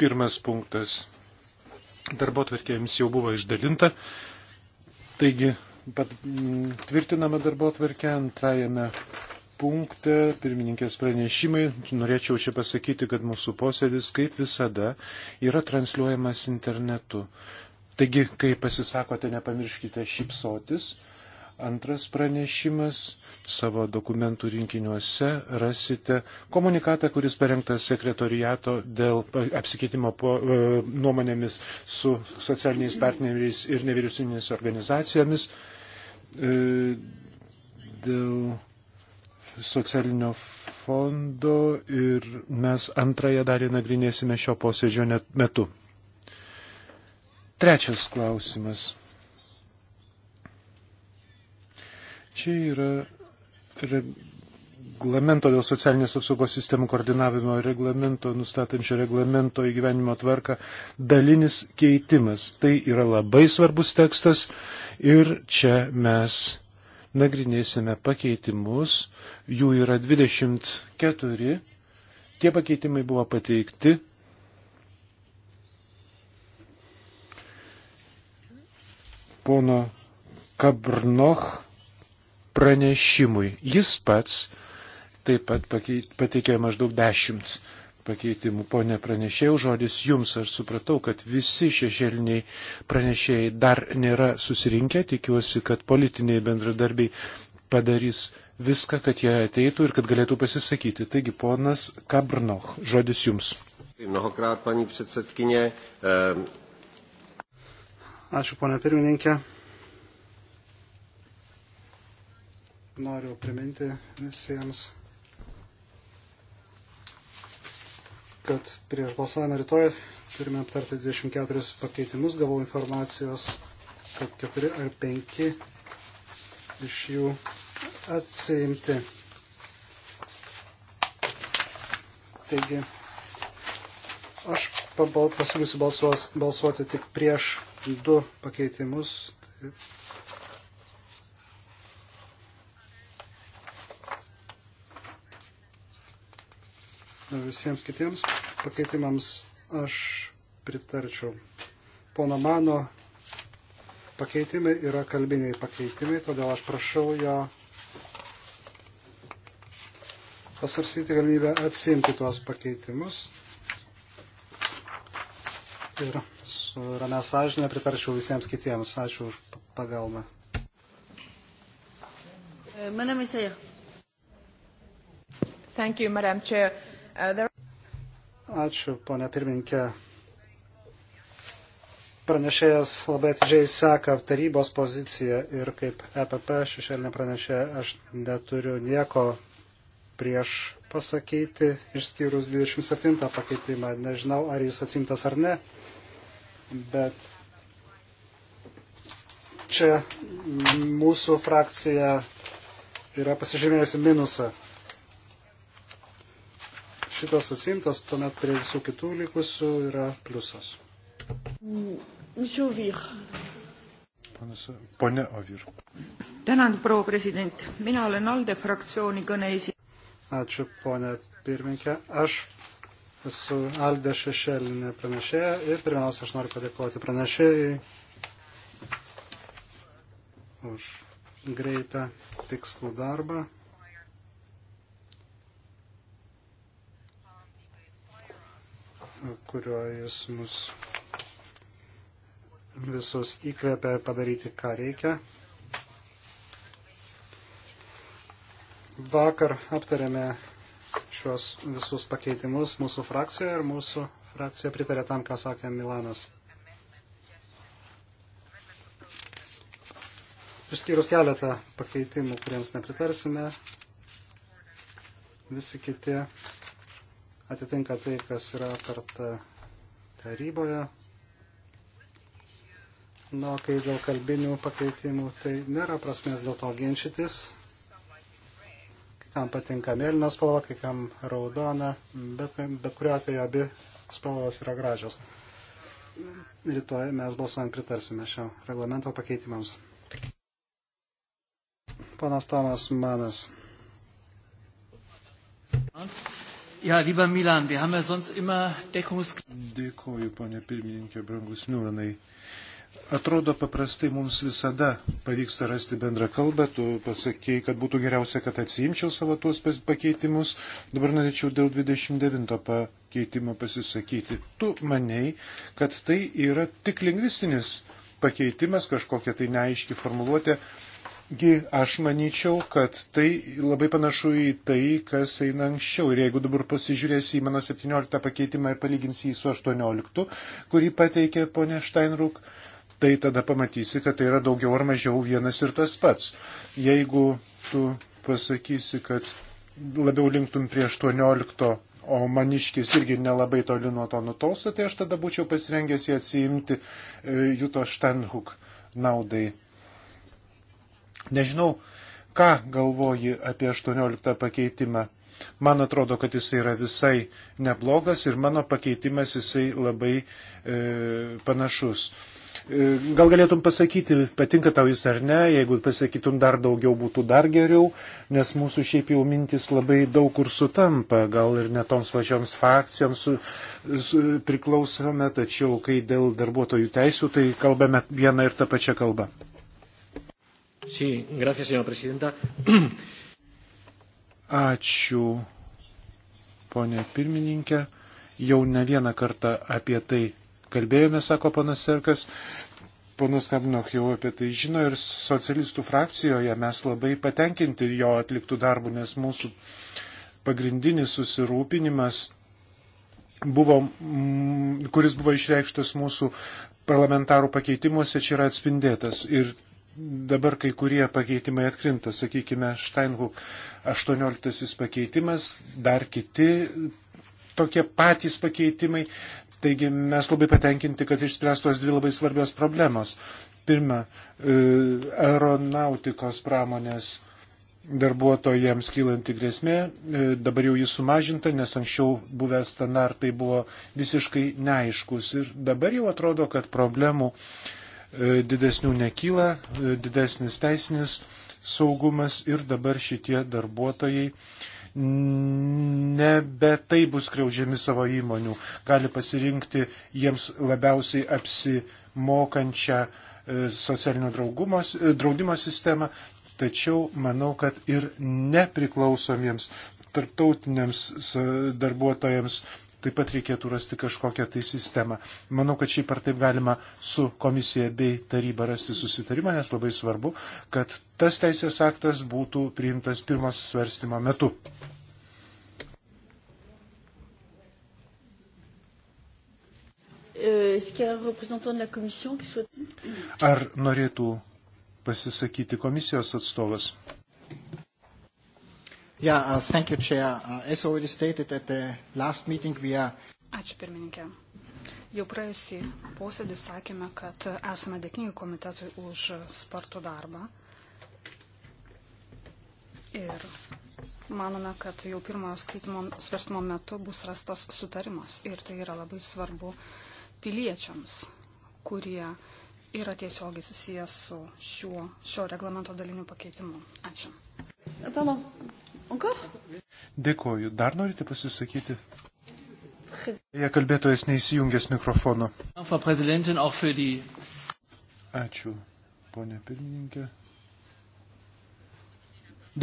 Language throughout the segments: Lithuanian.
Pirmas punktas darbo tvarkėjams jau buvo išdalinta. Taigi, tvirtiname darbo tvarkę antrajame punkte, pirmininkės pranešimai. Norėčiau čia pasakyti, kad mūsų posėdis, kaip visada, yra transliuojamas internetu. Taigi, kai pasisakote, nepamirškite šypsotis. Antras pranešimas savo dokumentų rinkiniuose rasite komunikatą, kuris parengtas sekretoriato dėl apsikeitimo po, e, nuomonėmis su socialiniais partneriais ir nevyriausybinėmis organizacijomis e, dėl socialinio fondo ir mes antrąją dalį nagrinėsime šio posėdžio metu. Trečias klausimas. Čia yra reglamento dėl socialinės apsaugos sistemų koordinavimo reglamento, nustatančio reglamento įgyvenimo tvarką, dalinis keitimas. Tai yra labai svarbus tekstas ir čia mes nagrinėsime pakeitimus. Jų yra 24. Tie pakeitimai buvo pateikti. Pono Kabrnoch pranešimui. Jis pats taip pat pateikė maždaug dešimt pakeitimų. Pone pranešėjau, žodis jums, aš supratau, kad visi šešėliniai pranešėjai dar nėra susirinkę, tikiuosi, kad politiniai bendradarbiai padarys viską, kad jie ateitų ir kad galėtų pasisakyti. Taigi, ponas Kabrnoch, žodis jums. Ehm. Ačiū, ponė pirmininkė. noriu priminti visiems, kad prieš balsavimą rytoj turime aptarti 24 pakeitimus. Gavau informacijos, kad 4 ar 5 iš jų atsiimti. Taigi, aš pasiūlysiu balsuos, balsuoti tik prieš du pakeitimus. Tai visiems kitiems pakeitimams aš pritarčiau. Pono mano pakeitimai yra kalbiniai pakeitimai, todėl aš prašau jo pasvarstyti galimybę atsimti tuos pakeitimus. Ir su ramia sąžinė pritarčiau visiems kitiems. Ačiū už pagalbą. Uh, Madame Isaia. Thank you, Madam Chair. Ačiū, ponia pirmininkė. Pranešėjas labai atidžiai seka tarybos poziciją ir kaip EPP šešėlinė pranešė, aš neturiu nieko prieš pasakyti, išskyrus 27 pakeitimą. Nežinau, ar jis atsimtas ar ne, bet čia mūsų frakcija yra pasižymėjusi minusą šitas atsimtas, tuomet prie visų kitų likusių yra pliusas. Pone Ovir. Tänan, proua president. Mina olen ALDE fraktsiooni kõneesi-. Ačiū, ponė pirmininkė. Aš esu Aldė Šešelinė pranešėja ir pirmiausia, aš noriu padėkoti pranešėjai už greitą tikslų darbą kurio jis mus visus įkvėpia padaryti, ką reikia. Vakar aptarėme šiuos visus pakeitimus mūsų frakcijoje ir mūsų frakcija pritarė tam, ką sakė Milanas. Išskyrus keletą pakeitimų, kuriems nepritarsime, visi kiti atitinka tai, kas yra aptarta taryboje. Na, nu, kai dėl kalbinių pakeitimų, tai nėra prasmės dėl to ginčytis. Kai kam patinka mėlyna spalva, kai kam raudona, bet, bet kuriuo atveju abi spalvos yra gražios. Rytoj mes balsuojant pritarsime šio reglamento pakeitimams. Ponas Tomas Manas. Ant. Ja, lieber Milan, wir haben ja sonst immer Deckungs... Dėkoju, ponė pirmininkė, brangus Milanai. Atrodo, paprastai mums visada pavyksta rasti bendrą kalbą. Tu pasakėjai, kad būtų geriausia, kad atsiimčiau savo tuos pakeitimus. Dabar norėčiau dėl 29 pakeitimo pasisakyti. Tu manei, kad tai yra tik lingvistinis pakeitimas, kažkokia tai neaiški formuluotė. Taigi aš manyčiau, kad tai labai panašu į tai, kas eina anksčiau. Ir jeigu dabar pasižiūrėsi į mano 17 pakeitimą ir palyginsi jį su 18, kurį pateikė ponė Steinruk, tai tada pamatysi, kad tai yra daugiau ar mažiau vienas ir tas pats. Jeigu tu pasakysi, kad labiau linktum prie 18, o maniškis irgi nelabai toli nuo to nutolsta, tai aš tada būčiau pasirengęs jį atsiimti e, Juto Steinruk naudai Nežinau, ką galvoji apie 18 pakeitimą. Man atrodo, kad jisai yra visai neblogas ir mano pakeitimas jisai labai e, panašus. E, gal galėtum pasakyti, patinka tau jis ar ne, jeigu pasakytum dar daugiau būtų dar geriau, nes mūsų šiaip jau mintis labai daug kur sutampa, gal ir netoms pačioms frakcijoms su, su, priklausome, tačiau kai dėl darbuotojų teisų, tai kalbame vieną ir tą pačią kalbą. Sí, gracias, señora prezidenta. Ačiū, ponė pirmininkė. Jau ne vieną kartą apie tai kalbėjome, sako panas Serkas. Ponas Kabnoch jau apie tai žino ir socialistų frakcijoje mes labai patenkinti jo atliktų darbų, nes mūsų pagrindinis susirūpinimas, buvo, kuris buvo išreikštas mūsų parlamentarų pakeitimuose, čia yra atspindėtas. Ir dabar kai kurie pakeitimai atkrinta, sakykime, Steinhuk 18 pakeitimas, dar kiti tokie patys pakeitimai. Taigi mes labai patenkinti, kad išspręstos dvi labai svarbios problemos. Pirma, e, aeronautikos pramonės darbuotojams kylanti grėsmė, e, dabar jau jis sumažinta, nes anksčiau buvę standartai buvo visiškai neaiškus ir dabar jau atrodo, kad problemų uh, E, didesnių nekyla, e, didesnis teisinis saugumas ir dabar šitie darbuotojai nebe tai bus kriaužiami savo įmonių, gali pasirinkti jiems labiausiai apsimokančią e, socialinio draudimo sistemą, tačiau manau, kad ir nepriklausomiems tarptautiniams darbuotojams taip pat reikėtų rasti kažkokią tai sistemą. Manau, kad šiaip ar taip galima su komisija bei taryba rasti susitarimą, nes labai svarbu, kad tas teisės aktas būtų priimtas pirmos svarstymo metu. Euh, ar norėtų pasisakyti komisijos atstovas? Yeah, uh, thank you, Chair. Uh, as already stated at the last meeting, we are. Ačiū pirmininkė. Jau praėjusį posėdį sakėme, kad esame dėkingi komitetui už spartų darbą. Ir manome, kad jau pirmojo skaitimo svarstymo metu bus rastas sutarimas. Ir tai yra labai svarbu piliečiams, kurie yra tiesiogiai susijęs su šiuo, šio reglamento daliniu pakeitimu. Ačiū. Apollo. Dėkoju. Dar norite pasisakyti? Jei kalbėtojas neįsijungęs mikrofono. Ačiū, ponė pirmininkė.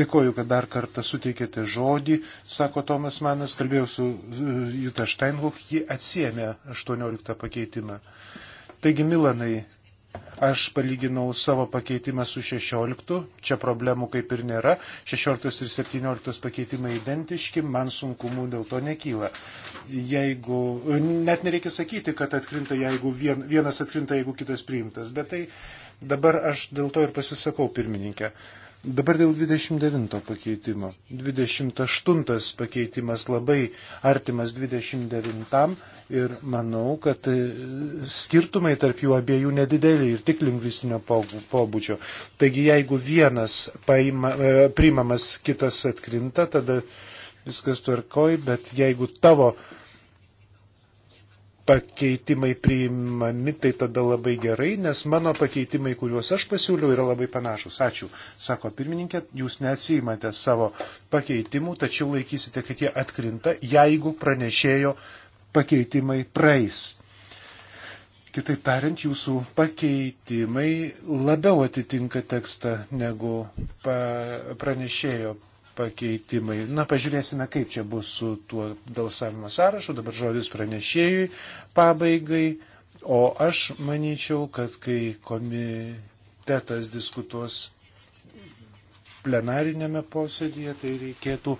Dėkoju, kad dar kartą suteikėte žodį, sako Tomas Manas, kalbėjau su e, Juta Steinhoff, ji atsiemė 18 pakeitimą. Taigi, Milanai, Aš palyginau savo pakeitimą su 16, čia problemų kaip ir nėra. 16 ir 17 pakeitimai identiški, man sunkumų dėl to nekyla. Jeigu, net nereikia sakyti, kad atkrinta, jeigu vien, vienas atkrinta, jeigu kitas priimtas, bet tai dabar aš dėl to ir pasisakau pirmininkę. Uh, Dabar dėl 29 pakeitimo. 28 pakeitimas labai artimas 29 ir manau, kad e, skirtumai tarp jų abiejų nedideli ir tik lingvistinio pobūdžio. Taigi jeigu vienas paima, e, priimamas, kitas atkrinta, tada viskas tvarkoj, bet jeigu tavo uh, pakeitimai priimami, tai tada labai gerai, nes mano pakeitimai, kuriuos aš pasiūliau, yra labai panašus. Ačiū. Sako pirmininkė, jūs neatsijimate savo pakeitimų, tačiau laikysite, kad jie atkrinta, jeigu pranešėjo pakeitimai praeis. Kitaip tariant, jūsų pakeitimai labiau atitinka tekstą negu pranešėjo pakeitimai. Na, pažiūrėsime, kaip čia bus su tuo balsavimo sąrašu. Dabar žodis pranešėjui pabaigai. O aš manyčiau, kad kai komitetas diskutuos plenarinėme posėdėje, tai reikėtų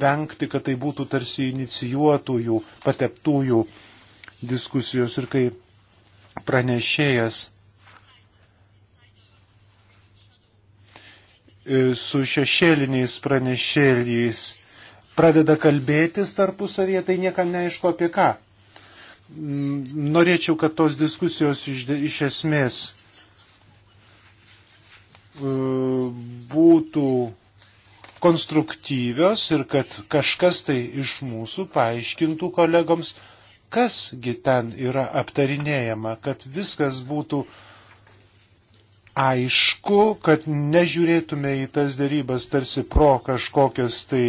vengti, kad tai būtų tarsi inicijuotųjų, pateptųjų diskusijos ir kai pranešėjas su šešėliniais pranešėliais pradeda kalbėtis tarpusavėje, tai niekam neaišku apie ką. Mm, norėčiau, kad tos diskusijos iš, iš esmės e, būtų konstruktyvios ir kad kažkas tai iš mūsų paaiškintų kolegoms, kasgi ten yra aptarinėjama, kad viskas būtų uh, aišku, kad nežiūrėtume į tas dėrybas tarsi pro kažkokias tai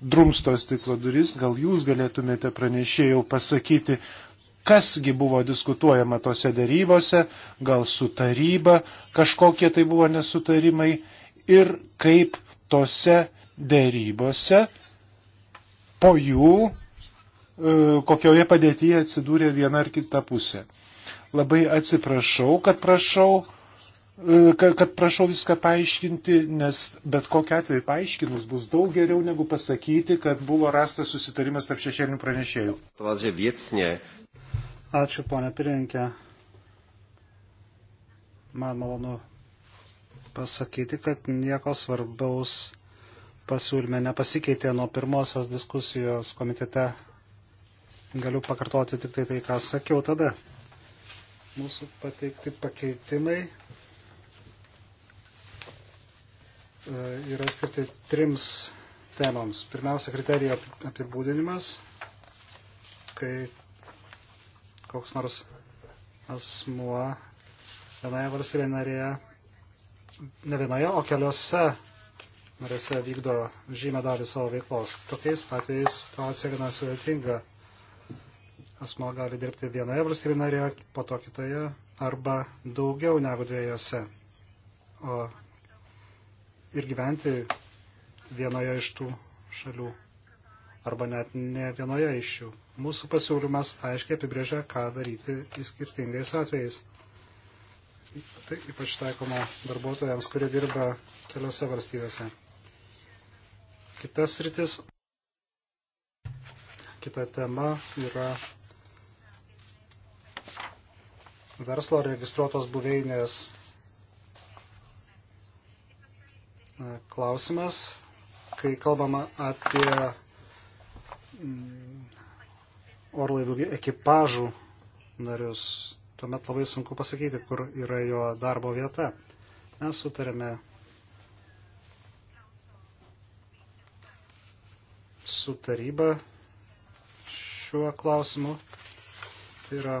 drumsto stiklo duris, gal jūs galėtumėte pranešėjau pasakyti, kasgi buvo diskutuojama tose dėrybose, gal su taryba kažkokie tai buvo nesutarimai ir kaip tose dėrybose po jų e, kokioje padėtyje atsidūrė viena ar kita pusė. Labai atsiprašau, kad prašau E, kad, kad prašau viską paaiškinti, nes bet kokiu atveju paaiškinus bus daug geriau negu pasakyti, kad buvo rastas susitarimas tarp šešėlinių pranešėjų. Ačiū, ponia pirininkė. Man malonu pasakyti, kad nieko svarbaus pasiūlyme nepasikeitė nuo pirmosios diskusijos komitete. Galiu pakartoti tik tai tai, ką sakiau tada. Mūsų pateikti pakeitimai E, yra skirti trims temoms. Pirmiausia, kriterijų apibūdinimas, kai koks nors asmuo vienoje valstybėje narėje, ne vienoje, o keliose narėse vykdo žymę dalį savo veiklos. Tokiais atvejais situacija gana sudėtinga. Asmo gali dirbti vienoje valstybėje narėje, po to kitoje arba daugiau negu dviejose. O ir gyventi vienoje iš tų šalių arba net ne vienoje iš jų. Mūsų pasiūlymas aiškiai apibrėžia, ką daryti skirtingais atvejais. Tai ypač taikoma darbuotojams, kurie dirba keliose valstybėse. Kitas rytis, kita tema yra verslo registruotos buveinės klausimas, kai kalbama apie mm, orlaivių ekipažų narius, tuomet labai sunku pasakyti, kur yra jo darbo vieta. Mes sutarėme su taryba šiuo klausimu. Tai yra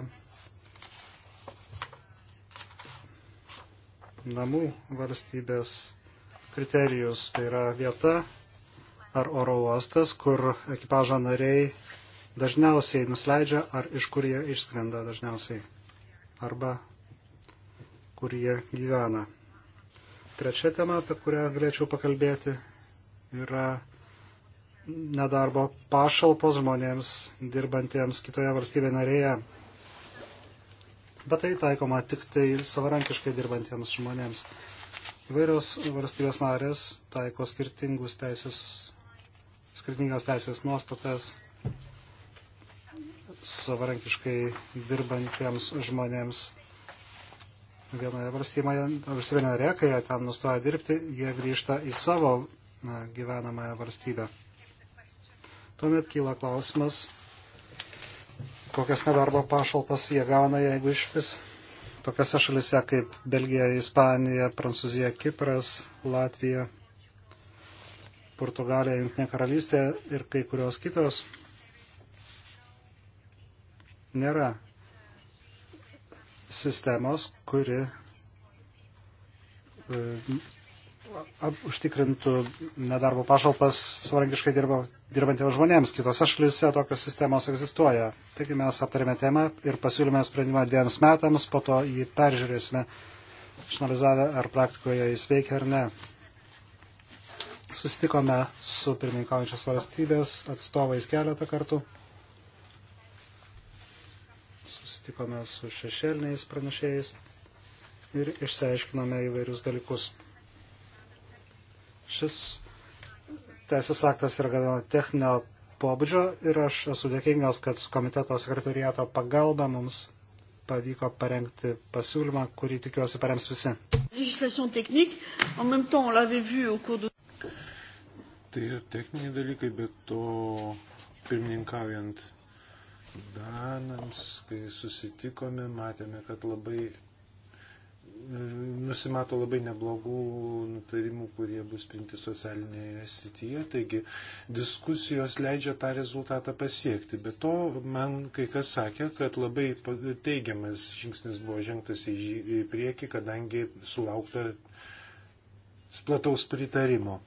namų valstybės kriterijus. Tai yra vieta ar oro uostas, kur ekipažo nariai dažniausiai nusileidžia ar iš kur jie išskrenda dažniausiai. Arba kur jie gyvena. Trečia tema, apie kurią galėčiau pakalbėti, yra nedarbo pašalpos žmonėms dirbantiems kitoje valstybėje narėje. Bet tai taikoma tik tai savarankiškai dirbantiems žmonėms. Įvairios valstybės narės taiko skirtingus teisės, skirtingas teisės nuostatas savarankiškai dirbantiems žmonėms vienoje valstybėje, valstybė narė, kai jie ten nustoja dirbti, jie grįžta į savo na, gyvenamąją valstybę. Tuomet kyla klausimas, kokias nedarbo pašalpas jie gauna, jeigu iš vis tokiose šalise kaip Belgija, Ispanija, Prancūzija, Kipras, Latvija, Portugalija, Junktinė karalystė ir kai kurios kitos nėra sistemos, kuri e, užtikrintų nedarbo pašalpas savarankiškai dirba, dirbantiems žmonėms. Kitose šalise tokios sistemos egzistuoja. Taigi mes aptarėme temą ir pasiūlėme sprendimą dviems metams, po to jį peržiūrėsime, išanalizavę, ar praktikoje jis veikia ar ne. Susitikome su pirmininkaujančios valstybės atstovais keletą kartų. Susitikome su šešėliniais pranešėjais ir išsiaiškinome įvairius dalykus. Šis teisės aktas yra gana techninio pobūdžio ir aš esu dėkingas, kad su komiteto sekretoriato pagalba mums pavyko parengti pasiūlymą, kurį tikiuosi parems visi. Tai yra techniniai dalykai, bet to pirmininkaujant Danams, kai susitikome, matėme, kad labai nusimato labai neblogų nutarimų, kurie bus priimti socialinėje srityje. Taigi diskusijos leidžia tą rezultatą pasiekti. Be to, man kai kas sakė, kad labai teigiamas žingsnis buvo žengtas į priekį, kadangi sulaukta plataus pritarimo.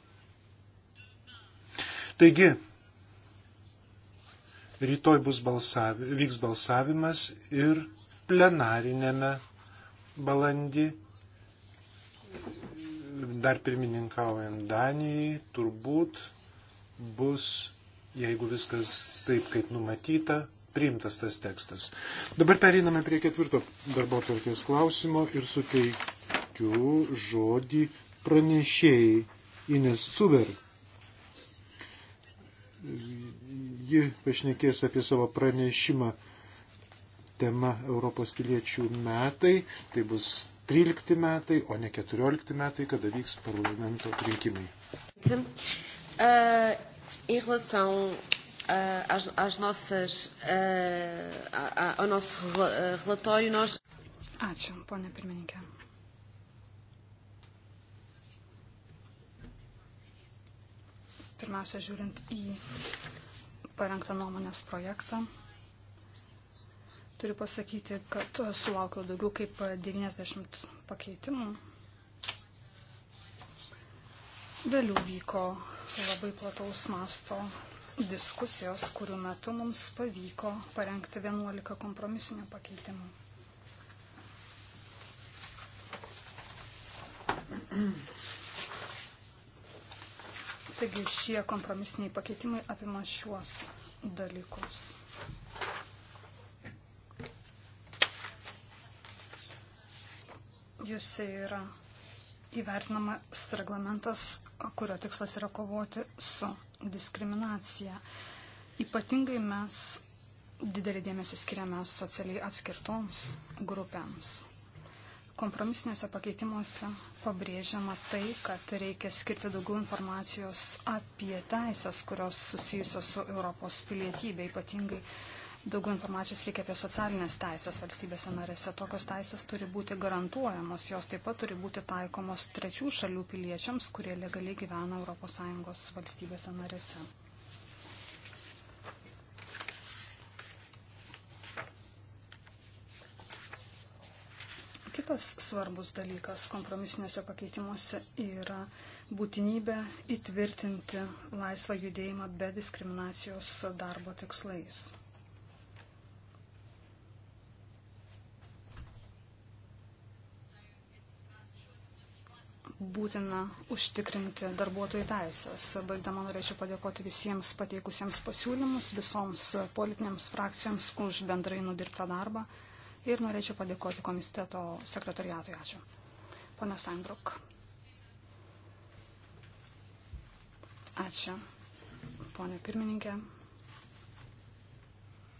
Taigi, rytoj bus balsav, vyks balsavimas ir plenarinėme balandį, dar pirmininkaujant Danijai, turbūt bus, jeigu viskas taip, kaip numatyta, priimtas tas tekstas. Dabar pereiname prie ketvirto darbo atvarkės klausimo ir suteikiu žodį pranešėjai Ines Cuber. Ji pašnekės apie savo pranešimą tema Europos piliečių metai. Tai bus 13 metai, o ne 14 metai, kada vyks parlamento rinkimai. Uh, em relação uh, às, às nossas, uh, a, a, ao nosso uh, relatório, nós. Ačiū, ponia pirmininkė. Pirmiausia, žiūrint į parengtą nuomonės projektą, Turiu pasakyti, kad sulaukiau daugiau kaip 90 pakeitimų. Vėliau vyko labai plataus masto diskusijos, kurių metu mums pavyko parengti 11 kompromisinių pakeitimų. Taigi šie kompromisiniai pakeitimai apima šiuos dalykus. Jose yra įvertinamas reglamentas, kurio tikslas yra kovoti su diskriminacija. Ypatingai mes didelį dėmesį skiriame socialiai atskirtoms grupėms. Kompromisinėse pakeitimuose pabrėžiama tai, kad reikia skirti daugiau informacijos apie teisės, kurios susijusios su Europos pilietybė, ypatingai uh, Daugiau informacijos reikia apie socialinės teisės valstybėse narėse. Tokios teisės turi būti garantuojamos, jos taip pat turi būti taikomos trečių šalių piliečiams, kurie legaliai gyvena ES valstybėse narėse. Kitas svarbus dalykas kompromisinėse pakeitimuose yra būtinybę įtvirtinti laisvą judėjimą be diskriminacijos darbo tikslais. būtina užtikrinti darbuotojų teisės. Baigdama norėčiau padėkoti visiems pateikusiems pasiūlymus, visoms politinėms frakcijoms už bendrai nudirbtą darbą ir norėčiau padėkoti komiteto sekretariatui. Ačiū. Pone Steinbruk. Ačiū. Pone pirmininkė.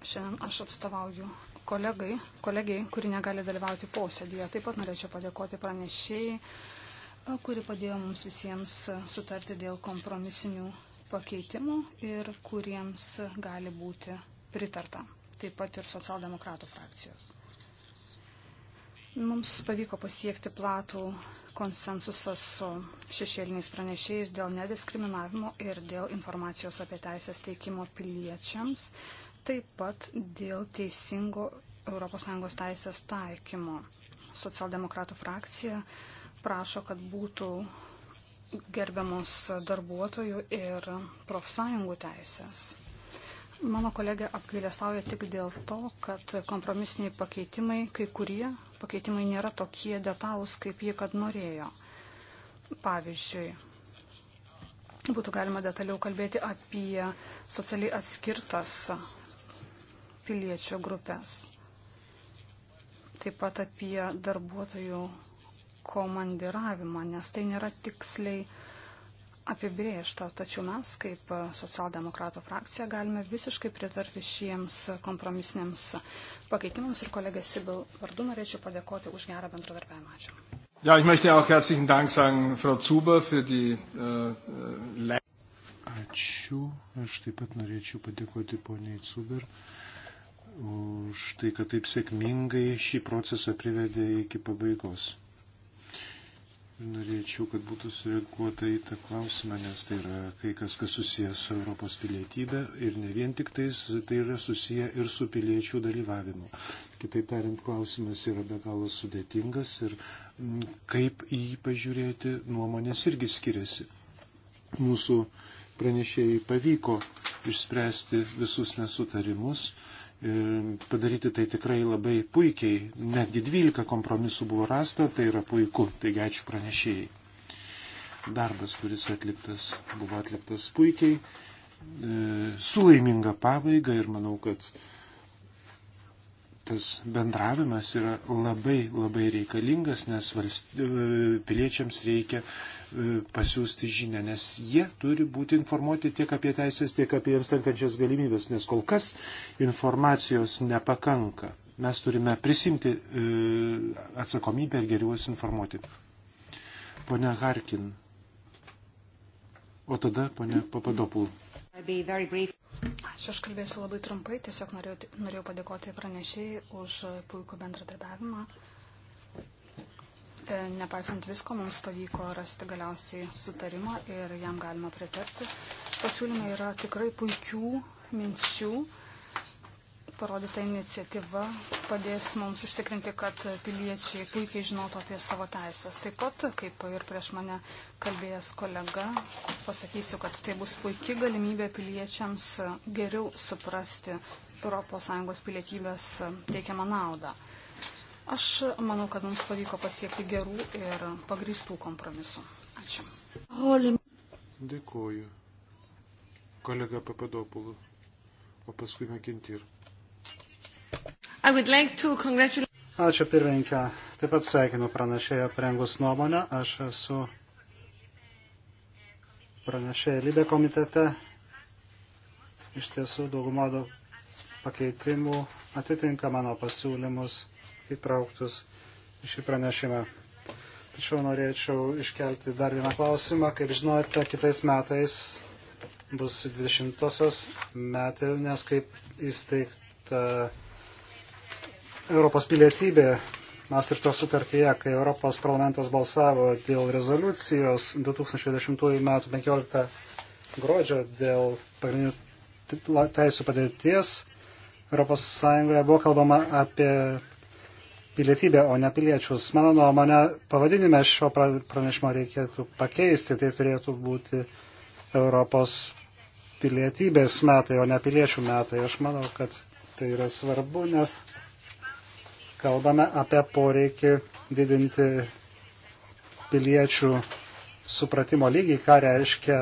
Šiandien aš atstovauju kolegai, kolegijai, kuri negali dalyvauti posėdėje. Taip pat norėčiau padėkoti pranešėjai kuri padėjo mums visiems sutarti dėl kompromisinių pakeitimų ir kuriems gali būti pritarta, taip pat ir socialdemokratų frakcijos. Mums pavyko pasiekti platų konsensusą su šešėliniais pranešėjais dėl nediskriminavimo ir dėl informacijos apie teisės teikimo piliečiams, taip pat dėl teisingo ES teisės taikymo. Socialdemokratų frakcija uh, prašo, kad būtų gerbiamos darbuotojų ir profsąjungų teisės. Mano kolegė apgailestauja tik dėl to, kad kompromisiniai pakeitimai, kai kurie pakeitimai nėra tokie detalūs, kaip jie kad norėjo. Pavyzdžiui, būtų galima detaliau kalbėti apie socialiai atskirtas piliečių grupės, taip pat apie darbuotojų komandiravimą, nes tai nėra tiksliai apibriežta. Tačiau mes, kaip socialdemokratų frakcija, galime visiškai pritarti šiems kompromisiniams pakeitimams ir kolegė Sibil vardu norėčiau padėkoti už gerą bendradarbiavimą. Ačiū. Ja, ich möchte auch herzlichen Dank sagen, Frau Zuber, für die äh, äh Ačiū. Aš taip pat norėčiau padėkoti poniai Cuber už tai, kad taip sėkmingai šį procesą privedė iki pabaigos. Norėčiau, kad būtų sureaguota į tą klausimą, nes tai yra kai kas, kas susijęs su Europos pilietybė ir ne vien tik tais, tai yra susiję ir su piliečių dalyvavimu. Kitaip tariant, klausimas yra be galo sudėtingas ir kaip į jį pažiūrėti nuomonės irgi skiriasi. Mūsų pranešėjai pavyko išspręsti visus nesutarimus E, padaryti tai tikrai labai puikiai. Netgi 12 kompromisų buvo rasta, tai yra puiku. Taigi ačiū pranešėjai. Darbas, kuris atliktas, buvo atliktas puikiai, e, su laiminga pabaiga ir manau, kad tas bendravimas yra labai labai reikalingas, nes valst... E, piliečiams reikia E, pasiūsti žinę, nes jie turi būti informuoti tiek apie teisės, tiek apie jiems tenkančias galimybės, nes kol kas informacijos nepakanka. Mes turime prisimti e, atsakomybę ir geriau juos informuoti. Pone Harkin. O tada, ponė Papadopulų. Ačiū, aš kalbėsiu labai trumpai, tiesiog norėjau, norėjau padėkoti pranešėjai už puikų bendradarbiavimą. E, nepaisant visko, mums pavyko rasti galiausiai sutarimą ir jam galima pritarti. Pasiūlyme yra tikrai puikių minčių. Parodyta iniciatyva padės mums užtikrinti, kad piliečiai puikiai žinotų apie savo teisės. Taip pat, kaip ir prieš mane kalbėjęs kolega, pasakysiu, kad tai bus puikia galimybė piliečiams geriau suprasti ES pilietybės teikiamą naudą. Aš manau, kad mums pavyko pasiekti gerų ir pagristų kompromisų. Ačiū. Dėkuoju. Kolega Papadopulų, o paskui Mekintir. Like Ačiū pirmininkė. Taip pat sveikinu pranešėją prengus nuomonę. Aš esu pranešėja lydė komitete. Iš tiesų dauguma pakeitimų atitinka mano pasiūlymus įtrauktus į šį pranešimą. Tačiau norėčiau iškelti dar vieną klausimą. Kaip žinote, kitais metais bus 20-osios metinės, kaip įsteigta Europos pilietybė Mastrito sutartyje, kai Europos parlamentas balsavo dėl rezoliucijos 2010 m. 15 gruodžio dėl pagrindinių teisų padėties, ES buvo kalbama apie pilietybę, o ne piliečius. Mano nuomonė, pavadinime šio pranešimo reikėtų pakeisti, tai turėtų būti Europos pilietybės metai, o ne piliečių metai. Aš manau, kad tai yra svarbu, nes kalbame apie poreikį didinti piliečių supratimo lygį, ką reiškia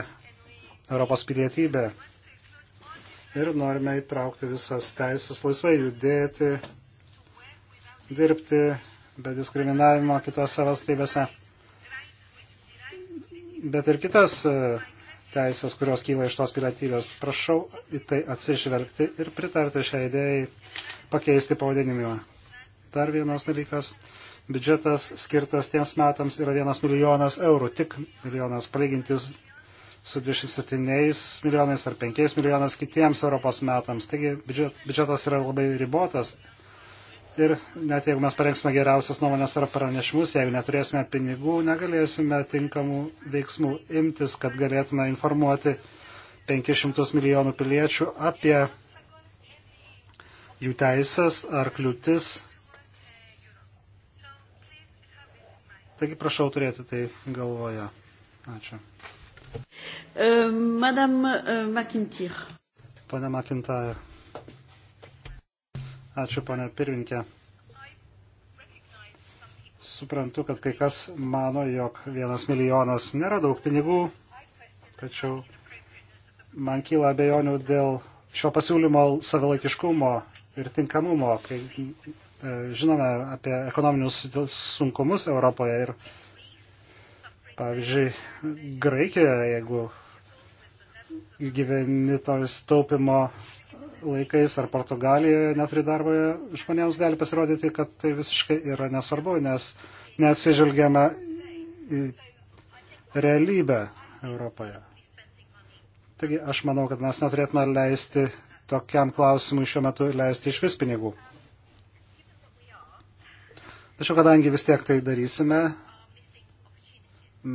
Europos pilietybė. Ir norime įtraukti visas teisės laisvai judėti, dirbti be diskriminavimo kitose valstybėse. Bet ir kitas e, teisės, kurios kyla iš tos pilietybės. Prašau į tai atsižvelgti ir pritarti šią idėjai pakeisti pavadinimą. Dar vienas dalykas. Biudžetas skirtas tiems metams yra vienas milijonas eurų, tik milijonas palyginti su 27 milijonais ar 5 milijonas kitiems Europos metams. Taigi biudžetas yra labai ribotas Ir net jeigu mes parengsime geriausias nuomonės ar pranešimus, jeigu neturėsime pinigų, negalėsime tinkamų veiksmų imtis, kad galėtume informuoti 500 milijonų piliečių apie jų teisės ar kliūtis. Taigi prašau turėti tai galvoje. Ačiū. Uh, Madame uh, McIntyre. Pane McIntyre. Ačiū, ponė pirminkė. Suprantu, kad kai kas mano, jog vienas milijonas nėra daug pinigų, tačiau man kyla abejonių dėl šio pasiūlymo savalaikiškumo ir tinkamumo, kai e, žinome apie ekonominius sunkumus Europoje ir, pavyzdžiui, Graikijoje, jeigu gyveni tos taupimo laikais ar Portugalijoje neturi darbo, žmonėms gali pasirodyti, kad tai visiškai yra nesvarbu, nes neatsižvelgiame į realybę Europoje. Taigi aš manau, kad mes neturėtume leisti tokiam klausimui šiuo metu leisti iš vis pinigų. Tačiau kadangi vis tiek tai darysime,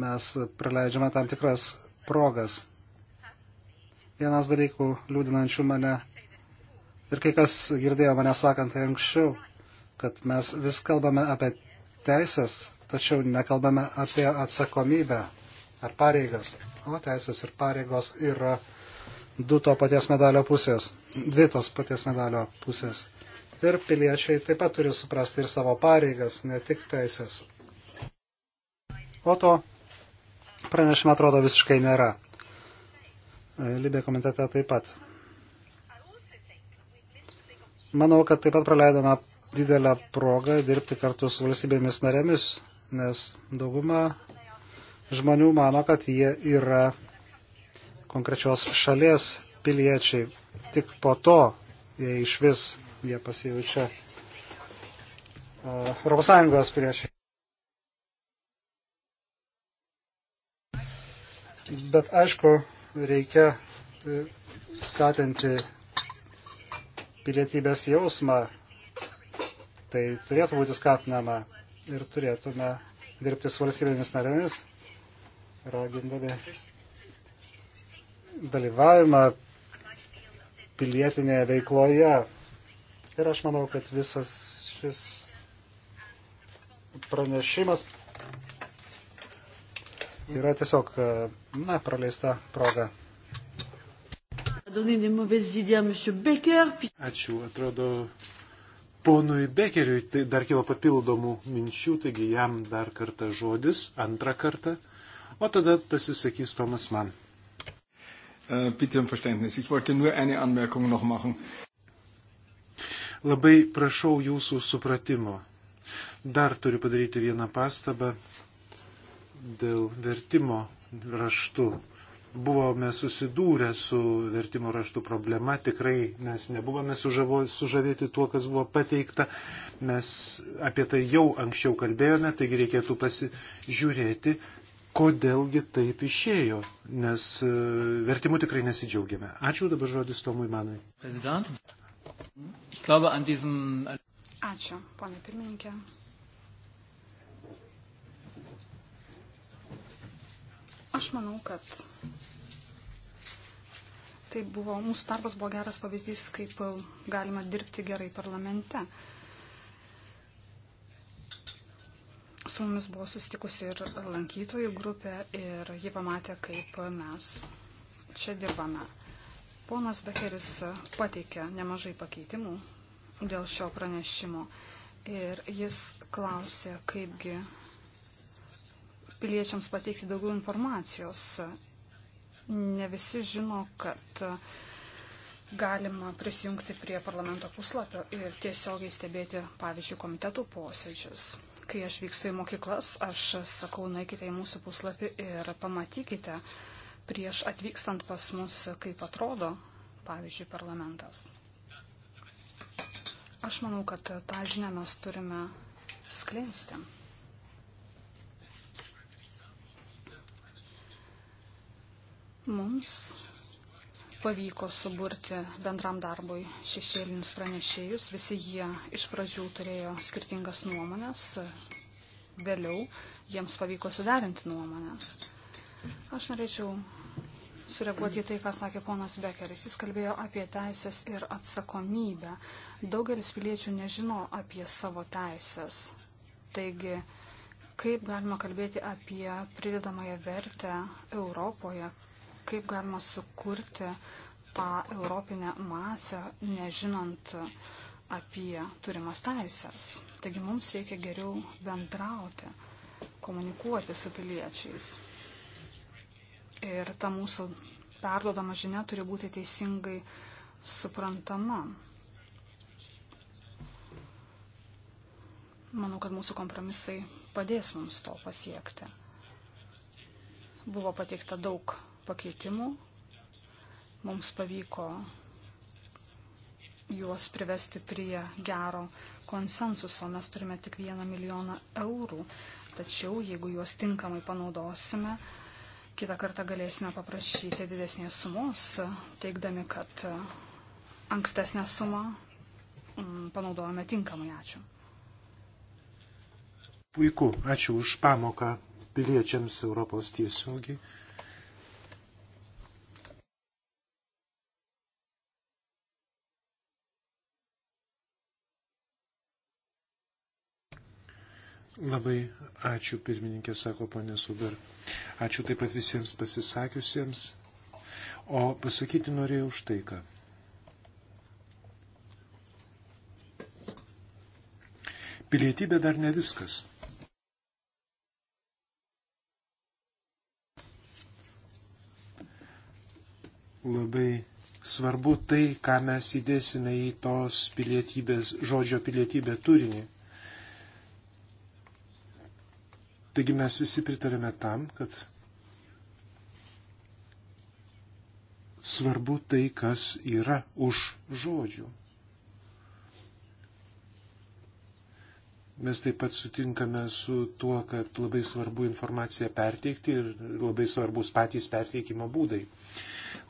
mes praleidžiame tam tikras progas. Vienas dalykų liūdinančių mane Ir kai kas girdėjo mane sakant tai anksčiau, kad mes vis kalbame apie teisės, tačiau nekalbame apie atsakomybę ar pareigas. O teisės ir pareigos yra du to paties medalio pusės, dvi tos paties medalio pusės. Ir piliečiai taip pat turi suprasti ir savo pareigas, ne tik teisės. O to pranešime atrodo visiškai nėra. Libė komitete taip pat. Manau, kad taip pat praleidome didelę progą dirbti kartu su valstybėmis narėmis, nes dauguma žmonių mano, kad jie yra konkrečios šalies piliečiai. Tik po to, jei iš vis jie pasijaučia uh, ES piliečiai. Bet aišku, reikia uh, skatinti pilietybės jausmą, tai turėtų būti skatinama ir turėtume dirbti su valstybėmis narėmis, ragindami dalyvavimą pilietinėje veikloje. Ir aš manau, kad visas šis pranešimas yra tiesiog, na, praleista proga. Ačiū, atrodo, ponui Bekeriui tai dar kilo papildomų minčių, taigi jam dar kartą žodis, antrą kartą, o tada pasisakys Tomas man. Äh, bitte um Verständnis. Ich wollte nur eine Anmerkung noch machen. Labai prašau jūsų supratimo. Dar turiu padaryti vieną pastabą dėl vertimo raštu buvome susidūrę su vertimo raštų problema, tikrai mes nebuvome sužavo, sužavėti tuo, kas buvo pateikta, mes apie tai jau anksčiau kalbėjome, taigi reikėtų pasižiūrėti, kodėlgi taip išėjo, nes e, vertimu tikrai nesidžiaugiame. Ačiū dabar žodis Tomui Manui. Ačiū, ponė pirmininkė. Aš manau, kad Tai buvo, mūsų darbas buvo geras pavyzdys, kaip galima dirbti gerai parlamente. Su mumis buvo susitikusi ir lankytojų grupė ir ji pamatė, kaip mes čia dirbame. Ponas Bekeris pateikė nemažai pakeitimų dėl šio pranešimo ir jis klausė, kaipgi piliečiams pateikti daugiau informacijos Ne visi žino, kad galima prisijungti prie parlamento puslapio ir tiesiogiai stebėti, pavyzdžiui, komitetų posėdžius. Kai aš vykstu į mokyklas, aš sakau, naikite į mūsų puslapį ir pamatykite prieš atvykstant pas mus, kaip atrodo, pavyzdžiui, parlamentas. Aš manau, kad tą žinią mes turime skleisti. Mums pavyko suburti bendram darbui šešėlinius pranešėjus. Visi jie iš pradžių turėjo skirtingas nuomonės, vėliau jiems pavyko suderinti nuomonės. Aš norėčiau sureaguoti į tai, ką sakė ponas Bekeris. Jis kalbėjo apie teisės ir atsakomybę. Daugelis piliečių nežino apie savo teisės. Taigi, kaip galima kalbėti apie pridedamąją vertę Europoje, kaip galima sukurti tą europinę masę, nežinant apie turimas teisės. Taigi mums reikia geriau bendrauti, komunikuoti su piliečiais. Ir ta mūsų perdodama žinia turi būti teisingai suprantama. Manau, kad mūsų kompromisai padės mums to pasiekti. Buvo pateikta daug pakeitimų. Mums pavyko juos privesti prie gero konsensuso. Mes turime tik vieną milijoną eurų, tačiau jeigu juos tinkamai panaudosime, kitą kartą galėsime paprašyti didesnės sumos, teikdami, kad mm, ankstesnę sumą mm, panaudojame tinkamai. Ačiū. Puiku, ačiū už pamoką piliečiams Europos tiesiogiai. Labai ačiū pirmininkė, sako ponė Suber. Ačiū taip pat visiems pasisakiusiems. O pasakyti norėjau už tai, ką. Pilietybė dar ne viskas. Labai svarbu tai, ką mes įdėsime į tos pilietybės, žodžio pilietybė turinį. Taigi mes visi pritarėme tam, kad svarbu tai, kas yra už žodžių. Mes taip pat sutinkame su tuo, kad labai svarbu informaciją perteikti ir labai svarbus patys perteikimo būdai.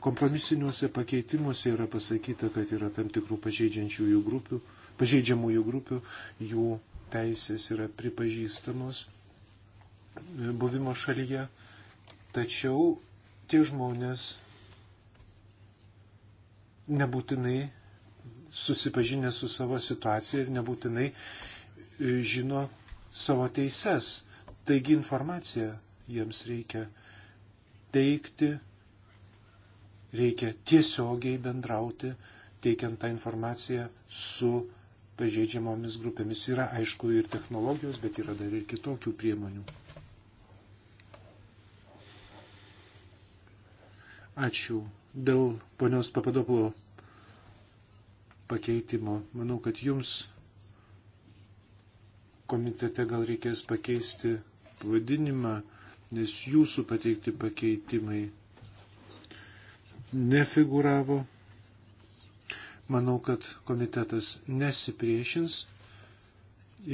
Kompromisiniuose pakeitimuose yra pasakyta, kad yra tam tikrų pažeidžiančiųjų grupių, pažeidžiamųjų grupių, jų teisės yra pripažįstamos buvimo šalyje, tačiau tie žmonės nebūtinai susipažinę su savo situacija ir nebūtinai e, žino savo teises. Taigi informaciją jiems reikia teikti, reikia tiesiogiai bendrauti, teikiant tą informaciją su pažeidžiamomis grupėmis. Yra aišku ir technologijos, bet yra dar ir kitokių priemonių. Ačiū dėl ponios Papadoplo pakeitimo. Manau, kad jums komitete gal reikės pakeisti pavadinimą, nes jūsų pateikti pakeitimai nefiguravo. Manau, kad komitetas nesipriešins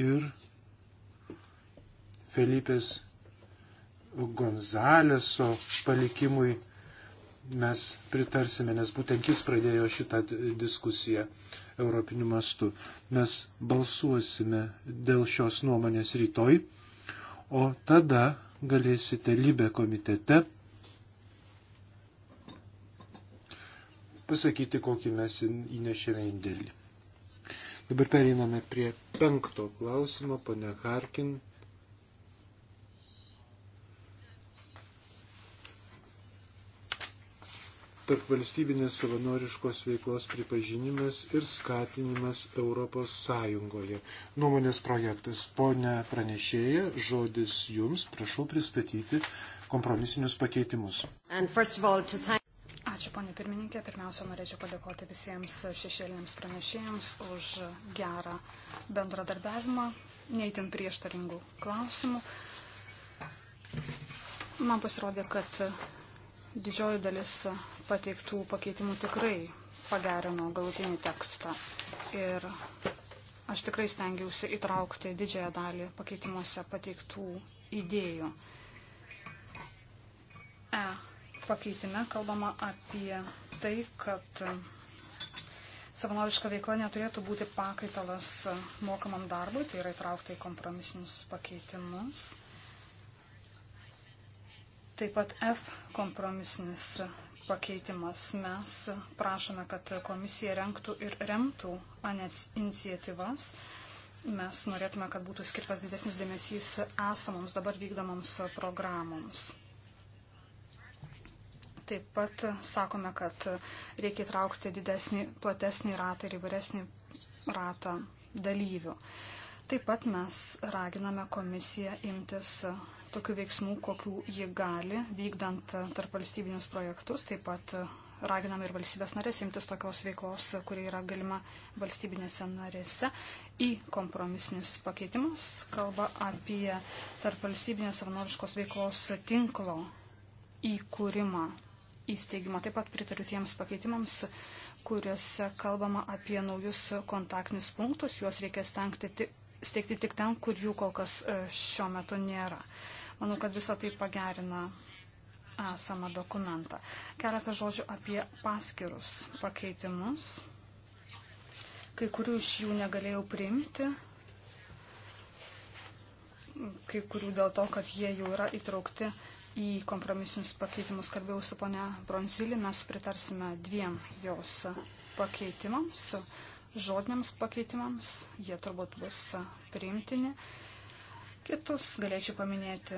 ir Felipės Gonzaleso palikimui mes pritarsime, nes būtent jis pradėjo šitą diskusiją europiniu mastu. Mes balsuosime dėl šios nuomonės rytoj, o tada galėsite lybę komitete pasakyti, kokį mes įnešėme indėlį. Dabar pereiname prie penkto klausimo, ponia Harkin tarp valstybinės savanoriškos veiklos pripažinimas ir skatinimas Europos Sąjungoje. Nuomonės projektas. Pone pranešėja, žodis jums, prašau pristatyti kompromisinius pakeitimus. All, thank... Ačiū, ponė pirmininkė. Pirmiausia, norėčiau padėkoti visiems šešėliniams pranešėjams už gerą bendradarbiavimą, neįtin prieštaringų klausimų. Man pasirodė, kad didžioji dalis pateiktų pakeitimų tikrai pagerino galutinį tekstą. Ir aš tikrai stengiausi įtraukti didžiąją dalį pakeitimuose pateiktų idėjų. E pakeitime kalbama apie tai, kad savanoriška veikla neturėtų būti pakaitalas mokamam darbui, tai yra įtraukta į kompromisinius pakeitimus. Taip pat F kompromisinis pakeitimas. Mes prašome, kad komisija renktų ir remtų ANES iniciatyvas. Mes norėtume, kad būtų skirtas didesnis dėmesys esamoms dabar vykdomoms programoms. Taip pat sakome, kad reikia įtraukti didesnį, platesnį ratą ir įvairesnį ratą dalyvių. Taip pat mes raginame komisiją imtis tokių veiksmų, kokių ji gali, vykdant e, tarp valstybinius projektus. Taip pat e, raginame ir valstybės narės imtis tokios veiklos, kurie yra galima valstybinėse narėse. Į kompromisinis pakeitimas kalba apie tarp valstybinės savanoriškos veiklos tinklo įkūrimą, įsteigimą. Taip pat pritariu tiems pakeitimams, kuriuose kalbama apie naujus kontaktinius punktus, juos reikia stengti tik steigti tik ten, kur jų kol kas e, šiuo metu nėra. Manau, kad visą tai pagerina esamą dokumentą. Keletą žodžių apie paskirus pakeitimus. Kai kurių iš jų negalėjau priimti, kai kurių dėl to, kad jie jau yra įtraukti į kompromisinius pakeitimus. Kalbėjau su ponia Bronzilį, mes pritarsime dviem jos pakeitimams, žodiniams pakeitimams, jie turbūt bus priimtini. Kitus galėčiau paminėti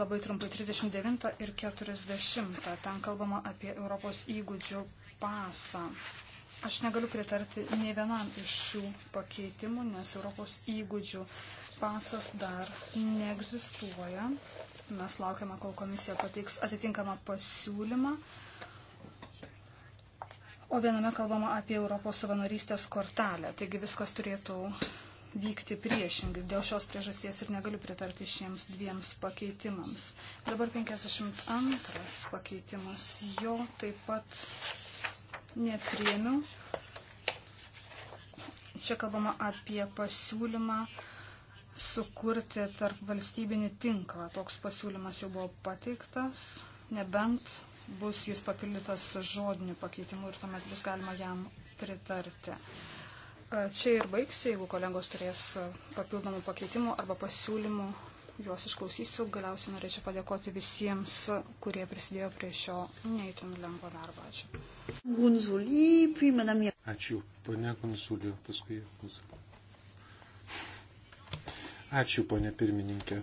labai trumpai 39 ir 40. Ten kalbama apie Europos įgūdžių pasą. Aš negaliu pritarti nei vienam iš šių pakeitimų, nes Europos įgūdžių pasas dar neegzistuoja. Mes laukiame, kol komisija pateiks atitinkamą pasiūlymą. O viename kalbama apie Europos savanorystės kortelę. Taigi viskas turėtų vykti priešingai. Dėl šios priežasties ir negaliu pritarti šiems dviems pakeitimams. Dabar 52 pakeitimas. Jo taip pat nepriemiu. Čia kalbama apie pasiūlymą sukurti tarp valstybinį tinklą. Toks pasiūlymas jau buvo pateiktas, nebent bus jis papildytas žodiniu pakeitimu ir tuomet bus galima jam pritarti. Čia ir baigsiu, jeigu kolegos turės papildomų pakeitimų arba pasiūlymų, juos išklausysiu. Galiausiai norėčiau padėkoti visiems, kurie prisidėjo prie šio neįtin lengvo darbo. Ačiū. Gunzulį, puis madame. Ačiū, ponia Gunzulį, paskui Gunzulį. Ačiū, ponia pirmininkė.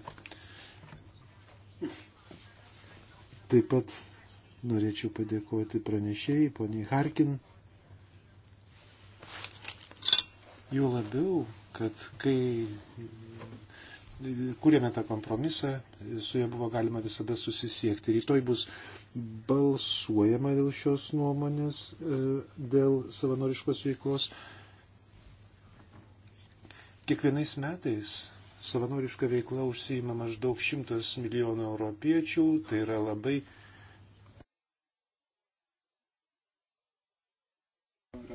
Taip pat norėčiau padėkoti pranešėjai, poniai Harkin. Jų labiau, kad kai kūrėme tą kompromisą, su ja buvo galima visada susisiekti. Rytoj bus balsuojama dėl šios nuomonės, e, dėl savanoriškos veiklos. Kiekvienais metais savanoriška veikla užsijima maždaug šimtas milijonų europiečių, tai yra labai.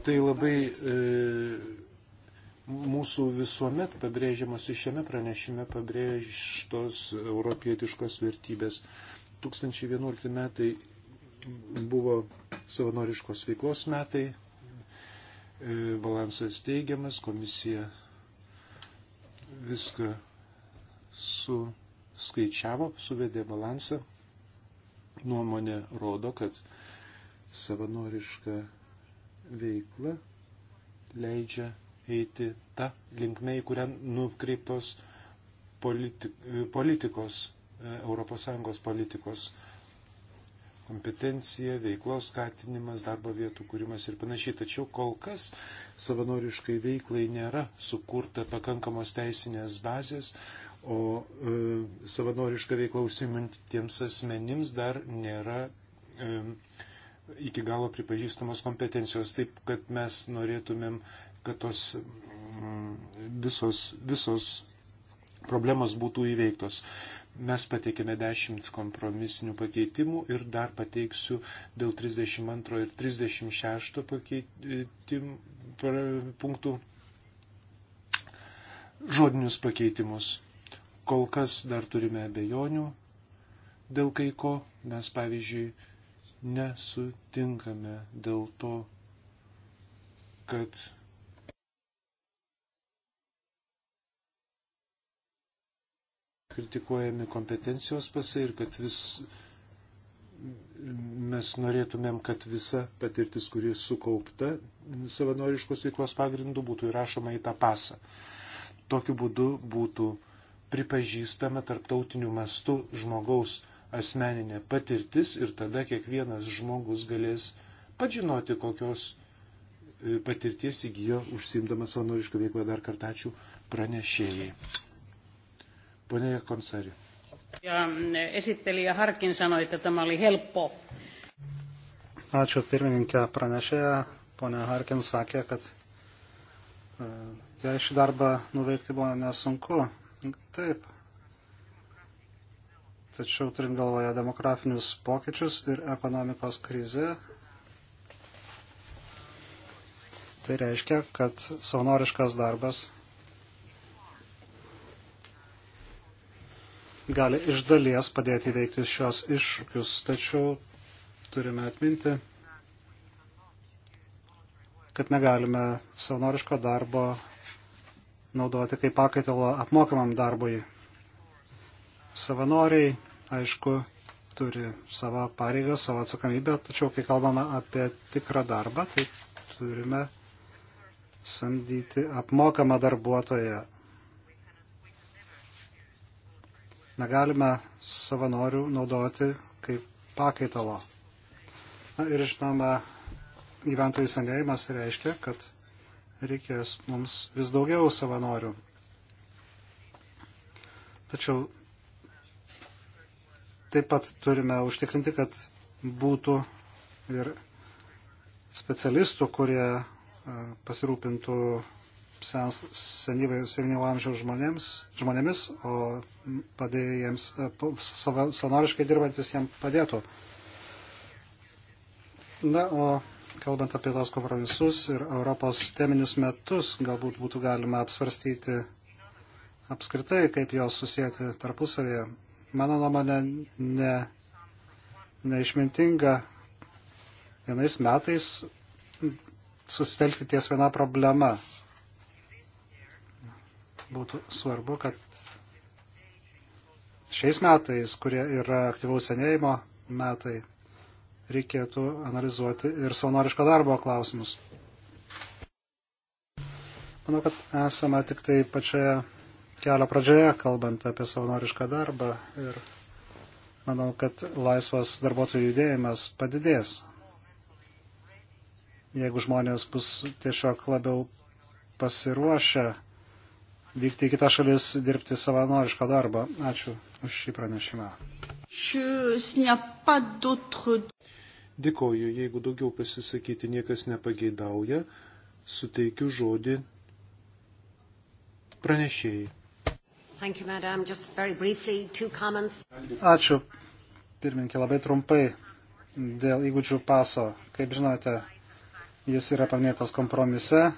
Tai labai e, mūsų visuomet pabrėžiamas ir šiame pranešime pabrėžtos europietiškos vertybės. 2011 metai buvo savanoriškos veiklos metai, e, balansas teigiamas, komisija viską suskaičiavo, suvedė balansą. Nuomonė rodo, kad savanoriška veikla leidžia eiti tą linkmę, į kurią nukreiptos politi politikos, ES politikos kompetencija, veiklos skatinimas, darbo vietų kūrimas ir panašiai. Tačiau kol kas savanoriškai veiklai nėra sukurta pakankamos teisinės bazės, o e, savanorišką veiklą užsimintiems asmenims dar nėra e, iki galo pripažįstamos kompetencijos. Taip, kad mes norėtumėm kad tos mm, visos, visos problemos būtų įveiktos. Mes pateikėme 10 kompromisinių pakeitimų ir dar pateiksiu dėl 32 ir 36 pakeitim, punktų žodinius pakeitimus. Kol kas dar turime abejonių dėl kai ko, mes pavyzdžiui nesutinkame dėl to, kad kritikuojami kompetencijos pasai ir kad vis mes norėtumėm, kad visa patirtis, kuri sukaupta savanoriškos veiklos pagrindu, būtų įrašoma į tą pasą. Tokiu būdu būtų pripažįstama tarptautiniu mastu žmogaus asmeninė patirtis ir tada kiekvienas žmogus galės pažinoti, kokios e, patirties įgyjo užsimdamas savanorišką veiklą dar kartačių pranešėjai. Pone Konsari. Ja mm, esittelijä Harkin sanoi, että tämä oli helppo. Ačiū pirmininkė pranešėja. Pone Harkin sakė, kad e, jei šį darbą nuveikti buvo nesunku. Taip. Tačiau turint galvoje demografinius pokyčius ir ekonomikos krizę, tai reiškia, kad savanoriškas darbas gali iš dalies padėti veikti šios iššūkius, tačiau turime atminti, kad negalime savanoriško darbo naudoti kaip pakaitalo apmokamam darbui. Savanoriai, aišku, turi savo pareigą, savo atsakomybę, tačiau kai kalbame apie tikrą darbą, tai turime samdyti apmokamą darbuotoją, Negalime savanorių naudoti kaip pakaitalo. Na, ir žinoma, gyventojų senėjimas reiškia, kad reikės mums vis daugiau savanorių. Tačiau taip pat turime užtikrinti, kad būtų ir specialistų, kurie e, pasirūpintų senyvo amžiaus žmonėms, žmonėmis, o padėjo jiems, e, savanoriškai dirbantis jiems padėtų. Na, o kalbant apie tos kompromisus ir Europos teminius metus, galbūt būtų galima apsvarstyti apskritai, kaip juos susijęti tarpusavėje. Mano nuomonė, ne, neišmintinga vienais metais susitelkti ties viena problema būtų svarbu, kad šiais metais, kurie yra aktyvaus senėjimo metai, reikėtų analizuoti ir savanoriško darbo klausimus. Manau, kad esame tik tai pačioje kelio pradžioje, kalbant apie savanorišką darbą ir manau, kad laisvas darbuotojų judėjimas padidės, jeigu žmonės bus tiesiog labiau pasiruošę vykti į kitą šalis dirbti savanorišką darbą. Ačiū už šį pranešimą. Dėkoju, jeigu daugiau pasisakyti niekas nepageidauja, suteikiu žodį pranešėjai. Ačiū. Pirminkė, labai trumpai dėl įgūdžių paso. Kaip žinote, jis yra paminėtas kompromise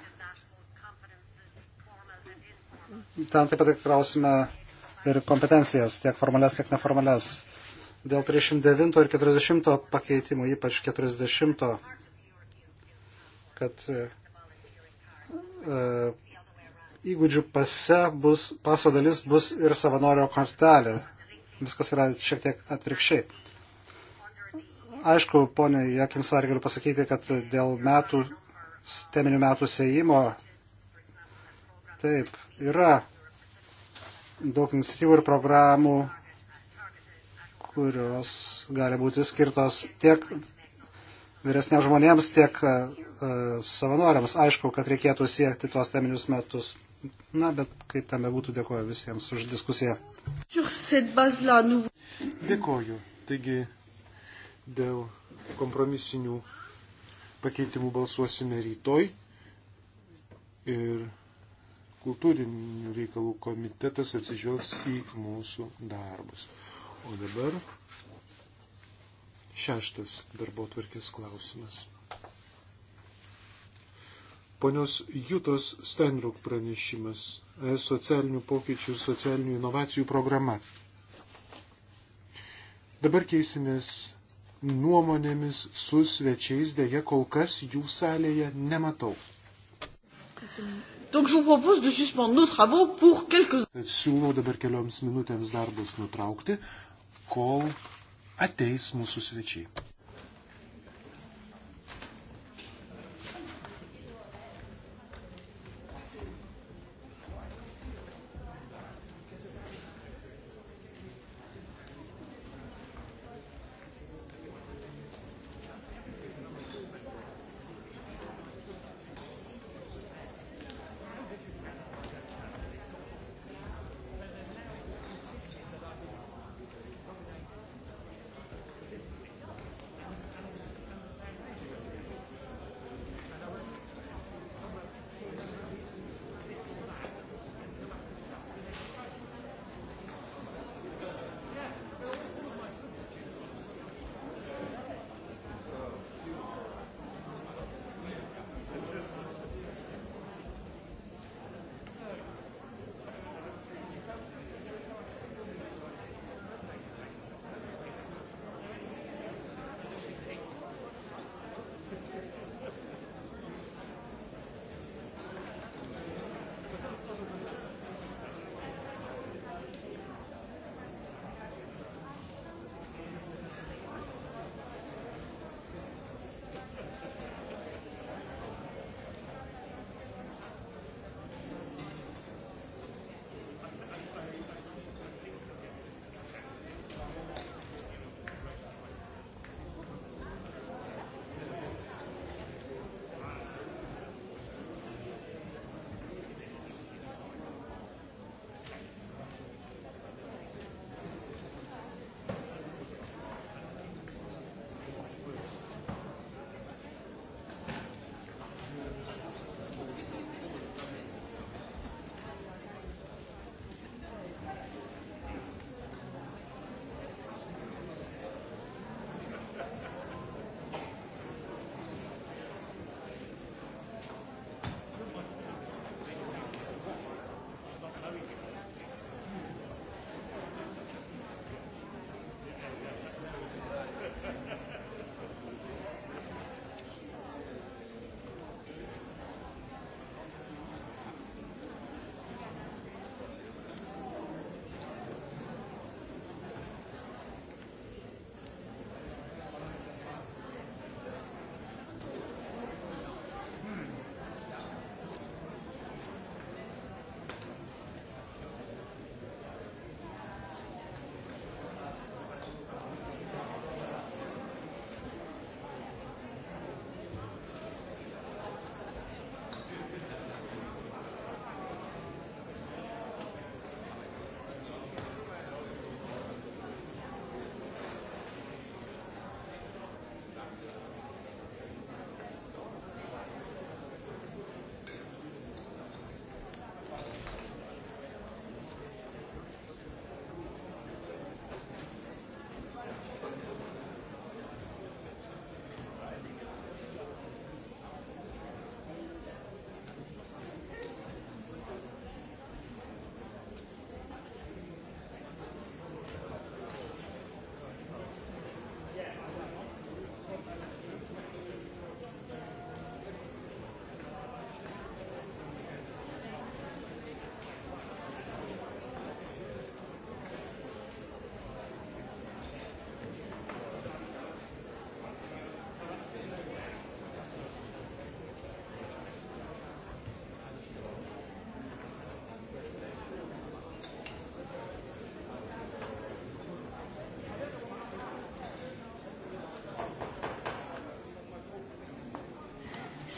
ten taip pat krausime ir kompetencijas, tiek formales, tiek neformales. Dėl 39 ir 40 pakeitimų, ypač 40, kad e, e, įgūdžių pase bus, paso dalis bus ir savanorio kortelė. Viskas yra šiek tiek atvirkščiai. Aišku, ponė Jakinsar, galiu pasakyti, kad dėl metų, teminių metų sėjimo Taip, yra daug iniciatyvų ir programų, kurios gali būti skirtos tiek vyresniems žmonėms, tiek e, e, savanoriams. Aišku, kad reikėtų siekti tuos teminius metus. Na, bet kaip tame būtų, dėkoju visiems už diskusiją. Dėkoju. Taigi, dėl kompromisinių pakeitimų balsuosime rytoj. Ir kultūrinių reikalų komitetas atsižvelgs į mūsų darbus. O dabar šeštas darbo tvarkės klausimas. Ponios Jutos Steinruk pranešimas ES socialinių pokyčių ir socialinių inovacijų programa. Dabar keisimės nuomonėmis su svečiais, dėja kol kas jų salėje nematau. Kasim. Donc je vous propose de suspendre nos travaux pour quelques... Siūlau dabar kelioms minutėms darbus nutraukti, kol ateis mūsų svečiai.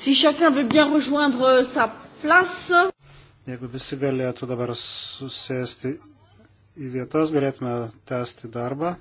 Si chacun veut bien rejoindre euh, sa place. Jeigu visi galėtų dabar susėsti į vietas, galėtume tęsti darbą.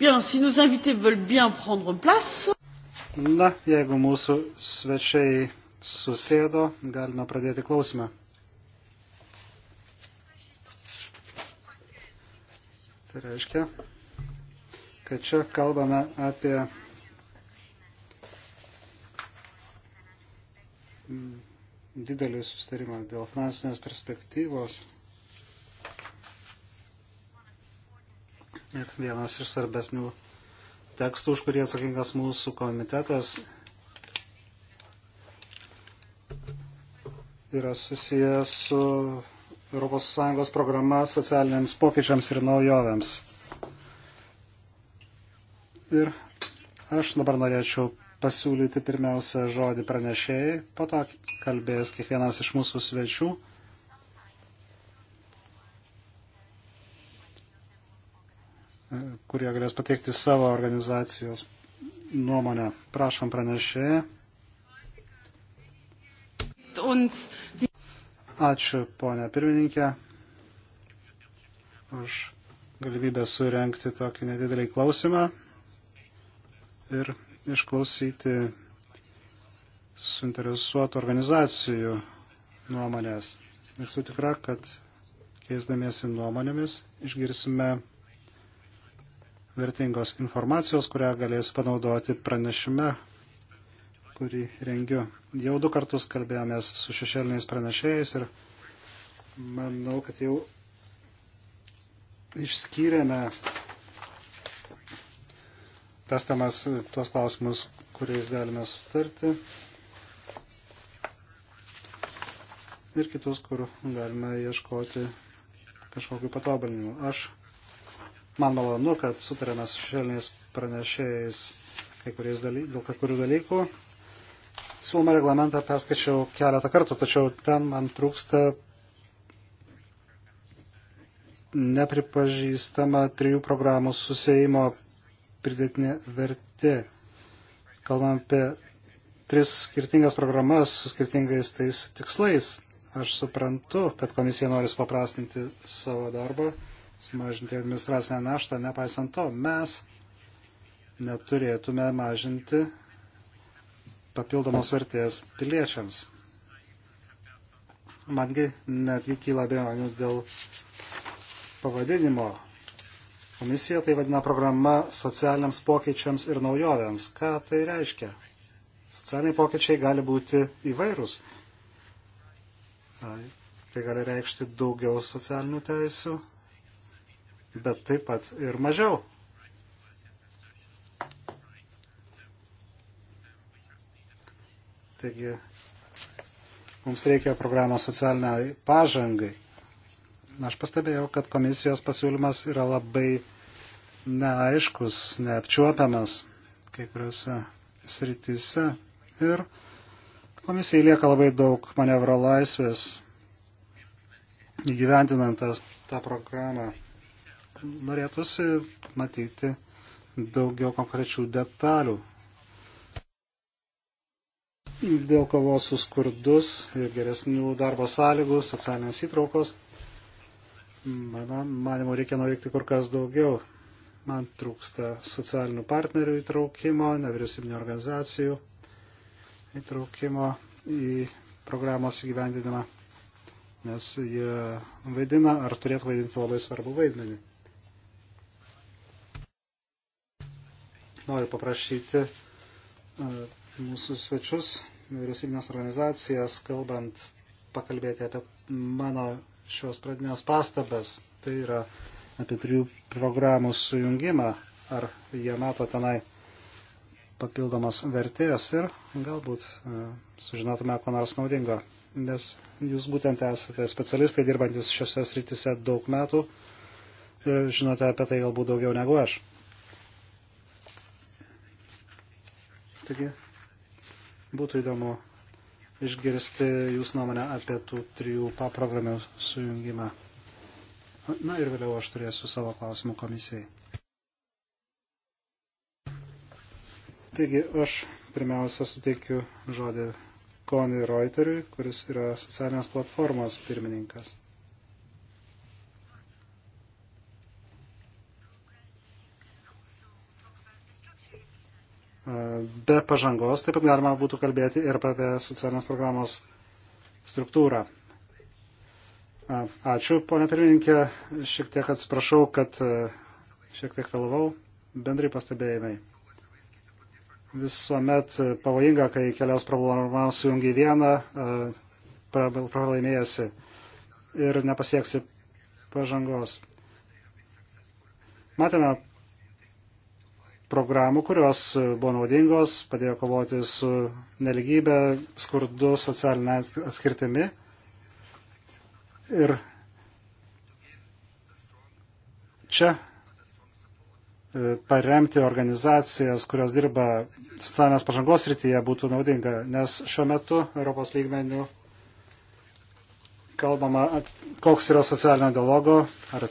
Bien, si nos invités veulent bien prendre place. Na, jeigu mūsų svečiai susėdo, galime pradėti klausimą. Tai reiškia, kad čia kalbame apie didelį sustarimą dėl finansinės perspektyvos vienas iš svarbesnių tekstų, už kurį atsakingas mūsų komitetas, yra susijęs su ES programa socialiniams pokyčiams ir naujovėms. Ir aš dabar norėčiau pasiūlyti pirmiausia žodį pranešėjai, po to kalbės kiekvienas iš mūsų svečių. kurie galės pateikti savo organizacijos nuomonę. Prašom pranešėją. Ačiū, ponė pirmininkė, už galimybę surenkti tokį nedidelį klausimą ir išklausyti suinteresuotų organizacijų nuomonės. Esu tikra, kad keisdamiesi nuomonėmis išgirsime vertingos informacijos, kurią galėsiu panaudoti pranešime, kurį rengiu. Jau du kartus kalbėjomės su šešėliniais pranešėjais ir manau, kad jau išskyrėme tas temas, tuos klausimus, kuriais galime sutarti ir kitus, kur galime ieškoti kažkokiu patobulinimu. Aš Man malonu, kad sutarėme su šelniais pranešėjais kai kuriais dalykais, dėl kai kurių dalykų. Siūlomą reglamentą perskaičiau keletą kartų, tačiau ten man trūksta nepripažįstama trijų programų susėjimo pridėtinė vertė. Kalbam apie tris skirtingas programas su skirtingais tais tikslais. Aš suprantu, kad komisija nori supaprastinti savo darbą sumažinti administracinę naštą, nepaisant to, mes neturėtume mažinti papildomos vertės piliečiams. Mangi netgi kyla abejonių dėl pavadinimo. Komisija tai vadina programa socialiniams pokyčiams ir naujovėms. Ką tai reiškia? Socialiniai pokyčiai gali būti įvairūs. Tai gali reikšti daugiau socialinių teisų, bet taip pat ir mažiau. Taigi mums reikia programos socialiniai pažangai. Aš pastebėjau, kad komisijos pasiūlymas yra labai neaiškus, neapčiuopiamas kai kuriuose srityse ir komisijai lieka labai daug manevro laisvės įgyvendinant tą programą norėtųsi matyti daugiau konkrečių detalių dėl kovos su skurdus ir geresnių darbo sąlygų, socialinės įtraukos. Mano manimo reikia nuveikti kur kas daugiau. Man trūksta socialinių partnerių įtraukimo, nevyriausybinio organizacijų įtraukimo į programos įgyvendinimą, nes jie vaidina ar turėtų vaidinti labai svarbu vaidmenį. noriu paprašyti e, mūsų svečius, vyriausybinės organizacijas, kalbant, pakalbėti apie mano šios pradinės pastabas. Tai yra apie trijų programų sujungimą, ar jie mato tenai papildomas vertės ir galbūt e, sužinotume ko nors naudingo. Nes jūs būtent esate specialistai, dirbantis šiose srityse daug metų ir žinote apie tai galbūt daugiau negu aš. Taigi būtų įdomu išgirsti jūsų nuomonę apie tų trijų paprogramių sujungimą. Na ir vėliau aš turėsiu savo klausimų komisijai. Taigi aš pirmiausia suteikiu žodį Koniui Reuteriui, kuris yra socialinės platformos pirmininkas. be pažangos. Taip pat galima būtų kalbėti ir apie socialinės programos struktūrą. Ačiū, ponė pirmininkė. Šiek tiek atsiprašau, kad šiek tiek vėlavau. Bendrai pastebėjimai. Visuomet pavojinga, kai kelias problemas sujungi vieną, pralaimėjasi ir nepasieksi pažangos. Matėme programų, kurios e, buvo naudingos, padėjo kovoti su neligybė, skurdu, socialinė atskirtimi. Ir čia e, paremti organizacijas, kurios dirba socialinės pažangos rytyje, būtų naudinga, nes šiuo metu Europos lygmenių kalbama, koks yra socialinio dialogo ar e,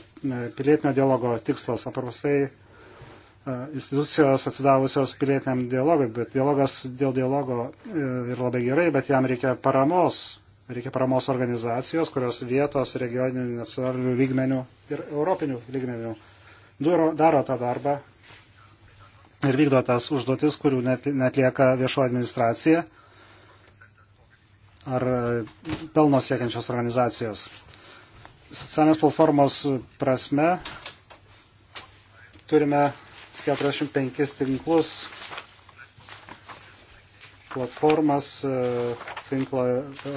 pilietinio dialogo tikslas. Paprastai E, institucijos atsidavusios pilietiniam dialogui, bet dialogas dėl dialogo ir e, labai gerai, bet jam reikia paramos, reikia paramos organizacijos, kurios vietos, regioninių, nacionalinių lygmenių ir europinių lygmenių daro, daro tą darbą ir vykdo tas užduotis, kurių net, netlieka viešo administracija ar e, pelno siekiančios organizacijos. Socialinės platformos prasme turime 45 tinklus, platformas, e, tinklą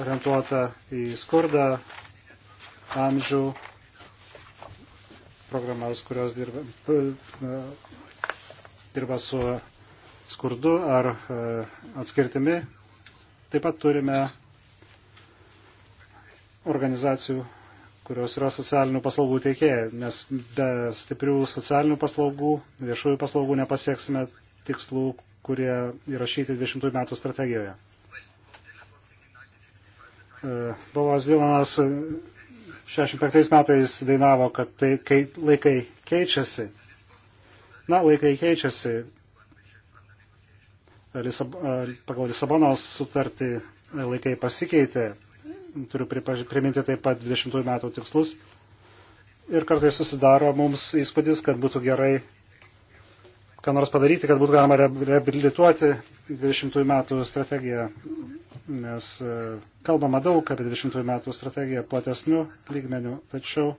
orientuotą į skurdą, amžių, programas, kurios dirba, e, dirba su skurdu ar e, atskirtimi. Taip pat turime organizacijų kurios yra socialinių paslaugų teikėjai, nes be stiprių socialinių paslaugų, viešųjų paslaugų nepasieksime tikslų, kurie įrašyti 20 metų strategijoje. E, Bovas Dylanas 65 metais dainavo, kad tai, kai laikai keičiasi. Na, laikai keičiasi. Lisab, pagal Lisabonos sutartį laikai pasikeitė turiu pripaž... priminti taip pat 20 metų tikslus. Ir kartais susidaro mums įspūdis, kad būtų gerai ką nors padaryti, kad būtų galima reabilituoti 20 metų strategiją. Nes e, kalbama daug apie 20 metų strategiją platesnių lygmenių, tačiau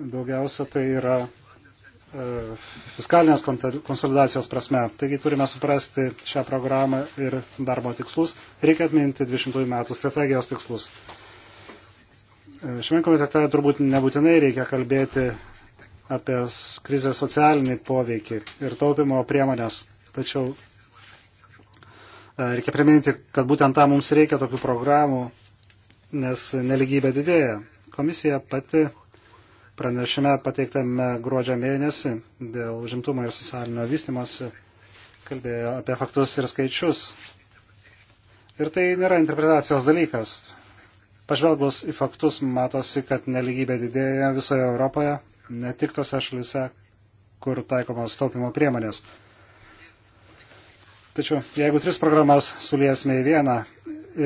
daugiausia tai yra E, fiskalinės konsolidacijos prasme. Taigi turime suprasti šią programą ir darbo tikslus. Reikia atminti 20 metų strategijos tikslus. E, šiame komitete turbūt nebūtinai reikia kalbėti apie krizės socialinį poveikį ir taupimo priemonės. Tačiau e, reikia priminti, kad būtent tam mums reikia tokių programų, nes neligybė didėja. Komisija pati pranešime pateiktame gruodžio mėnesį dėl užimtumo ir socialinio vystimosi kalbėjo apie faktus ir skaičius. Ir tai nėra interpretacijos dalykas. Pažvelgus į faktus, matosi, kad neligybė didėja visoje Europoje, ne tik tose šalise, kur taikomos taupimo priemonės. Tačiau jeigu tris programas suliesime į vieną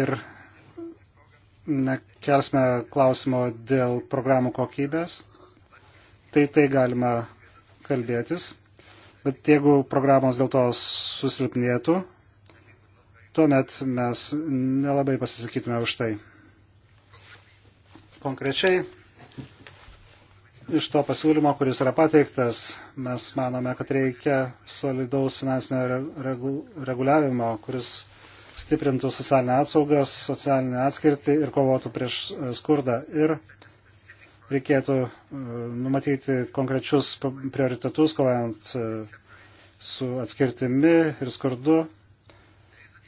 ir nekelsime klausimo dėl programų kokybės, tai tai galima kalbėtis. Bet jeigu programos dėl to susilpnėtų, tuomet mes nelabai pasisakytume už tai. Konkrečiai iš to pasiūlymo, kuris yra pateiktas, mes manome, kad reikia solidaus finansinio regu, reguliavimo, kuris stiprintų socialinę atsaugą, socialinę atskirtį ir kovotų prieš skurdą. Ir reikėtų e, numatyti konkrečius prioritetus, kovojant e, su atskirtimi ir skurdu.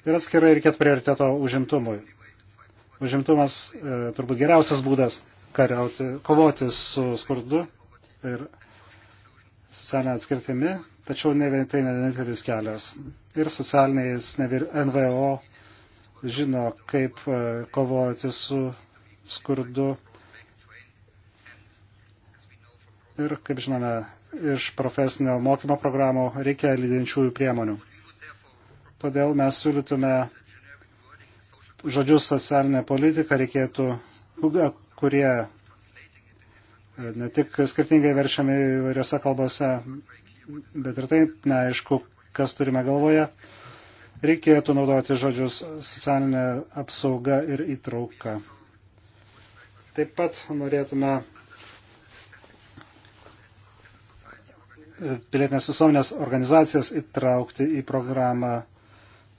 Ir atskirai reikėtų prioriteto užimtumui. Užimtumas e, turbūt geriausias būdas kariauti, kovoti su skurdu ir socialinė atskirtimi, tačiau ne vien tai nedidelis kelias. Ir socialiniais nevir, NVO žino, kaip kovoti su skurdu ir, kaip žinome, iš profesinio mokymo programų reikia lydinčiųjų priemonių. Todėl mes siūlytume žodžius socialinę politiką reikėtų, kurie e, ne tik skirtingai verčiami įvairiose kalbose, bet ir taip neaišku, kas turime galvoje, reikėtų naudoti žodžius socialinė apsauga ir įtrauka. Taip pat norėtume pilietinės visuomenės organizacijas įtraukti į programą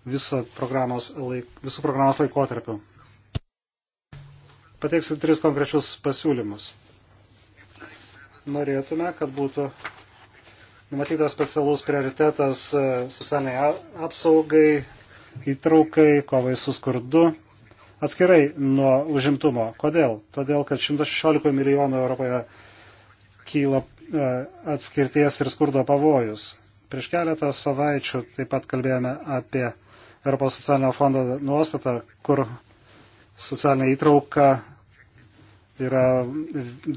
viso programos laik, visų programos laikotarpių. Pateiksiu tris konkrečius pasiūlymus. Norėtume, kad būtų numatytas specialus prioritetas e, socialiniai apsaugai, įtraukai, kovai su skurdu, atskirai nuo užimtumo. Kodėl? Todėl, kad 116 milijonų Europoje kyla E, atskirties ir skurdo pavojus. Prieš keletą savaičių taip pat kalbėjome apie Europos socialinio fondo nuostatą, kur socialinė įtrauka yra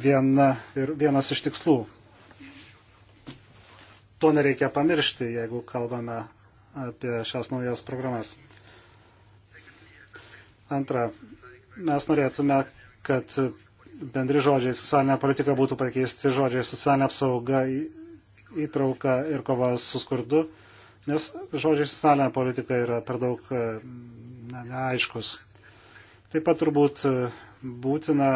viena, ir vienas iš tikslų. To nereikia pamiršti, jeigu kalbame apie šias naujas programas. Antra, mes norėtume, kad bendri žodžiai socialinė politika būtų pakeisti žodžiai socialinė apsauga, įtrauka ir kova su skurdu, nes žodžiai socialinė politika yra per daug e, na, neaiškus. Taip pat turbūt e, būtina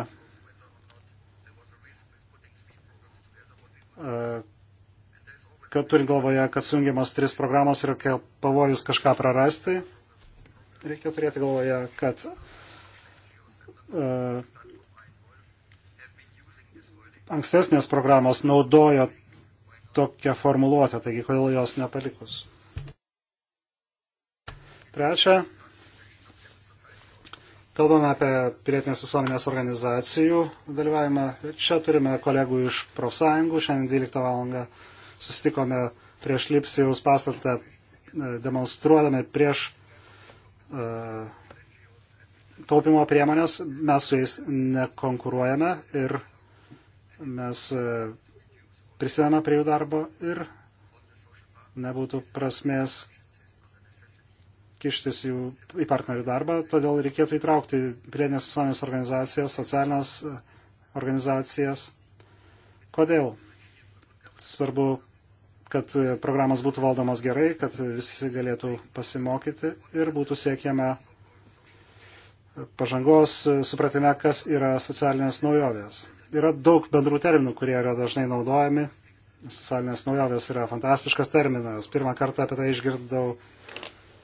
e, kad turint galvoje, kad sungiamas tris programos ir pavojus kažką prarasti, reikia turėti galvoje, kad uh, ankstesnės programos naudojo tokią formuluotę, taigi kodėl jos nepalikus. Trečia, kalbame apie pilietinės visuomenės organizacijų dalyvavimą. Čia turime kolegų iš profsąjungų. Šiandien 12 val. susitikome prieš Lipsijaus pastatą e, demonstruodami prieš uh, taupimo priemonės. Mes su jais nekonkuruojame ir mes e, prisidame prie jų darbo ir nebūtų prasmės kištis jų į partnerių darbą, todėl reikėtų įtraukti pilietinės visuomenės organizacijas, socialinės e, organizacijas. Kodėl? Svarbu, kad e, programas būtų valdomas gerai, kad visi galėtų pasimokyti ir būtų siekiama pažangos supratime, kas yra socialinės naujovės yra daug bendrų terminų, kurie yra dažnai naudojami. Socialinės naujovės yra fantastiškas terminas. Pirmą kartą apie tai išgirdau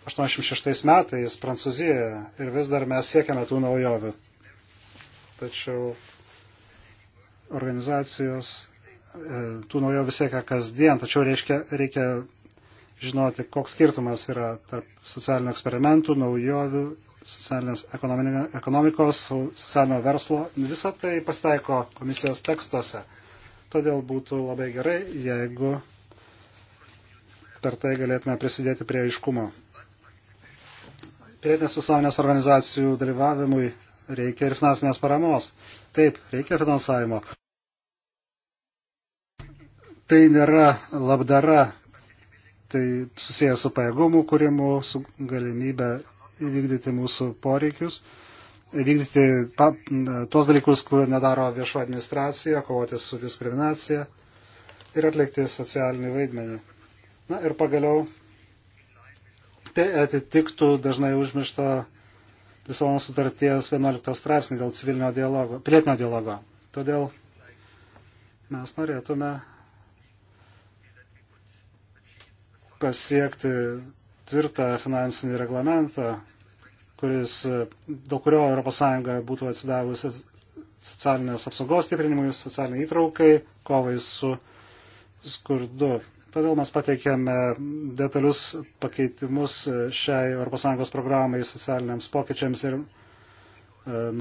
86 metais Prancūzijoje ir vis dar mes siekiame tų naujovių. Tačiau organizacijos e, tų naujovių siekia kasdien, tačiau reiškia, reikia žinoti, koks skirtumas yra tarp socialinių eksperimentų, naujovių socialinės ekonomikos, socialinio verslo. Visą tai pasitaiko komisijos tekstuose. Todėl būtų labai gerai, jeigu per tai galėtume prisidėti prie aiškumo. Pilietinės visuomenės organizacijų dalyvavimui reikia ir finansinės paramos. Taip, reikia finansavimo. Tai nėra labdara, tai susijęs su pajėgumų kūrimu, su galimybė įvykdyti mūsų poreikius, įvykdyti pa, tuos dalykus, kur nedaro viešo administracija, kovoti su diskriminacija ir atlikti socialinį vaidmenį. Na ir pagaliau tai atitiktų dažnai užmirštą Lisabono sutarties 11 straipsnį dėl civilinio dialogo, pilietinio dialogo. Todėl mes norėtume pasiekti tvirtą finansinį reglamentą, kuris, e, dėl kurio ES būtų atsidavusi socialinės apsaugos stiprinimui, socialiniai įtraukai, kovai su skurdu. Todėl mes pateikėme detalius pakeitimus e, šiai ES programai socialiniams pokyčiams ir e,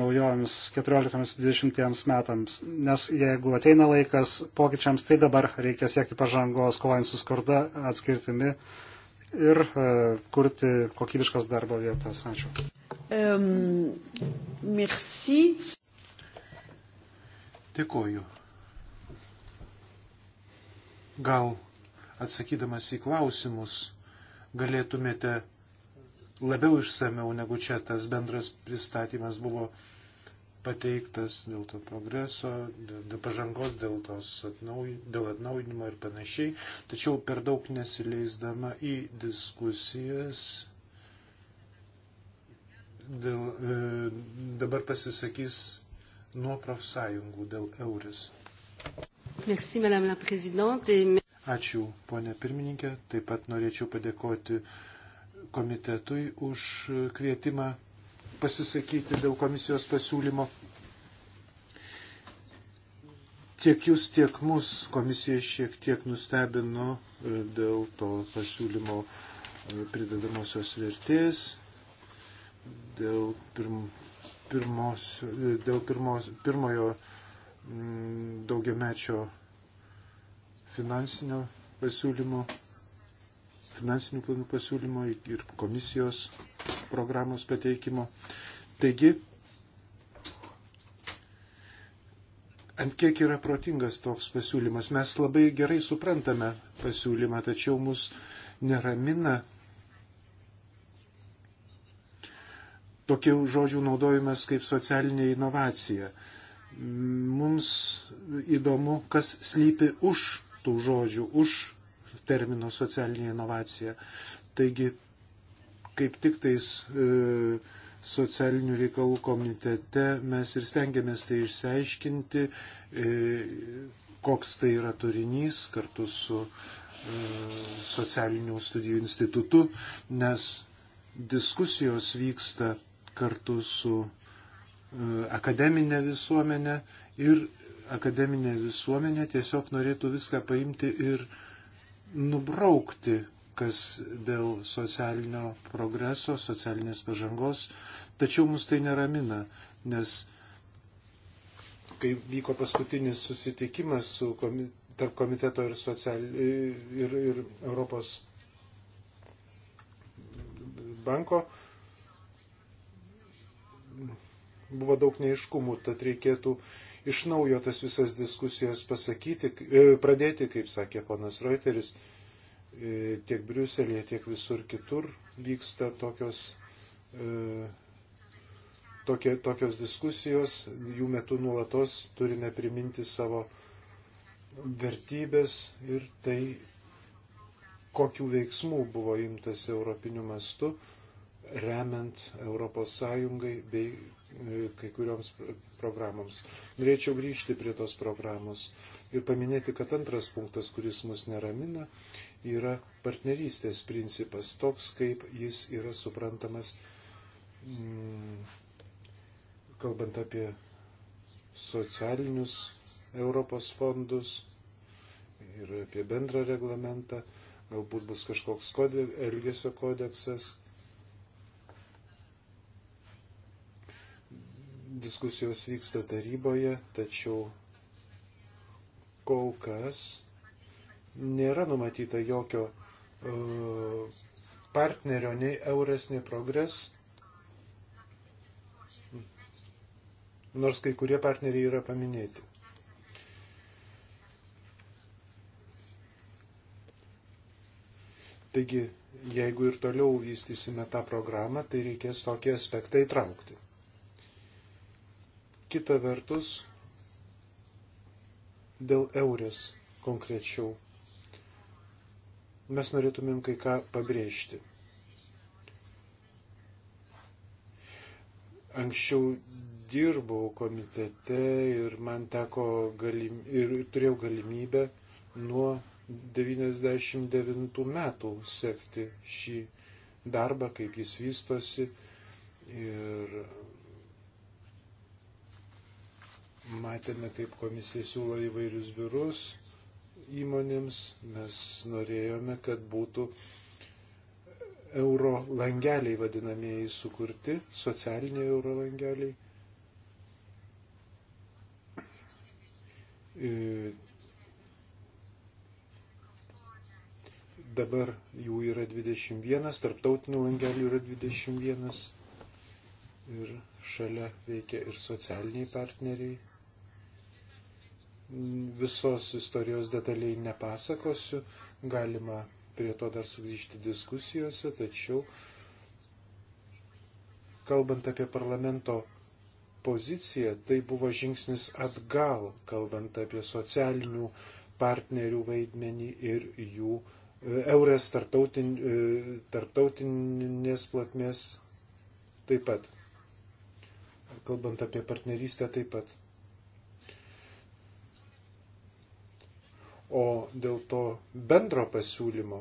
naujoms 14-20 metams. Nes jeigu ateina laikas pokyčiams, tai dabar reikia siekti pažangos, kovojant su skurda, atskirtimi ir e, kurti kokybiškas darbo vietas. Ačiū. Um, merci. Dėkoju. Gal atsakydamas į klausimus galėtumėte labiau išsameu negu čia tas bendras pristatymas buvo pateiktas, dėl to progreso, dėl, dėl pažangos, dėl, atnauj, dėl atnaujinimo ir panašiai, tačiau per daug nesileisdama į diskusijas. Dėl, e, dabar pasisakys nuo profsąjungų dėl euris. Merci, Madame la Présidente. Et... Ačiū, ponė pirmininkė. Taip pat norėčiau padėkoti komitetui už kvietimą pasisakyti dėl komisijos pasiūlymo. Tiek jūs, tiek mus komisija šiek tiek nustebino e, dėl to pasiūlymo e, pridedamosios vertės, dėl, pirm, pirmos, e, dėl pirmos, pirmojo mm, daugiamečio finansinio pasiūlymo, finansinių planų pasiūlymo ir komisijos programos pateikimo. Taigi, ant kiek yra protingas toks pasiūlymas. Mes labai gerai suprantame pasiūlymą, tačiau mus neramina tokių žodžių naudojimas kaip socialinė inovacija. Mums įdomu, kas slypi už tų žodžių, už termino socialinė inovacija. Taigi kaip tik tais e, socialinių reikalų komitete mes ir stengiamės tai išsiaiškinti, e, koks tai yra turinys kartu su e, socialinių studijų institutu, nes diskusijos vyksta kartu su e, akademinė visuomenė ir akademinė visuomenė tiesiog norėtų viską paimti ir nubraukti, kas dėl socialinio progreso, socialinės pažangos, tačiau mus tai neramina, nes kai vyko paskutinis susitikimas komite, tarp komiteto ir, social, ir, ir Europos banko, buvo daug neiškumų, tad reikėtų iš naujo tas visas diskusijas pasakyti, e, pradėti, kaip sakė ponas Reuteris, E, tiek Briuselėje, tiek visur kitur vyksta tokios, e, tokie, tokios diskusijos, jų metu nuolatos turime priminti savo vertybės ir tai, kokių veiksmų buvo imtas europiniu mastu, remiant ES bei e, kai kurioms programoms. Norėčiau grįžti prie tos programos ir paminėti, kad antras punktas, kuris mus neramina, yra partnerystės principas, toks kaip jis yra suprantamas, mm, kalbant apie socialinius Europos fondus ir apie bendrą reglamentą, galbūt bus kažkoks kode, elgesio kodeksas. Diskusijos vyksta taryboje, tačiau kol kas nėra numatyta jokio e, partnerio nei Eures, nei Progres, nors kai kurie partneriai yra paminėti. Taigi, jeigu ir toliau vystysime tą programą, tai reikės tokį aspektą įtraukti. Kita vertus, dėl eurės konkrečiau mes norėtumėm kai ką pabrėžti. Anksčiau dirbau komitete ir man teko galim, ir turėjau galimybę nuo 99 metų sekti šį darbą, kaip jis vystosi. Ir matėme, kaip komisija siūlo įvairius biurus, įmonėms. Mes norėjome, kad būtų euro langeliai vadinamieji sukurti, socialiniai euro langeliai. E, dabar jų yra 21, tarptautinių langelių yra 21 ir šalia veikia ir socialiniai partneriai, visos istorijos detaliai nepasakosiu, galima prie to dar sugrįžti diskusijose, tačiau kalbant apie parlamento poziciją, tai buvo žingsnis atgal, kalbant apie socialinių partnerių vaidmenį ir jų e, eurės tarptautin, e, tarptautinės platmės taip pat. Kalbant apie partnerystę taip pat. o dėl to bendro pasiūlymo,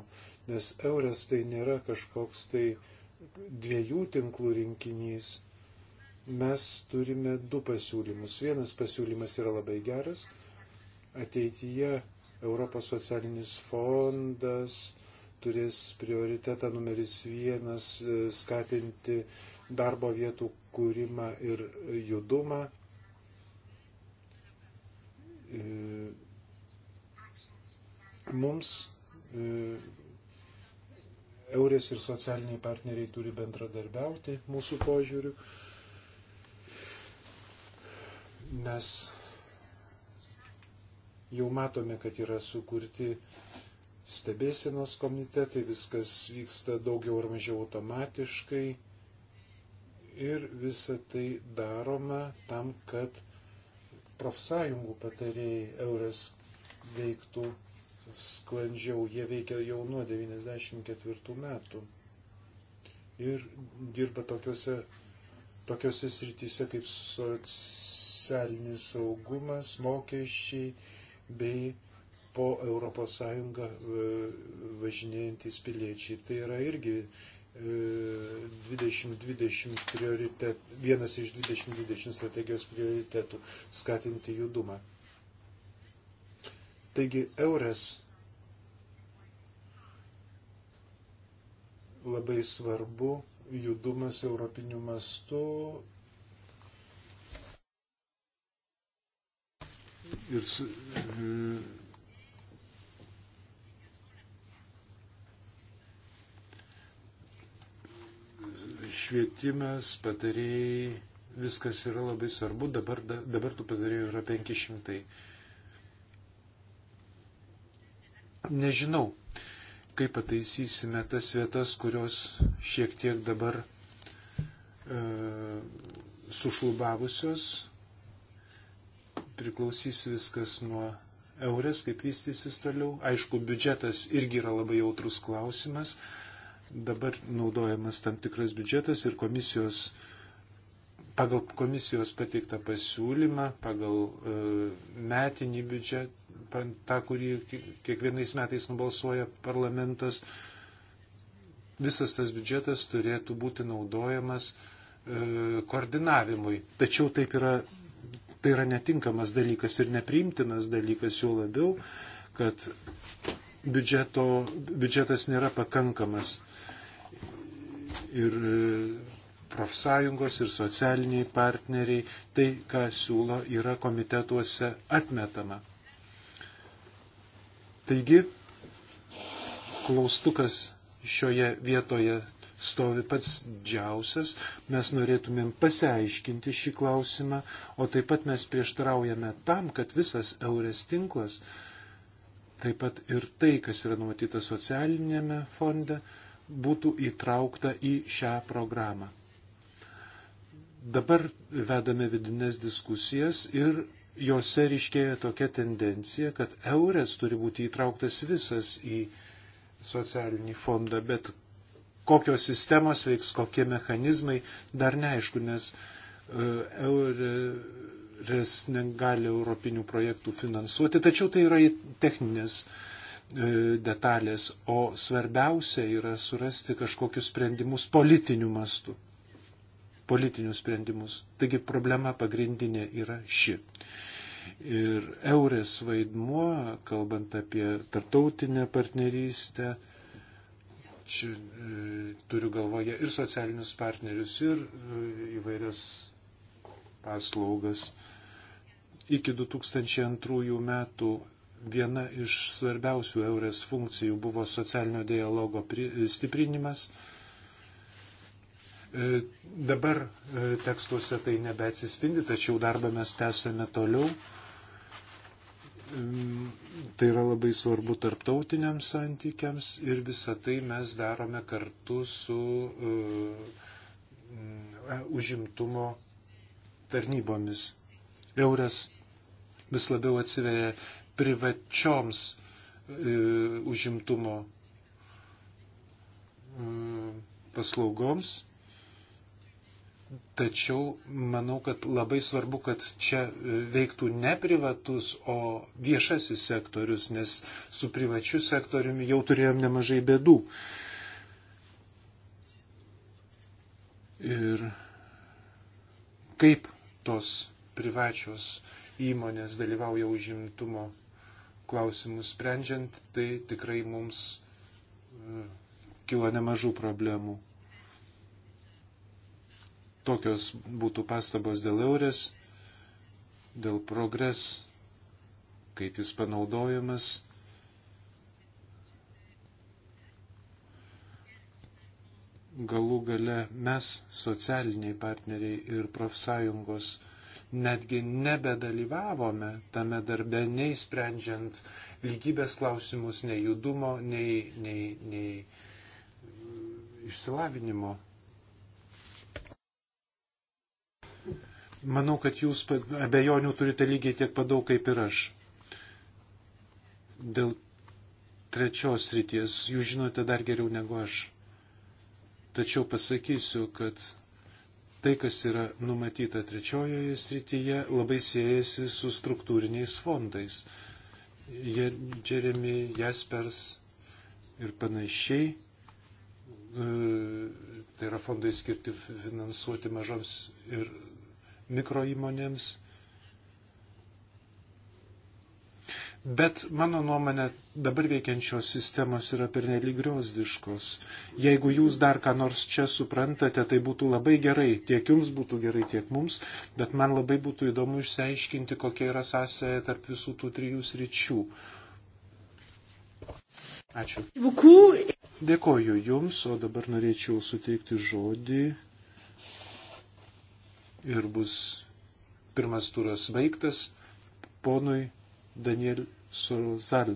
nes eurės tai nėra kažkoks tai dviejų tinklų rinkinys. Mes turime du pasiūlymus. Vienas pasiūlymas yra labai geras. Ateityje Europos socialinis fondas turės prioritetą numeris vienas e, skatinti darbo vietų kūrimą ir judumą e, Mums e, eurės ir socialiniai partneriai turi bendradarbiauti mūsų požiūriu, nes jau matome, kad yra sukurti stebėsienos komitetai, viskas vyksta daugiau ar mažiau automatiškai ir visa tai daroma tam, kad profsąjungų patarėjai eurės veiktų sklandžiau. Jie veikia jau nuo 94 metų ir dirba tokiuose, tokiuose srityse kaip socialinis saugumas, mokesčiai bei po ES e, važinėjantis piliečiai. Tai yra irgi 2020 e, prioritet, vienas iš 2020 strategijos prioritetų - skatinti judumą. Taigi eurės labai svarbu judumas europiniu mastu ir švietimas, patarėjai, viskas yra labai svarbu, dabar, dabar tų patarėjų yra 500. Nežinau, kaip pataisysime tas vietas, kurios šiek tiek dabar e, sušlubavusios. Priklausys viskas nuo eurės, kaip vystysis toliau. Aišku, biudžetas irgi yra labai jautrus klausimas. Dabar naudojamas tam tikras biudžetas ir komisijos, pagal komisijos pateiktą pasiūlymą, pagal e, metinį biudžetą, tą, kurį kiekvienais metais nubalsuoja parlamentas, visas tas biudžetas turėtų būti naudojamas e, koordinavimui. Tačiau taip yra, tai yra netinkamas dalykas ir nepriimtinas dalykas, jau labiau, kad biudžeto, biudžetas nėra pakankamas. Ir e, profsąjungos ir socialiniai partneriai tai, ką siūlo, yra komitetuose atmetama. Taigi, klaustukas šioje vietoje stovi pats didžiausias, mes norėtumėm pasiaiškinti šį klausimą, o taip pat mes prieštraujame tam, kad visas eurės tinklas, taip pat ir tai, kas yra numatyta socialinėme fonde, būtų įtraukta į šią programą. Dabar vedame vidinės diskusijas ir jose ryškėja tokia tendencija, kad eurės turi būti įtrauktas visas į socialinį fondą, bet kokios sistemos veiks, kokie mechanizmai, dar neaišku, nes e, eurės negali europinių projektų finansuoti, tačiau tai yra techninės e, detalės, o svarbiausia yra surasti kažkokius sprendimus politiniu mastu. Politinius sprendimus. Taigi problema pagrindinė yra ši ir eurės vaidmuo, kalbant apie tartautinę partnerystę. Čia e, turiu galvoje ir socialinius partnerius, ir e, įvairias paslaugas. Iki 2002 metų viena iš svarbiausių eurės funkcijų buvo socialinio dialogo e, stiprinimas. E, dabar e, tekstuose tai nebeatsispindi, tačiau darbą mes tęsėme toliau. Tai yra labai svarbu tarptautiniams santykiams ir visą tai mes darome kartu su e, užimtumo tarnybomis. Euras vis labiau atsiveria privačioms e, užimtumo paslaugoms Tačiau manau, kad labai svarbu, kad čia e, veiktų ne privatus, o viešasis sektorius, nes su privačiu sektoriumi jau turėjom nemažai bėdų. Ir kaip tos privačios įmonės dalyvauja užimtumo klausimus sprendžiant, tai tikrai mums e, kilo nemažų problemų. Tokios būtų pastabos dėl eurės, dėl progres, kaip jis panaudojamas. Galų gale mes, socialiniai partneriai ir profsąjungos, netgi nebedalyvavome tame darbe, nei sprendžiant lygybės klausimus, nei judumo, nei, nei, nei išsilavinimo Manau, kad jūs abejonių turite lygiai tiek padaug kaip ir aš. Dėl trečios ryties jūs žinote dar geriau negu aš. Tačiau pasakysiu, kad tai, kas yra numatyta trečiojoje srityje, labai siejasi su struktūriniais fondais. Jeremy, Jaspers ir panašiai. E, tai yra fondai skirti finansuoti mažoms ir mikro įmonėms. Bet mano nuomonė, dabar veikiančios sistemos yra pernelyg griozdiškos. Jeigu jūs dar ką nors čia suprantate, tai būtų labai gerai, tiek jums būtų gerai, tiek mums, bet man labai būtų įdomu išsiaiškinti, kokia yra sąsaja tarp visų tų trijų sričių. Ačiū. Dėkoju Jums, o dabar norėčiau suteikti žodį ir bus pirmas turas baigtas ponui Daniel Sorosal.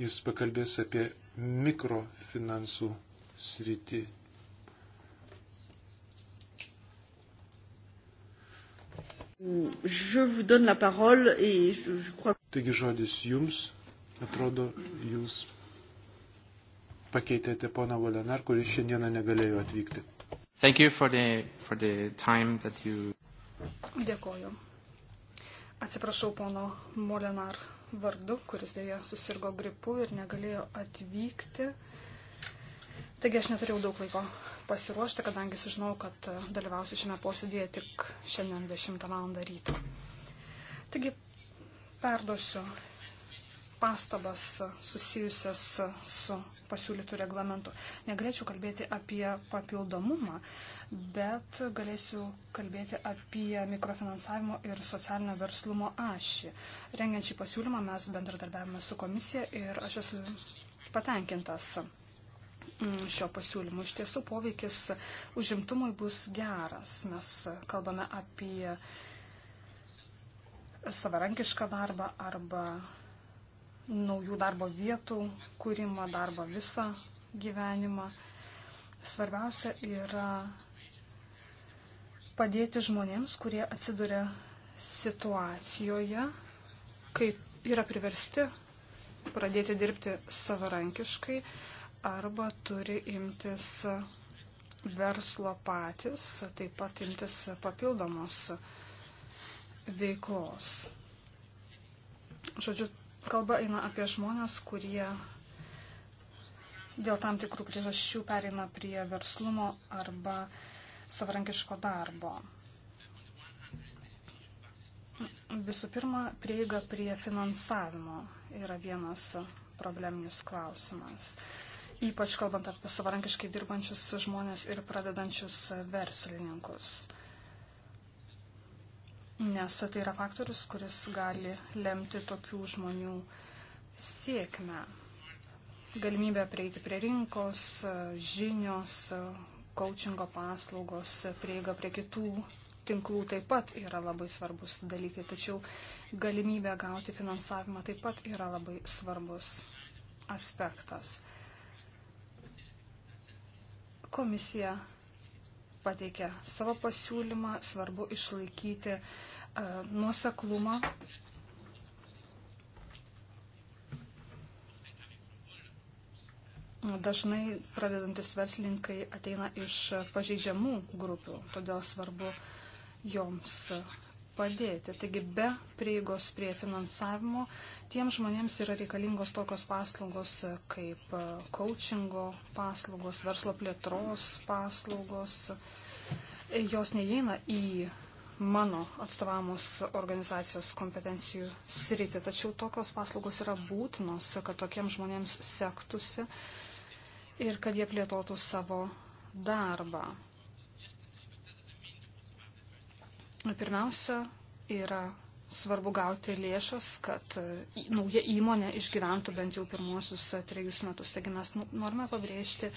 Jis pakalbės apie mikrofinansų sritį. Taigi žodis jums, atrodo, jūs pakeitėte poną Volenar, kuris šiandieną negalėjo atvykti. For the, for the you... Dėkoju. Atsiprašau pono Molenar vardu, kuris dėja susirgo gripu ir negalėjo atvykti. Taigi aš neturėjau daug laiko pasiruošti, kadangi sužinau, kad dalyvausiu šiame posėdėje tik šiandien 10 val. ryto. Taigi perduosiu pastabas susijusias su pasiūlytų reglamentų. Negalėčiau kalbėti apie papildomumą, bet galėsiu kalbėti apie mikrofinansavimo ir socialinio verslumo ašį. Rengiant šį pasiūlymą mes bendradarbiavame su komisija ir aš esu patenkintas mm, šio pasiūlymo. Iš tiesų poveikis užimtumui bus geras. Mes kalbame apie savarankišką darbą arba naujų darbo vietų kūrimą, darbą visą gyvenimą. Svarbiausia yra padėti žmonėms, kurie atsiduria situacijoje, kai yra priversti pradėti dirbti savarankiškai arba turi imtis verslo patys, taip pat imtis papildomos veiklos. Žodžiu, Kalba eina apie žmonės, kurie dėl tam tikrų priežasčių pereina prie verslumo arba savarankiško darbo. Visų pirma, prieiga prie finansavimo yra vienas probleminis klausimas. Ypač kalbant apie savarankiškai dirbančius žmonės ir pradedančius verslininkus nes tai yra faktorius, kuris gali lemti tokių žmonių sėkmę. Galimybė prieiti prie rinkos, žinios, coachingo paslaugos, prieiga prie kitų tinklų taip pat yra labai svarbus dalykai, tačiau galimybė gauti finansavimą taip pat yra labai svarbus aspektas. Komisija pateikė savo pasiūlymą, svarbu išlaikyti uh, nuoseklumo. Dažnai pradedantis verslininkai ateina iš pažeidžiamų grupių, todėl svarbu joms padėti. Taigi be prieigos prie finansavimo tiem žmonėms yra reikalingos tokios paslaugos kaip coachingo paslaugos, verslo plėtros paslaugos. Jos neįeina į mano atstovamos organizacijos kompetencijų sritį. Tačiau tokios paslaugos yra būtinos, kad tokiems žmonėms sektusi ir kad jie plėtotų savo darbą. Pirmiausia, yra svarbu gauti lėšas, kad nauja įmonė išgyventų bent jau pirmosius trejus metus. Taigi mes nu, norime pabrėžti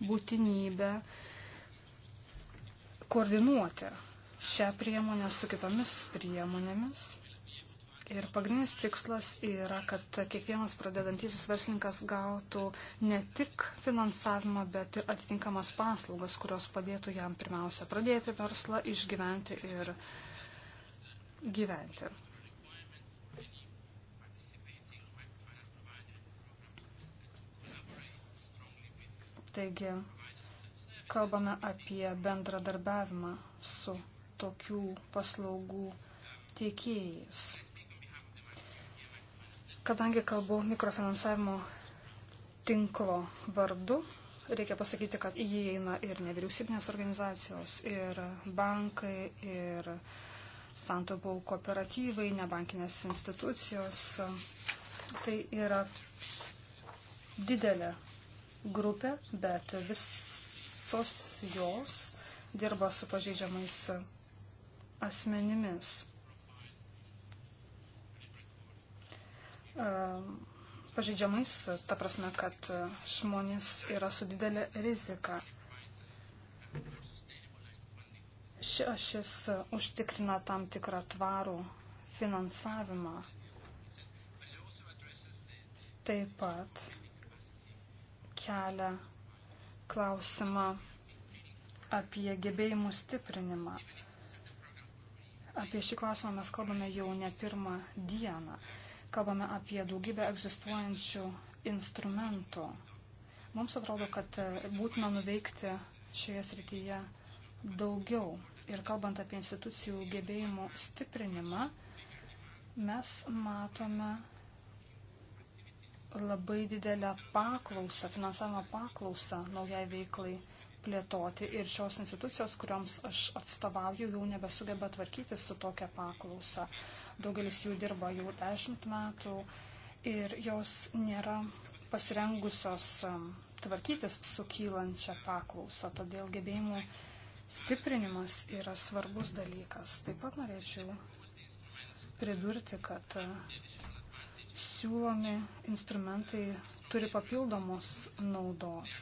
būtinybę koordinuoti šią priemonę su kitomis priemonėmis. Ir pagrindinis tikslas yra, kad kiekvienas pradedantisis verslininkas gautų ne tik finansavimą, bet ir atitinkamas paslaugas, kurios padėtų jam pirmiausia pradėti verslą, išgyventi ir gyventi. Taigi, kalbame apie bendradarbiavimą su tokių paslaugų teikėjais. Kadangi kalbu mikrofinansavimo tinklo vardu, reikia pasakyti, kad į jį eina ir nevyriausybinės organizacijos, ir bankai, ir santaupų kooperatyvai, nebankinės institucijos. Tai yra didelė grupė, bet visos jos dirba su pažeidžiamais asmenimis. Ehm, pažeidžiamais, ta prasme, kad žmonės yra su didelė rizika. Ši ašis užtikrina tam tikrą tvarų finansavimą. Taip pat kelia klausimą apie gebėjimų stiprinimą. Apie šį klausimą mes kalbame jau ne pirmą dieną. Kalbame apie daugybę egzistuojančių instrumentų. Mums atrodo, kad e, būtina nuveikti šioje srityje daugiau. Ir kalbant apie institucijų gebėjimų stiprinimą, mes matome labai didelę paklausą, finansavimo paklausą naujai veiklai plėtoti ir šios institucijos, kurioms aš atstovauju, jau nebesugeba tvarkyti su tokia paklausa. Daugelis jų dirba jau dešimt metų ir jos nėra pasirengusios um, tvarkytis su kylančia paklausa, todėl gebėjimų stiprinimas yra svarbus dalykas. Taip pat norėčiau pridurti, kad uh, siūlomi instrumentai turi papildomos naudos.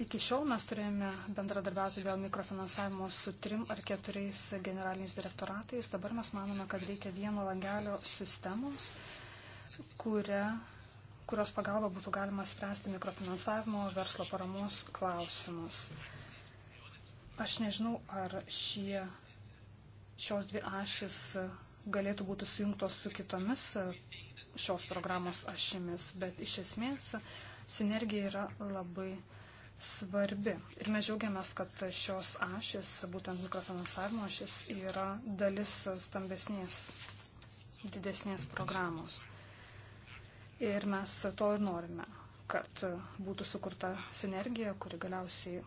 Iki šiol mes turėjome bendradarbiauti dėl mikrofinansavimo su trim ar keturiais generaliniais direktoratais. Dabar mes manome, kad reikia vieno langelio sistemos, kuria, kurios pagalba būtų galima spręsti mikrofinansavimo verslo paramos klausimus. Aš nežinau, ar šie, šios dvi ašys galėtų būti sujungtos su kitomis šios programos ašimis, bet iš esmės sinergija yra labai svarbi svarbi. Ir mes džiaugiamės, kad šios ašis, būtent mikrofinansavimo ašis, yra dalis stambesnės, didesnės programos. Ir mes to ir norime, kad būtų sukurta sinergija, kuri galiausiai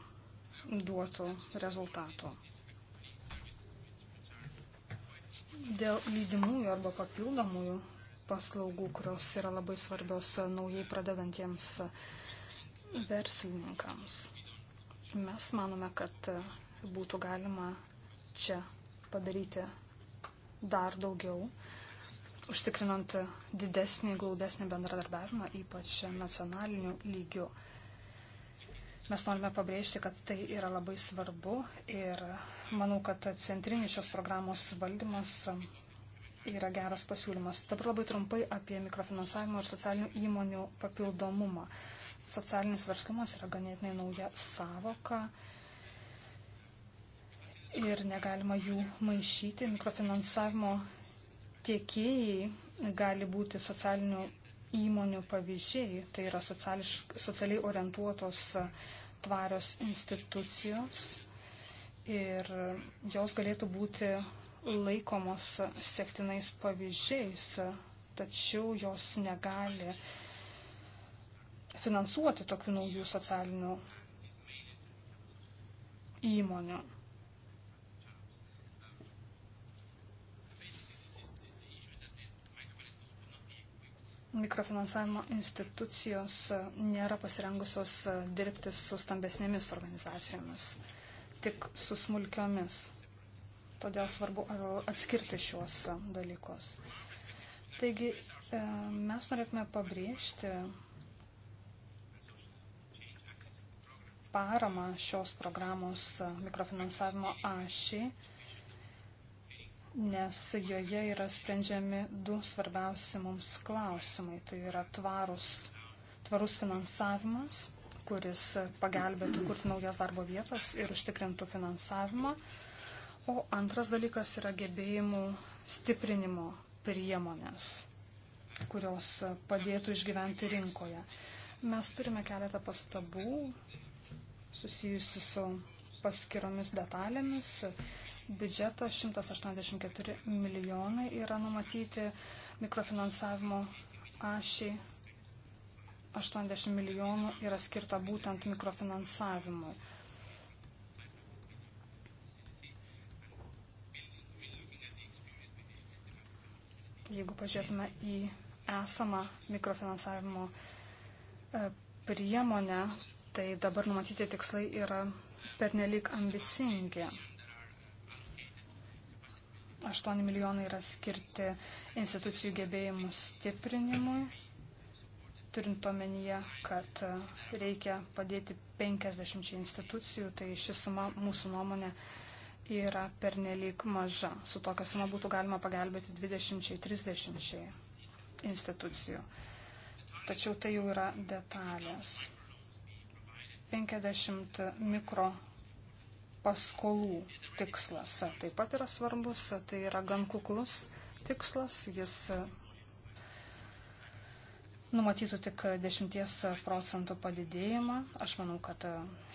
duotų rezultatų. Dėl lydimųjų arba papildomųjų paslaugų, kurios yra labai svarbios naujai pradedantiems verslininkams. Mes manome, kad e, būtų galima čia padaryti dar daugiau, užtikrinant didesnį, glaudesnį bendradarbiavimą, ypač nacionaliniu lygiu. Mes norime pabrėžti, kad tai yra labai svarbu ir manau, kad centrinis šios programos valdymas yra geras pasiūlymas. Dabar labai trumpai apie mikrofinansavimo ir socialinių įmonių papildomumą. Socialinis verslumas yra ganėtinai nauja savoka ir negalima jų maišyti. Mikrofinansavimo tiekėjai gali būti socialinių įmonių pavyzdžiai, tai yra socialiai orientuotos tvarios institucijos ir jos galėtų būti laikomos sektinais pavyzdžiais, tačiau jos negali finansuoti tokių naujų socialinių įmonių. mikrofinansavimo institucijos nėra pasirengusios dirbti su stambesnėmis organizacijomis, tik su smulkiomis. Todėl svarbu atskirti šiuos dalykus. Taigi e, mes norėtume pabrėžti, paramą šios programos mikrofinansavimo ašiai, nes joje yra sprendžiami du svarbiausi mums klausimai. Tai yra tvarus, tvarus finansavimas, kuris pagelbėtų kurti naujas darbo vietas ir užtikrintų finansavimą. O antras dalykas yra gebėjimų stiprinimo priemonės, kurios padėtų išgyventi rinkoje. Mes turime keletą pastabų susijusi su paskiromis detalėmis. Biudžetas 184 milijonai yra numatyti mikrofinansavimo ašiai. 80 milijonų yra skirta būtent mikrofinansavimui. Jeigu pažiūrėtume į esamą mikrofinansavimo e, priemonę, tai dabar numatyti tikslai yra pernelyg ambicingi. 8 milijonai yra skirti institucijų gebėjimų stiprinimui, turint omenyje, kad reikia padėti 50 institucijų, tai ši suma mūsų nuomonė yra pernelyg maža. Su tokia suma būtų galima pagelbėti 20-30 institucijų. Tačiau tai jau yra detalės. 50 mikro paskolų tikslas taip pat yra svarbus, tai yra gan kuklus tikslas, jis numatytų tik 10 procentų padidėjimą. Aš manau, kad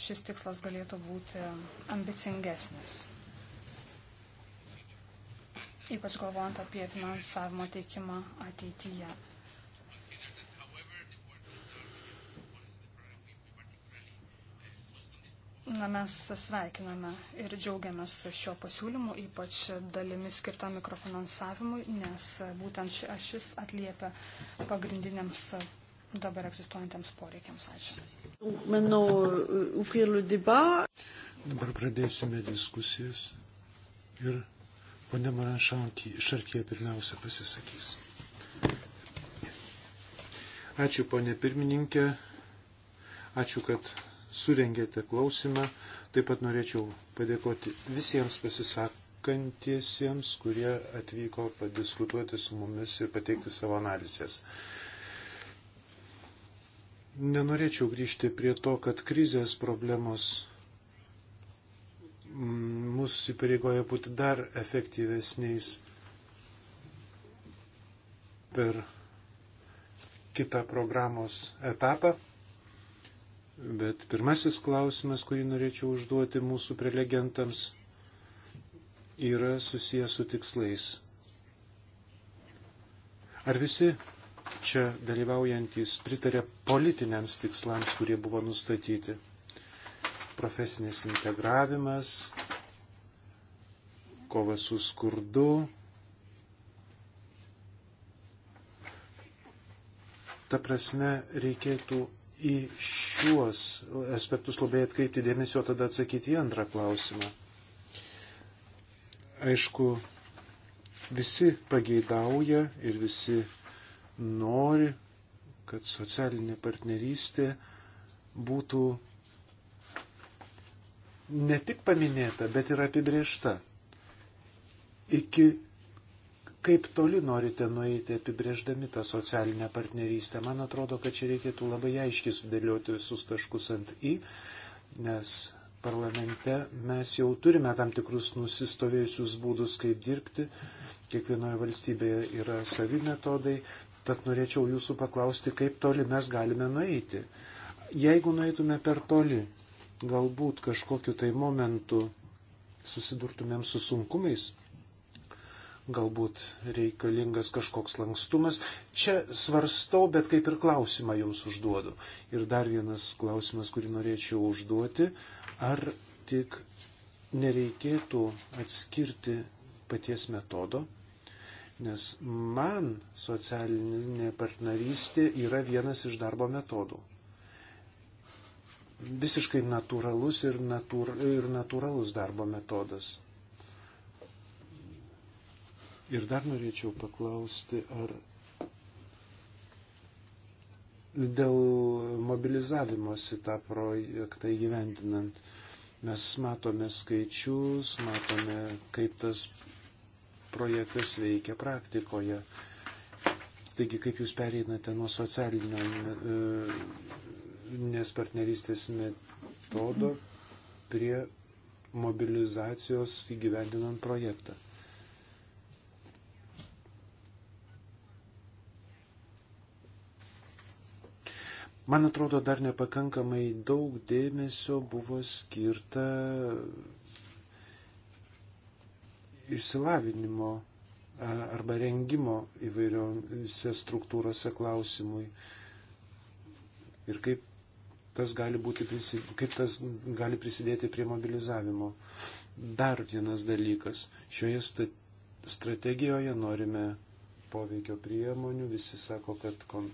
šis tikslas galėtų būti ambicingesnis. Ypač galvojant apie finansavimo teikimą ateityje. Na, mes sveikiname ir džiaugiamės šio pasiūlymu, ypač dalimi skirta mikrofinansavimui, nes būtent ši ašis atliepia pagrindiniams dabar egzistuojantiems poreikiams. Ačiū. Euh, dabar pradėsime diskusijas ir ponia Maranšantį šarkė pirmiausia pasisakys. Ačiū, ponė pirmininkė. Ačiū, kad surengėte klausimą. Taip pat norėčiau padėkoti visiems pasisakantiesiems, kurie atvyko padiskutuoti su mumis ir pateikti savo analizės. Nenorėčiau grįžti prie to, kad krizės problemos mm, mus įpareigoja būti dar efektyvesniais per kitą programos etapą. Bet pirmasis klausimas, kurį norėčiau užduoti mūsų prelegentams, yra susijęs su tikslais. Ar visi čia dalyvaujantys pritarė politiniams tikslams, kurie buvo nustatyti? Profesinis integravimas, kova su skurdu, ta prasme reikėtų į šiuos aspektus labai atkreipti dėmesio, tada atsakyti į antrą klausimą. Aišku, visi pageidauja ir visi nori, kad socialinė partnerystė būtų ne tik paminėta, bet ir apibriešta. Iki kaip toli norite nueiti apibrėždami tą socialinę partnerystę. Man atrodo, kad čia reikėtų labai aiškiai sudėlioti visus taškus ant i, nes parlamente mes jau turime tam tikrus nusistovėjusius būdus, kaip dirbti. Kiekvienoje valstybėje yra savi metodai, tad norėčiau jūsų paklausti, kaip toli mes galime nueiti. Jeigu nueitume per toli, galbūt kažkokiu tai momentu susidurtumėm su sunkumais, galbūt reikalingas kažkoks lankstumas. Čia svarstau, bet kaip ir klausimą jums užduodu. Ir dar vienas klausimas, kurį norėčiau užduoti, ar tik nereikėtų atskirti paties metodo, nes man socialinė partnerystė yra vienas iš darbo metodų. Visiškai natūralus ir, natūr, ir natūralus darbo metodas Ir dar norėčiau paklausti, ar dėl mobilizavimosi tą projektą įgyvendinant. Mes matome skaičius, matome, kaip tas projektas veikia praktikoje. Taigi, kaip jūs pereinate nuo socialinio e, nes partnerystės metodo prie mobilizacijos įgyvendinant projektą. Man atrodo, dar nepakankamai daug dėmesio buvo skirta išsilavinimo arba rengimo įvairiose struktūrose klausimui ir kaip tas gali, būti, kaip tas gali prisidėti prie mobilizavimo. Dar vienas dalykas. Šioje strategijoje norime poveikio priemonių, visi sako, kad kon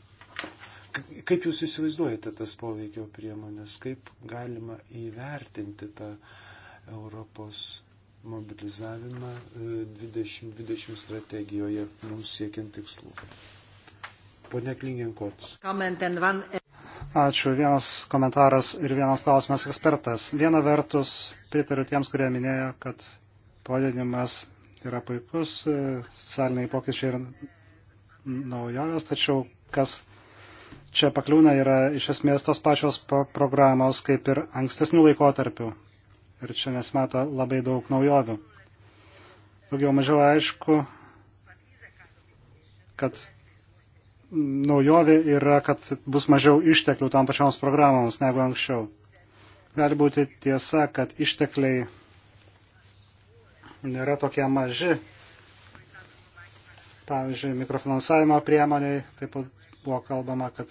Kaip jūs įsivaizduojate tas poveikio priemonės, kaip galima įvertinti tą Europos mobilizavimą 2020 e, strategijoje mums siekiant tikslų? Pone Klingenkots. Ačiū. Vienas komentaras ir vienas klausimas ekspertas. Viena vertus, pritariu tiems, kurie minėjo, kad pavadinimas yra puikus, e, socialiniai pokyčiai ir naujovės, tačiau kas čia pakliūna yra iš esmės tos pačios programos kaip ir ankstesnių laikotarpių. Ir čia nesimato labai daug naujovių. Daugiau mažiau aišku, kad naujovė yra, kad bus mažiau išteklių tom pačioms programoms negu anksčiau. Gali būti tiesa, kad ištekliai nėra tokie maži. Pavyzdžiui, mikrofinansavimo priemoniai, taip pat buvo kalbama, kad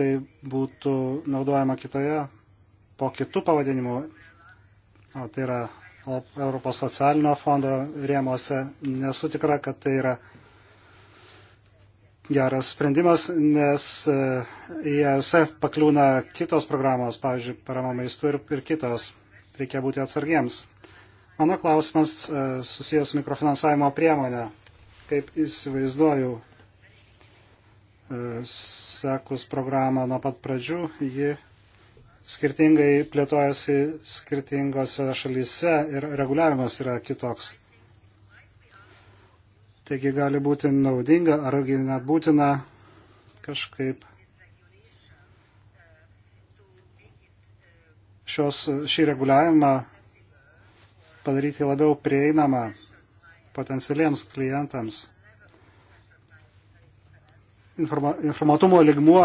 tai būtų naudojama kitoje, po kitų pavadinimų, o tai yra Europos socialinio fondo rėmose, nesu tikra, kad tai yra geras sprendimas, nes į e, ESF pakliūna kitos programos, pavyzdžiui, parama maistų ir, ir kitos. Reikia būti atsargiems. Mano klausimas e, susijęs su mikrofinansavimo priemonė. Kaip įsivaizduoju, E, sekus programą nuo pat pradžių, ji skirtingai plėtojasi skirtingose šalyse ir reguliavimas yra kitoks. Taigi gali būti naudinga ar net būtina kažkaip šios, šį reguliavimą padaryti labiau prieinamą potencialiems klientams informa, informatumo ligmuo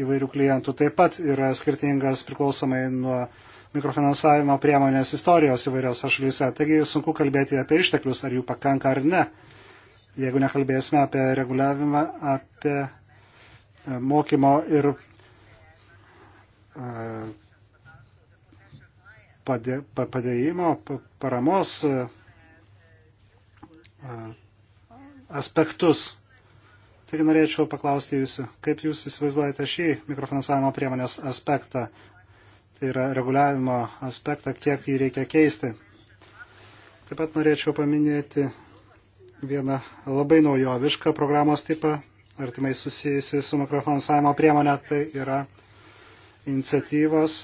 įvairių klientų taip pat yra skirtingas priklausomai nuo mikrofinansavimo priemonės istorijos įvairiose šalyse. Taigi sunku kalbėti apie išteklius, ar jų pakanka ar ne. Jeigu nekalbėsime apie reguliavimą, apie e, mokymo ir e, padė, padėjimo, paramos e, aspektus Taigi norėčiau paklausti jūsų, kaip jūs įsivaizduojate šį mikrofinansavimo priemonės aspektą, tai yra reguliavimo aspektą, kiek jį reikia keisti. Taip pat norėčiau paminėti vieną labai naujovišką programos tipą, artimai susijusi su mikrofinansavimo priemonė, tai yra iniciatyvos,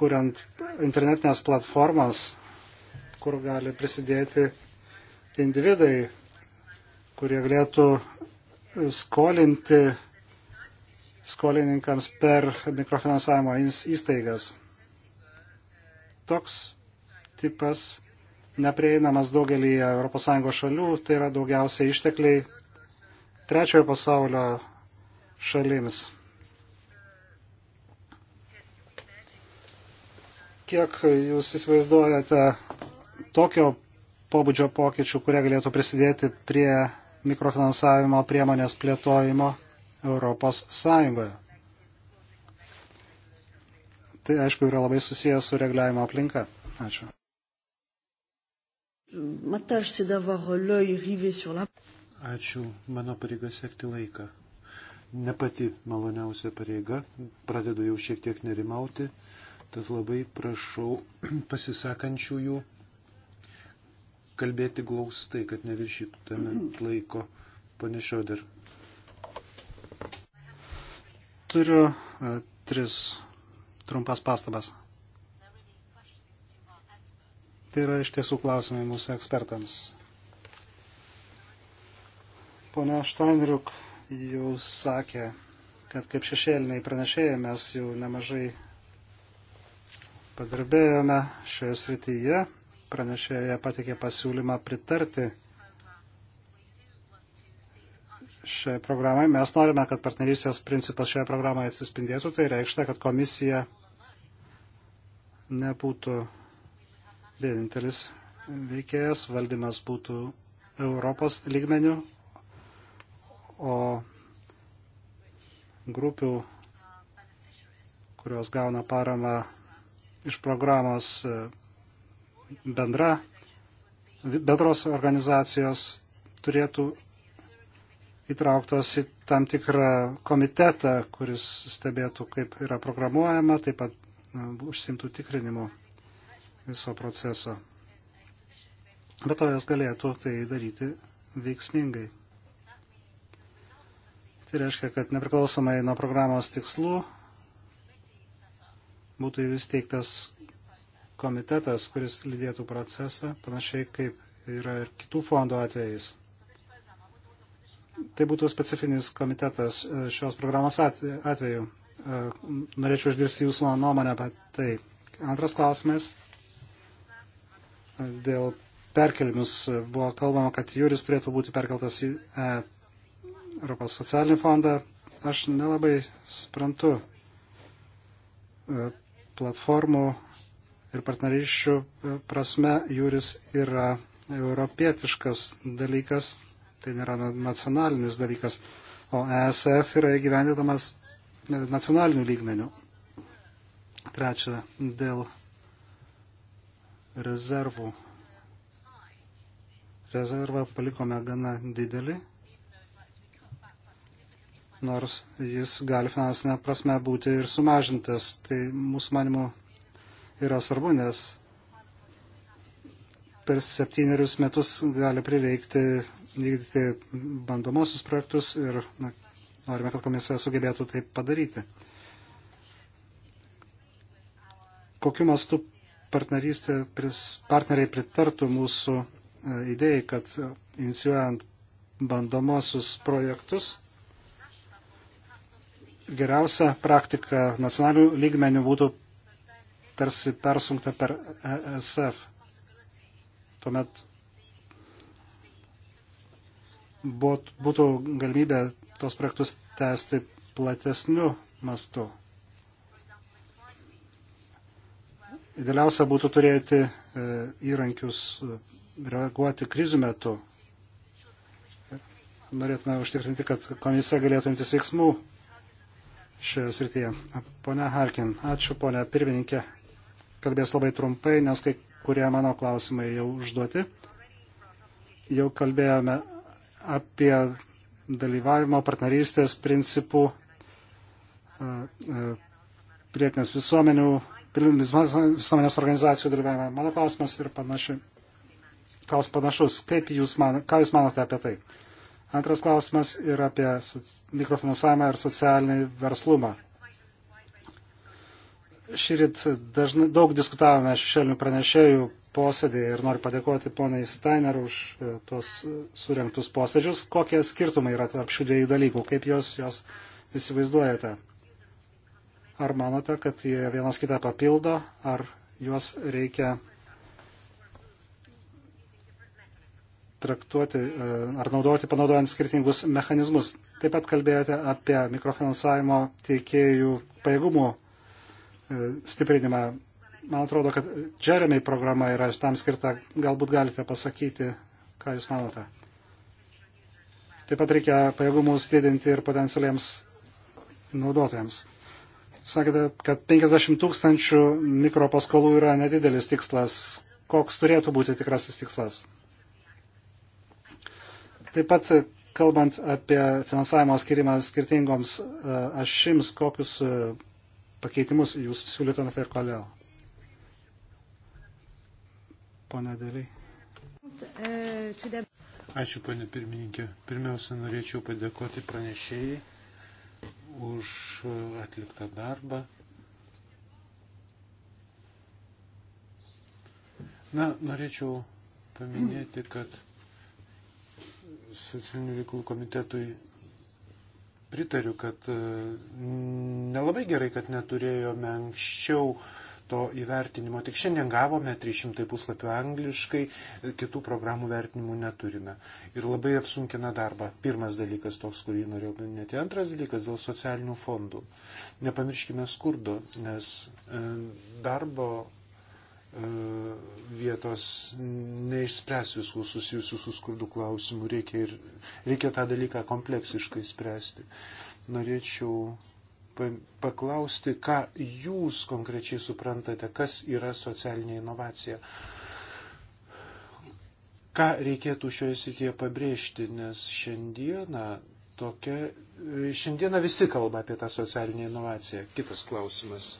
kuriant internetinės platformas, kur gali prisidėti individai, kurie galėtų skolinti skolininkams per mikrofinansavimo įstaigas. Toks tipas neprieinamas daugelį ES šalių, tai yra daugiausiai ištekliai trečiojo pasaulio šalims. Kiek jūs įsivaizduojate tokio pobūdžio pokyčių, kurie galėtų prisidėti prie mikrofinansavimo priemonės plėtojimo Europos Sąjungoje. Tai aišku yra labai susijęs su reguliavimo aplinka. Ačiū. Ačiū, mano pareiga sekti laiką. Ne pati maloniausia pareiga, pradedu jau šiek tiek nerimauti, tad labai prašau pasisakančiųjų kalbėti glaustai, kad neviršytume mhm. laiko. Pane Šioder. Turiu a, e, tris trumpas pastabas. Tai yra iš tiesų klausimai mūsų ekspertams. Pone Štainruk jau sakė, kad kaip šešėliniai pranešėjai mes jau nemažai padirbėjome šioje srityje pranešėja patikė pasiūlymą pritarti šiai programai. Mes norime, kad partnerystės principas šioje programoje atsispindėtų. Tai reikšta, kad komisija nebūtų vienintelis veikėjas, valdymas būtų Europos lygmenių, o grupių, kurios gauna paramą iš programos bendra, bendros organizacijos turėtų įtrauktos į tam tikrą komitetą, kuris stebėtų, kaip yra programuojama, taip pat užsimtų tikrinimu viso proceso. Bet to jos galėtų tai daryti veiksmingai. Tai reiškia, kad nepriklausomai nuo programos tikslų būtų įsteigtas komitetas, kuris lydėtų procesą, panašiai kaip yra ir kitų fondų atvejais. Tai būtų specifinis komitetas e, šios programos atveju. E, norėčiau išgirsti jūsų nuomonę apie tai. Antras klausimas. Dėl perkelimus e, buvo kalbama, kad jūris turėtų būti perkeltas į Europos socialinį fondą. Aš nelabai suprantu platformų ir partnerysčių e, prasme jūris yra europietiškas dalykas, tai nėra nacionalinis dalykas, o ESF yra įgyvendinamas e, nacionaliniu lygmeniu. Trečia, dėl rezervų. Rezervą palikome gana didelį, nors jis gali finansinę prasme būti ir sumažintas. Tai mūsų manimo yra svarbu, nes per septynerius metus gali prireikti vykdyti bandomosius projektus ir na, norime, kad komisija sugebėtų tai padaryti. Kokiu mastu partneriai pritartų mūsų e, idėjai, kad inicijuojant bandomosius projektus, geriausia praktika nacionalių lygmenių būtų tarsi persunkta per ESF. Tuomet būtų galimybė tos projektus tęsti platesniu mastu. Idealiausia būtų turėti e, įrankius e, reaguoti krizių metu. Norėtume užtikrinti, kad komisija galėtų imtis veiksmų šioje srityje. Pone Harkin, ačiū, pone pirmininkė kalbės labai trumpai, nes kai kurie mano klausimai jau užduoti. Jau kalbėjome apie dalyvavimo partnerystės principų pilietinės visuomenių, visuomenės organizacijų dalyvavimą. Mano klausimas ir panašiai. Klaus panašus. Kaip jūs man, ką jūs manote apie tai? Antras klausimas yra apie mikrofinansavimą ir socialinį verslumą. Šįryt daug diskutavome šešėlinių pranešėjų posėdėje ir noriu padėkoti ponai Steiner už e, tuos surinktus posėdžius. Kokie skirtumai yra tarp šių dviejų dalykų? Kaip jūs jos įsivaizduojate? Ar manote, kad jie vienas kitą papildo, ar juos reikia traktuoti e, ar naudoti, panaudojant skirtingus mechanizmus? Taip pat kalbėjote apie mikrofinansavimo teikėjų pajėgumų E, stiprinimą. Man atrodo, kad Jeremy programa yra tam skirta. Galbūt galite pasakyti, ką Jūs manote. Taip pat reikia pajėgumus didinti ir potencialiems naudotojams. Sakėte, kad 50 tūkstančių mikropaskolų yra nedidelis tikslas. Koks turėtų būti tikrasis tikslas? Taip pat, kalbant apie finansavimo skirimą skirtingoms e, ašims, kokius e, pakeitimus jūs siūlytumėte ir kodėl? Pone Deliai. Ačiū, ponė pirmininkė. Pirmiausia, norėčiau padėkoti pranešėjai už atliktą darbą. Na, norėčiau paminėti, kad socialinių veiklų komitetui pritariu, kad e, nelabai gerai, kad neturėjome anksčiau to įvertinimo. Tik šiandien gavome 300 puslapių angliškai, kitų programų vertinimų neturime. Ir labai apsunkina darbą. Pirmas dalykas toks, kurį norėjau paminėti. Antras dalykas dėl socialinių fondų. Nepamirškime skurdo, nes e, darbo E, vietos neišspręs visų susijusių su skurdu klausimų. Reikia, ir, reikia tą dalyką kompleksiškai spręsti. Norėčiau paklausti, ką jūs konkrečiai suprantate, kas yra socialinė inovacija. Ką reikėtų šioje srityje pabrėžti, nes šiandieną tokia, šiandieną visi kalba apie tą socialinę inovaciją. Kitas klausimas.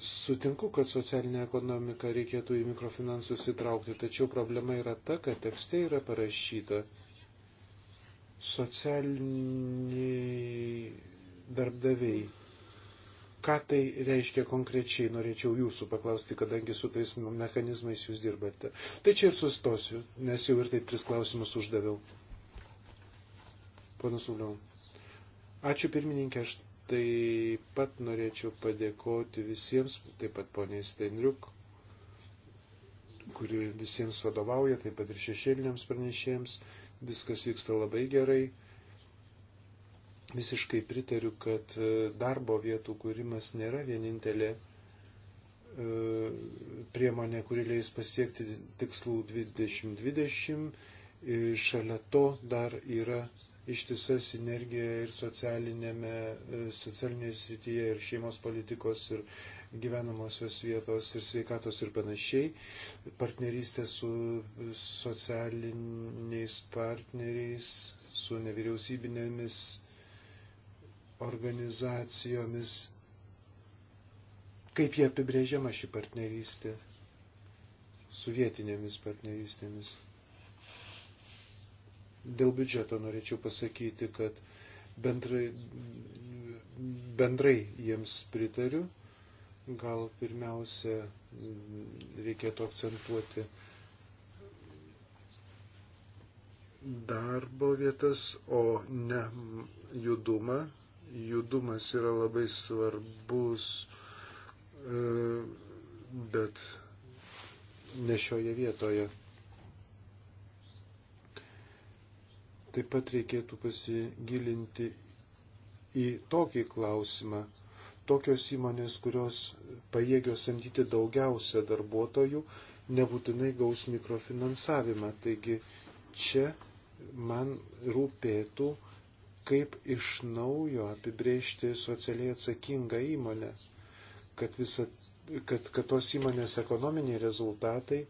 Sutinku, kad socialinę ekonomiką reikėtų į mikrofinansus įtraukti, tačiau problema yra ta, kad tekste yra parašyta socialiniai darbdaviai. Ką tai reiškia konkrečiai, norėčiau jūsų paklausti, kadangi su tais mechanizmais jūs dirbate. Tai čia ir sustosiu, nes jau ir taip tris klausimus uždaviau. Ponas Uliau. Ačiū pirmininkė, aš Taip pat norėčiau padėkoti visiems, taip pat poniai Steinriuk, kuri visiems vadovauja, taip pat ir šešėliniams pranešėjams. Viskas vyksta labai gerai. Visiškai pritariu, kad e, darbo vietų kūrimas nėra vienintelė e, priemonė, kuri leis pasiekti tikslų 2020. E, šalia to dar yra ištisa sinergija ir e, socialinėje srityje, ir šeimos politikos, ir gyvenamosios vietos, ir sveikatos, ir panašiai. Partnerystė su socialiniais partneriais, su nevyriausybinėmis organizacijomis. Kaip jie apibrėžiama ši partnerystė su vietinėmis partnerystėmis? Dėl biudžeto norėčiau pasakyti, kad bendrai, bendrai jiems pritariu. Gal pirmiausia reikėtų akcentuoti darbo vietas, o ne judumą. Judumas yra labai svarbus, e, bet ne šioje vietoje. Taip pat reikėtų pasigilinti į tokį klausimą. Tokios įmonės, kurios pajėgios samdyti daugiausia darbuotojų, nebūtinai gaus mikrofinansavimą. Taigi čia man rūpėtų, kaip iš naujo apibrėžti socialiai atsakingą įmonę, kad, visa, kad, kad tos įmonės ekonominiai rezultatai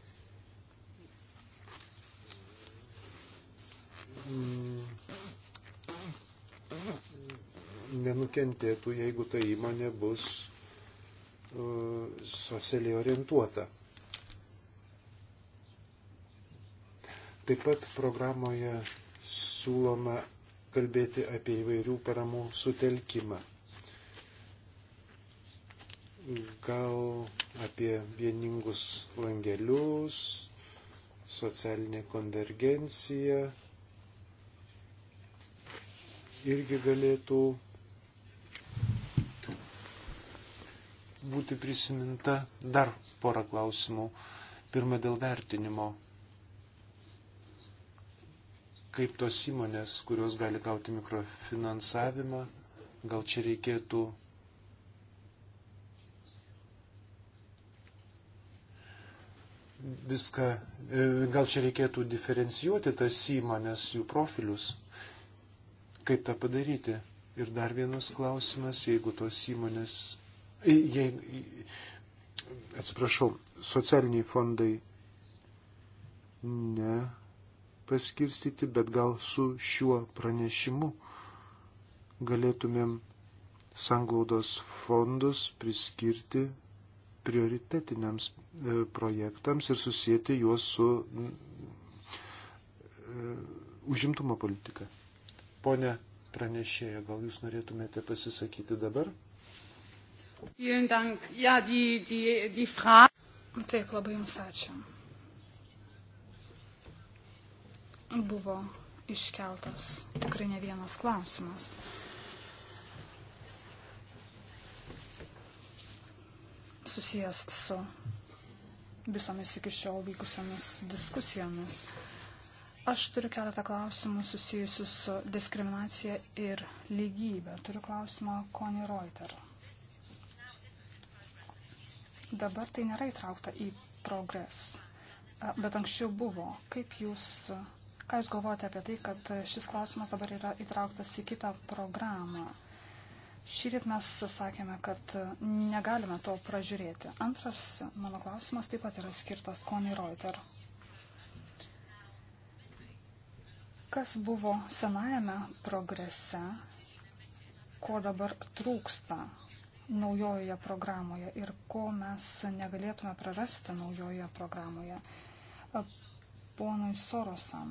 Mm. nenukentėtų, jeigu ta įmonė bus e, socialiai orientuota. Taip pat programoje siūloma kalbėti apie įvairių paramų sutelkimą. Gal apie vieningus langelius, socialinę konvergenciją, irgi galėtų būti prisiminta dar porą klausimų. Pirma dėl vertinimo. Kaip tos įmonės, kurios gali gauti mikrofinansavimą, gal čia reikėtų viską, e, gal čia reikėtų diferencijuoti tas įmonės, jų profilius. Kaip tą padaryti? Ir dar vienas klausimas, jeigu tos įmonės, jei, atsiprašau, socialiniai fondai ne paskirstyti, bet gal su šiuo pranešimu galėtumėm sanglaudos fondus priskirti prioritetiniams e, projektams ir susijęti juos su e, užimtumo politika. Pone pranešėja, gal jūs norėtumėte pasisakyti dabar? Taip, labai jums ačiū. Buvo iškeltas tikrai ne vienas klausimas. susijęs su visomis iki šiol vykusiamis diskusijomis. Aš turiu keletą klausimų susijusių su diskriminacija ir lygybė. Turiu klausimą Koni Reuter. Dabar tai nėra įtraukta į progres, bet anksčiau buvo. Kaip jūs, ką jūs galvojate apie tai, kad šis klausimas dabar yra įtrauktas į kitą programą? Šįryt mes sakėme, kad negalime to pražiūrėti. Antras mano klausimas taip pat yra skirtas Koni Reuter. kas buvo senajame progrese, ko dabar trūksta naujojoje programoje ir ko mes negalėtume prarasti naujojoje programoje. Ponui Sorosam,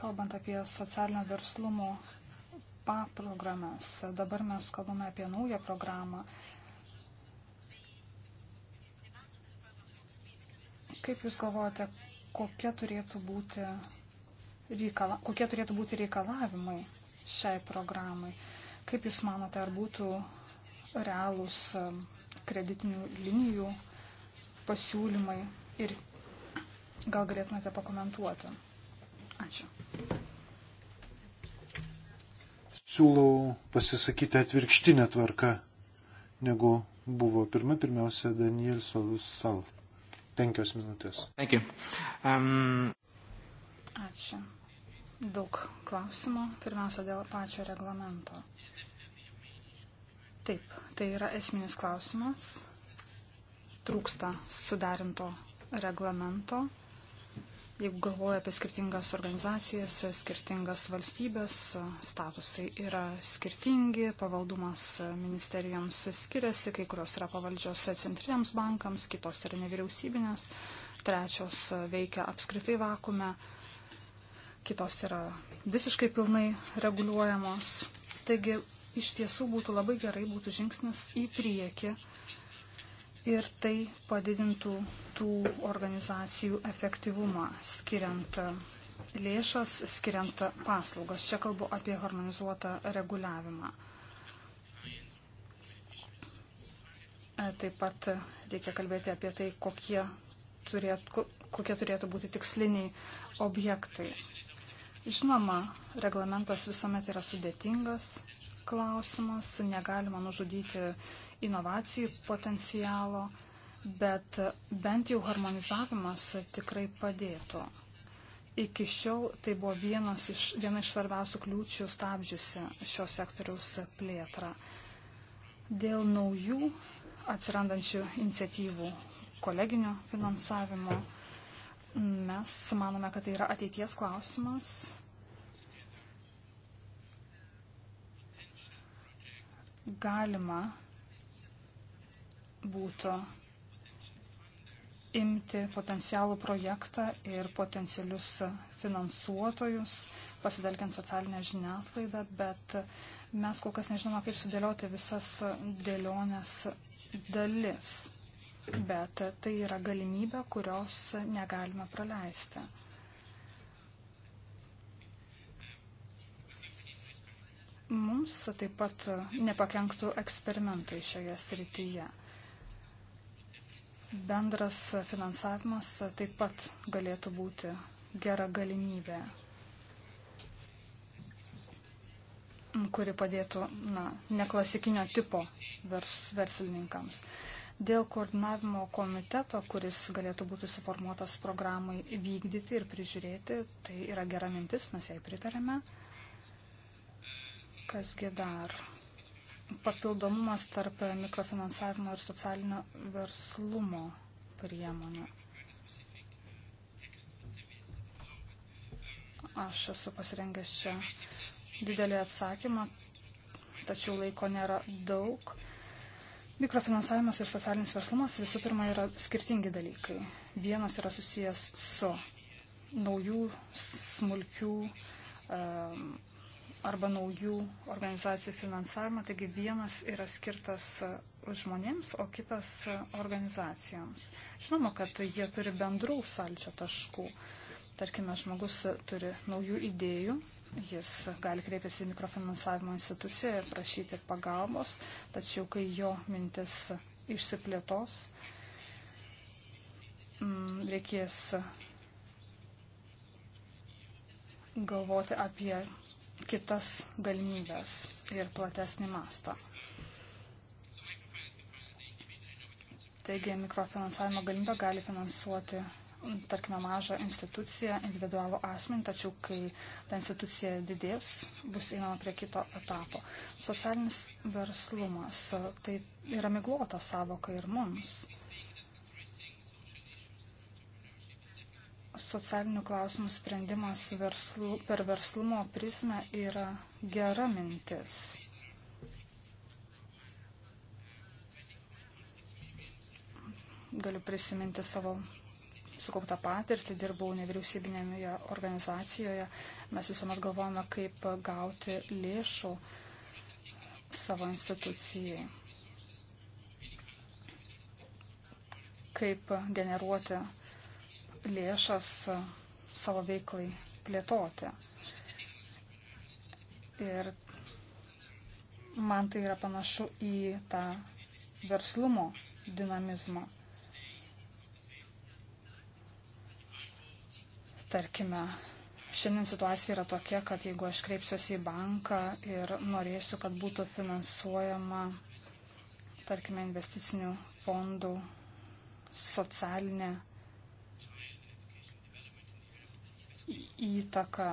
kalbant apie socialinio verslumo paprogramas, dabar mes kalbame apie naują programą, Kaip Jūs galvojate, kokia turėtų būti reikala, kokie turėtų būti reikalavimai šiai programai. Kaip Jūs manote, ar būtų realūs um, kreditinių linijų pasiūlymai ir gal galėtumėte pakomentuoti? Ačiū. Siūlau pasisakyti atvirkštinę tvarką, negu buvo pirma, pirmiausia, Daniel Salt penkios minutės. Thank you. Um... Ačiū. Daug klausimų. Pirmiausia, dėl pačio reglamento. Taip, tai yra esminis klausimas. Trūksta sudarinto reglamento Jeigu galvoja apie skirtingas organizacijas, skirtingas valstybės, statusai yra skirtingi, pavaldumas ministerijoms skiriasi, kai kurios yra pavaldžios centriniams bankams, kitos yra nevyriausybinės, trečios veikia apskritai vakume, kitos yra visiškai pilnai reguliuojamos. Taigi iš tiesų būtų labai gerai, būtų žingsnis į priekį ir tai padidintų tų organizacijų efektyvumą, skiriant e, lėšas, skiriant paslaugas. Čia kalbu apie harmonizuotą reguliavimą. E, taip pat reikia kalbėti apie tai, kokie turėtų, kokie turėtų būti tiksliniai objektai. Žinoma, reglamentas visuomet yra sudėtingas klausimas, negalima nužudyti inovacijų potencialo, bet bent jau harmonizavimas tikrai padėtų. Iki šiol tai buvo vienas iš, viena iš svarbiausių kliūčių stabdžiusi šio sektoriaus plėtrą. Dėl naujų atsirandančių iniciatyvų koleginio finansavimo mes manome, kad tai yra ateities klausimas. Galima būtų imti potencialų projektą ir potencialius finansuotojus, pasidelkiant socialinę žiniasklaidą, bet mes kol kas nežinome, kaip sudėlioti visas dėlionės dalis. Bet tai yra galimybė, kurios negalime praleisti. Mums taip pat nepakenktų eksperimentai šioje srityje. Bendras finansavimas taip pat galėtų būti gera galimybė, kuri padėtų na, neklasikinio tipo vers, verslininkams. Dėl koordinavimo komiteto, kuris galėtų būti suformuotas programai vykdyti ir prižiūrėti, tai yra gera mintis, mes jai pritarėme. Kasgi dar? papildomumas tarp mikrofinansavimo ir socialinio verslumo priemonių. Aš esu pasirengęs čia didelį atsakymą, tačiau laiko nėra daug. Mikrofinansavimas ir socialinis verslumas visų pirma yra skirtingi dalykai. Vienas yra susijęs su naujų smulkių um, arba naujų organizacijų finansavimą. Taigi vienas yra skirtas e, žmonėms, o kitas e, organizacijoms. Žinoma, kad jie turi bendrų sąlyčio taškų. Tarkime, žmogus e, turi naujų idėjų, jis gali kreiptis į mikrofinansavimo instituciją ir prašyti pagalbos, tačiau kai jo mintis išsiplėtos, mm, reikės galvoti apie kitas galimybės ir platesnį mastą. Taigi mikrofinansavimo galimybę gali finansuoti, tarkime, mažą instituciją, individualų asmenį, tačiau kai ta institucija didės, bus einama prie kito etapo. Socialinis verslumas tai yra miglota savoka ir mums. socialinių klausimų sprendimas verslu, per verslumo prizmę yra gera mintis. Galiu prisiminti savo sukauptą patirtį, dirbau nevyriausybinėje organizacijoje. Mes visuomet galvojame, kaip gauti lėšų savo institucijai. Kaip generuoti lėšas savo veiklai plėtoti. Ir man tai yra panašu į tą verslumo dinamizmą. Tarkime, šiandien situacija yra tokia, kad jeigu aš kreipsiuosi į banką ir norėsiu, kad būtų finansuojama, tarkime, investicinių fondų socialinė įtaką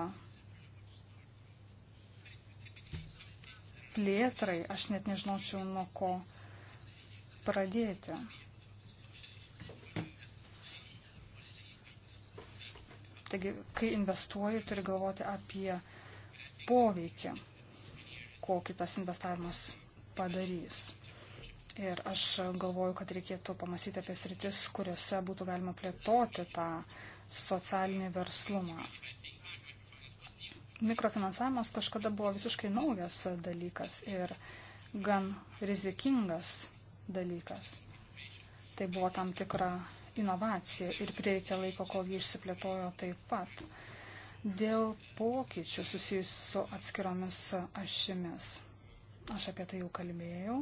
plėtrai, aš net nežinočiau, nuo ko pradėti. Taigi, kai investuoji, turi galvoti apie poveikį, kokį tas investavimas padarys. Ir aš galvoju, kad reikėtų pamasyti apie sritis, kuriuose būtų galima plėtoti tą socialinį verslumą. Mikrofinansavimas kažkada buvo visiškai naujas dalykas ir gan rizikingas dalykas. Tai buvo tam tikra inovacija ir prireikė laiko, kol jį išsiplėtojo taip pat. Dėl pokyčių susijusių su atskiromis ašimis. Aš apie tai jau kalbėjau.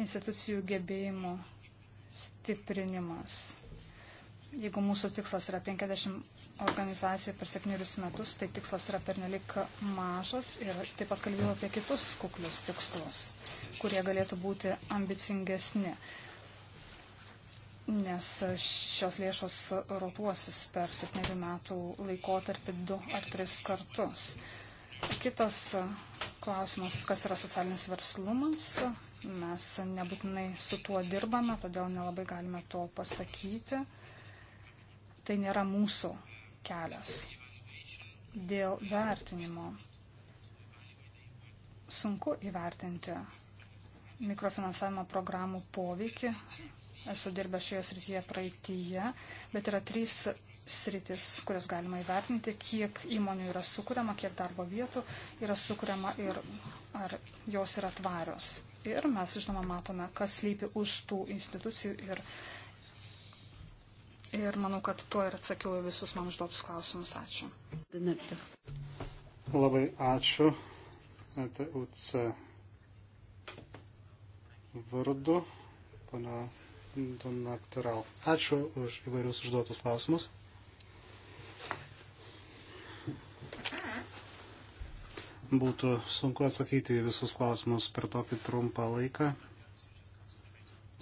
Institucijų gebėjimų stiprinimas. Jeigu mūsų tikslas yra 50 organizacijų per septynerius metus, tai tikslas yra pernelik mažas ir taip pat kalbėjau apie kitus kuklius tikslus, kurie galėtų būti ambicingesni, nes šios lėšos rotuosis per septynerių metų laikotarpį du ar tris kartus. Kitas klausimas, kas yra socialinis verslumas, Mes nebūtinai su tuo dirbame, todėl nelabai galime to pasakyti. Tai nėra mūsų kelias. Dėl vertinimo. Sunku įvertinti mikrofinansavimo programų poveikį. Esu dirbęs šioje srityje praeitįje, bet yra trys sritis, kurias galima įvertinti, kiek įmonių yra sukuriama, kiek darbo vietų yra sukuriama ir ar jos yra tvarios. Ir mes, žinoma, matome, kas lypi už tų institucijų. Ir, ir manau, kad tuo ir atsakiau visus man užduotus klausimus. Ačiū. Labai ačiū. ETUC vardu, pana Donaktaral. Ačiū už įvairius užduotus klausimus. Būtų sunku atsakyti į visus klausimus per tokį trumpą laiką.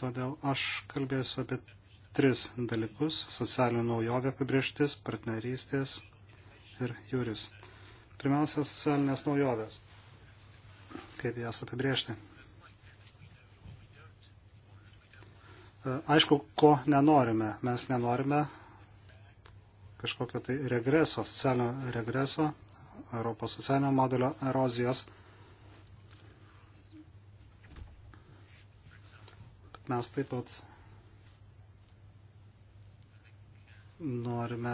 Todėl aš kalbėsiu apie tris dalykus - socialinių naujovė apibrieštis, partnerystės ir jūris. Pirmiausia, socialinės naujovės. Kaip jas apibriežti? E, aišku, ko nenorime. Mes nenorime kažkokio tai regreso, socialinio regreso, Europos socialinio modelio erozijos. Mes taip pat norime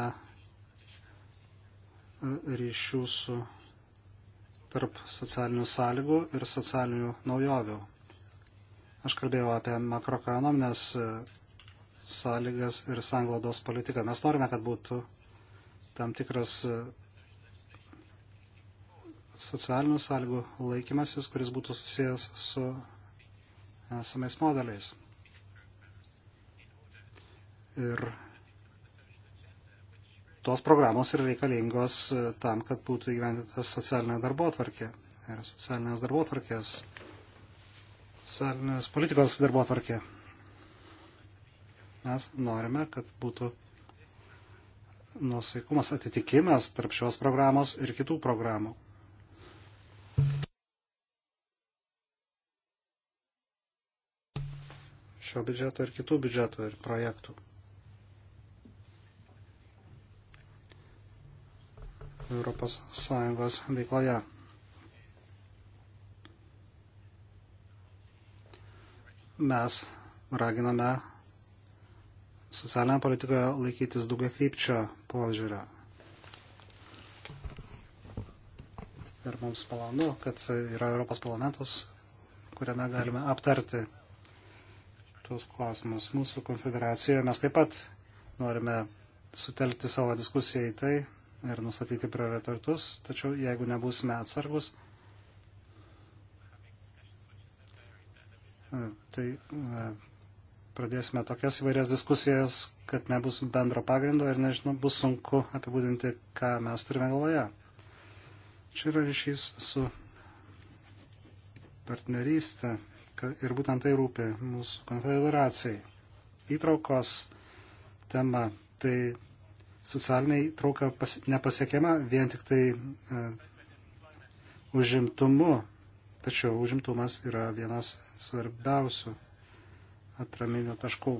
ryšių su tarp socialinių sąlygų ir socialinių naujovių. Aš kalbėjau apie makroekonominės sąlygas ir sanglaudos politiką. Mes norime, kad būtų tam tikras socialinių sąlygų laikymasis, kuris būtų susijęs su esamais modeliais. Ir tos programos yra reikalingos tam, kad būtų įgyvendintas socialinė darbo atvarkė ir socialinės darbo atvarkės, socialinės politikos darbo atvarkė. Mes norime, kad būtų nusaikumas atitikimas tarp šios programos ir kitų programų. šio biudžeto ir kitų biudžetų ir projektų. Europos Sąjungos veikloje. Mes raginame socialinę politiką laikytis daugia krypčio požiūrio. Ir mums malonu, kad yra Europos parlamentas, kuriame galime aptarti tuos klausimus. Mūsų konfederacijoje mes taip pat norime sutelkti savo diskusiją į tai ir nustatyti prioritetus, tačiau jeigu nebūsime atsargus, e, tai e, pradėsime tokias įvairias diskusijas, kad nebus bendro pagrindo ir nežinau, bus sunku apibūdinti, ką mes turime galvoje. Čia yra ryšys su partnerystė ir būtent tai rūpi mūsų konfederacijai. Įtraukos tema tai socialinė įtrauka pas, nepasiekiama vien tik tai e, užimtumu, tačiau užimtumas yra vienas svarbiausių atraminių taškų.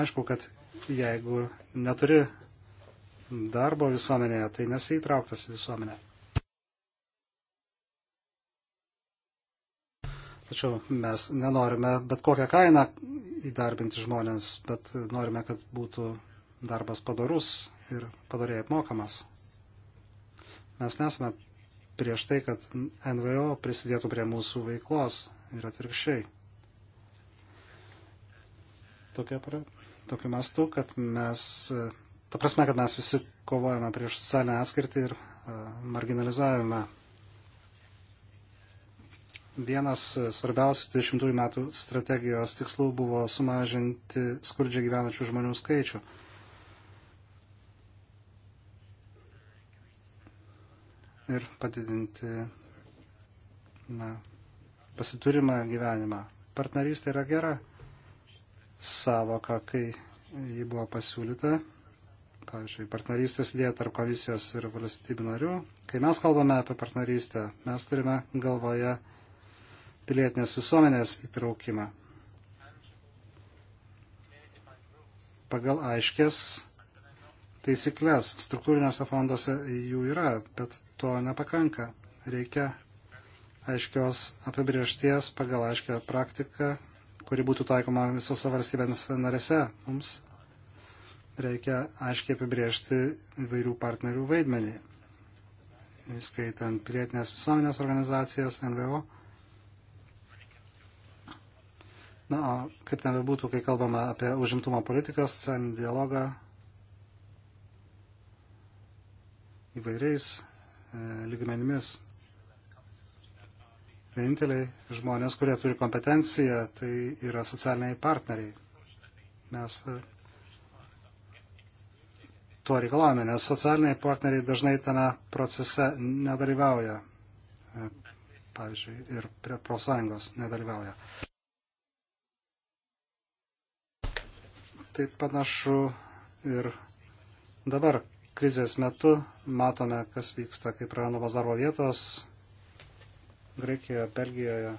Aišku, kad jeigu neturi darbo visuomenėje, tai nesi įtrauktas į visuomenę. Tačiau mes nenorime bet kokią kainą įdarbinti žmonės, bet norime, kad būtų darbas padarus ir padariai apmokamas. Mes nesame prieš tai, kad NVO prisidėtų prie mūsų veiklos ir atvirkščiai. Tokia pra, tokiu mastu, kad mes, ta prasme, kad mes visi kovojame prieš socialinę atskirtį ir e, marginalizavimą Vienas svarbiausių 20 metų strategijos tikslų buvo sumažinti skurdžiai gyvenančių žmonių skaičių. Ir padidinti na, pasiturimą gyvenimą. Partnerystė yra gera savoka, kai ji buvo pasiūlyta pavyzdžiui, partnerystės idėja tarp komisijos ir valstybių narių. Kai mes kalbame apie partnerystę, mes turime galvoje pilietinės visuomenės įtraukimą. Pagal aiškės taisyklės struktūrinėse fonduose jų yra, bet to nepakanka. Reikia aiškios apibriešties pagal aiškę praktiką, kuri būtų taikoma visose valstybėse narėse. Mums reikia aiškiai apibriežti įvairių partnerių vaidmenį, įskaitant pilietinės visuomenės organizacijas, NVO Na, kaip ten bebūtų, kai kalbame apie užimtumo politiką, socialinį dialogą įvairiais e, lygmenimis. Vieninteliai žmonės, kurie turi kompetenciją, tai yra socialiniai partneriai. Mes e, tuo reikalavome, nes socialiniai partneriai dažnai tame procese nedalyvauja. E, pavyzdžiui, ir prie profsąjungos nedalyvauja. tai panašu ir dabar krizės metu matome, kas vyksta, kaip prarandamas darbo vietos Graikijoje, Belgijoje.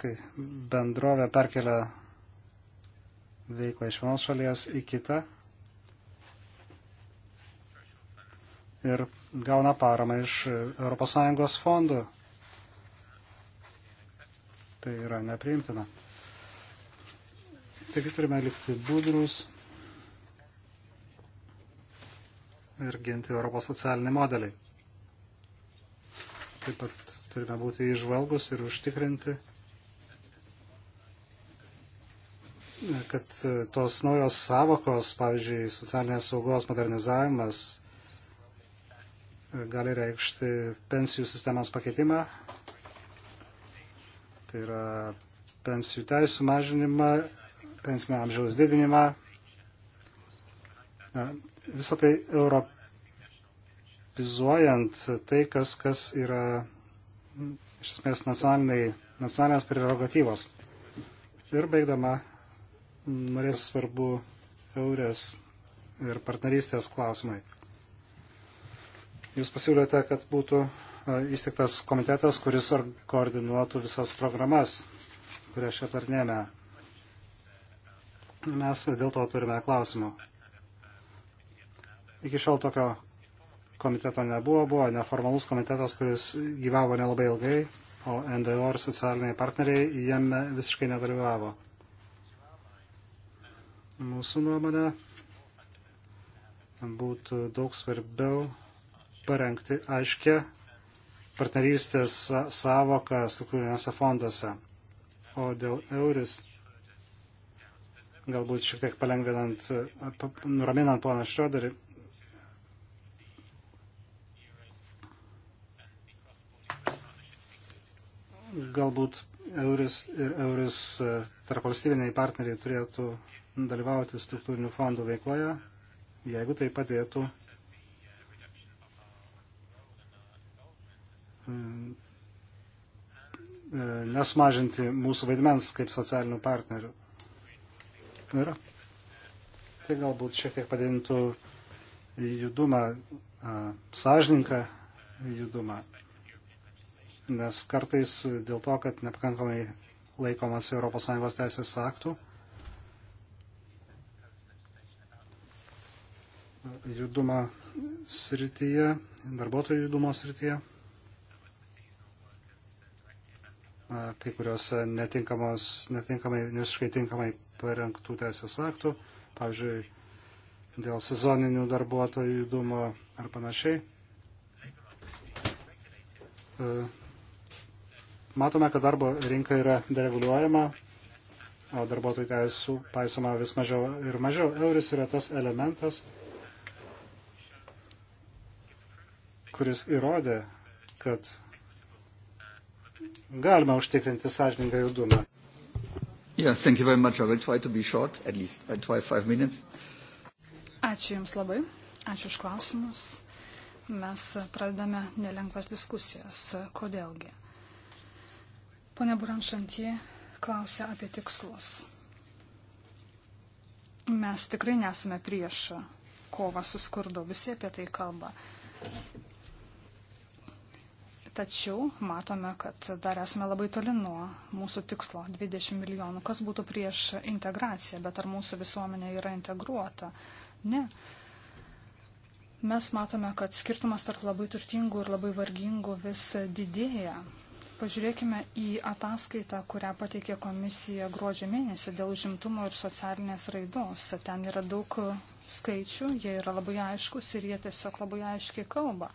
Kai bendrovė perkelia veiklą iš vienos šalies į kitą ir gauna paramą iš ES fondų. Tai yra nepriimtina. Taigi turime likti budrus ir ginti Europos socialinį modelį. Taip pat turime būti išvalgus ir užtikrinti, kad tos naujos savokos, pavyzdžiui, socialinės saugos modernizavimas gali reikšti pensijų sistemos pakeitimą Tai yra pensijų teisų mažinimą, pensinio amžiaus didinimą. Visą tai europizuojant tai, kas, kas yra iš esmės nacionalinės prerogatyvos. Ir baigdama, norės svarbu eurės ir partnerystės klausimai. Jūs pasiūlėte, kad būtų įsteigtas komitetas, kuris koordinuotų visas programas, kurias čia tarnėme. Mes dėl to turime klausimų. Iki šiol tokio komiteto nebuvo, buvo neformalus komitetas, kuris gyvavo nelabai ilgai, o NDO ir socialiniai partneriai jame visiškai nedalyvavo. Mūsų nuomonė būtų daug svarbiau parengti aiškę partnerystės savoką struktūrinėse fonduose. O dėl euris, galbūt šiek tiek palengvinant, nuraminant poną Šrioderį, galbūt euris ir euris e, tarpvalstybiniai partneriai turėtų dalyvauti struktūrinių fondų veikloje, jeigu tai padėtų E, e, nesmažinti mūsų vaidmens kaip socialinių partnerių. Ir tai galbūt šiek tiek padidintų judumą, e, sąžininką judumą. Nes kartais dėl to, kad nepakankamai laikomas ES teisės aktų, judumo srityje, darbuotojų judumo srityje. kai kuriuose netinkamai, visiškai tinkamai parengtų teisės aktų, pavyzdžiui, dėl sezoninių darbuotojų judumo ar panašiai. Matome, kad darbo rinka yra dereguliuojama, o darbuotojų teisų paisoma vis mažiau ir mažiau. Euris yra tas elementas, kuris įrodė, kad galima užtikrinti sąžiningą judumą. Yeah, thank you very much. I will try to be short, at least. I try five minutes. Ačiū Jums labai. Ačiū už klausimus. Mes pradedame nelengvas diskusijas. Kodėlgi? Pone Buranšantie klausė apie tikslus. Mes tikrai nesame prieš kovą su skurdu. Visi apie tai kalba. Tačiau matome, kad dar esame labai toli nuo mūsų tikslo 20 milijonų. Kas būtų prieš integraciją, bet ar mūsų visuomenė yra integruota? Ne. Mes matome, kad skirtumas tarp labai turtingų ir labai vargingų vis didėja. Pažiūrėkime į ataskaitą, kurią pateikė komisija gruodžio mėnesį dėl žimtumo ir socialinės raidos. Ten yra daug skaičių, jie yra labai aiškus ir jie tiesiog labai aiškiai kalba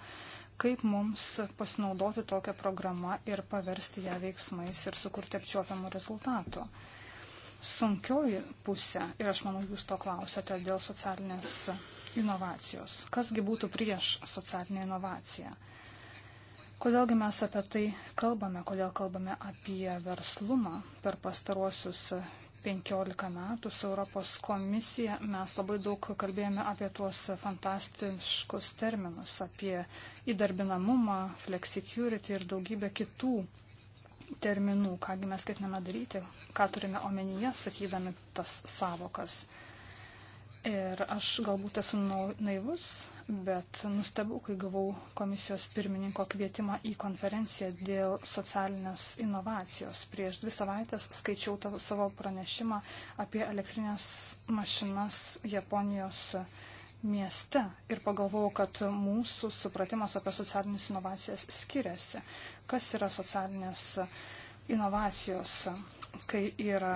kaip mums pasinaudoti tokią programą ir paversti ją veiksmais ir sukurti apčiuopiamų rezultatų. Sunkioji pusė, ir aš manau, jūs to klausėte dėl socialinės inovacijos. Kasgi būtų prieš socialinę inovaciją? Kodėlgi mes apie tai kalbame, kodėl kalbame apie verslumą per pastaruosius 15 metų su Europos komisija mes labai daug kalbėjome apie tuos fantastiškus terminus, apie įdarbinamumą, flexicurity ir daugybę kitų terminų, kągi mes ketiname daryti, ką turime omenyje, sakydami tas savokas. Ir aš galbūt esu naivus, bet nustebau, kai gavau komisijos pirmininko kvietimą į konferenciją dėl socialinės inovacijos. Prieš dvi savaitės skaičiau tavo, savo pranešimą apie elektrinės mašinas Japonijos mieste ir pagalvojau, kad mūsų supratimas apie socialinės inovacijas skiriasi. Kas yra socialinės inovacijos, kai yra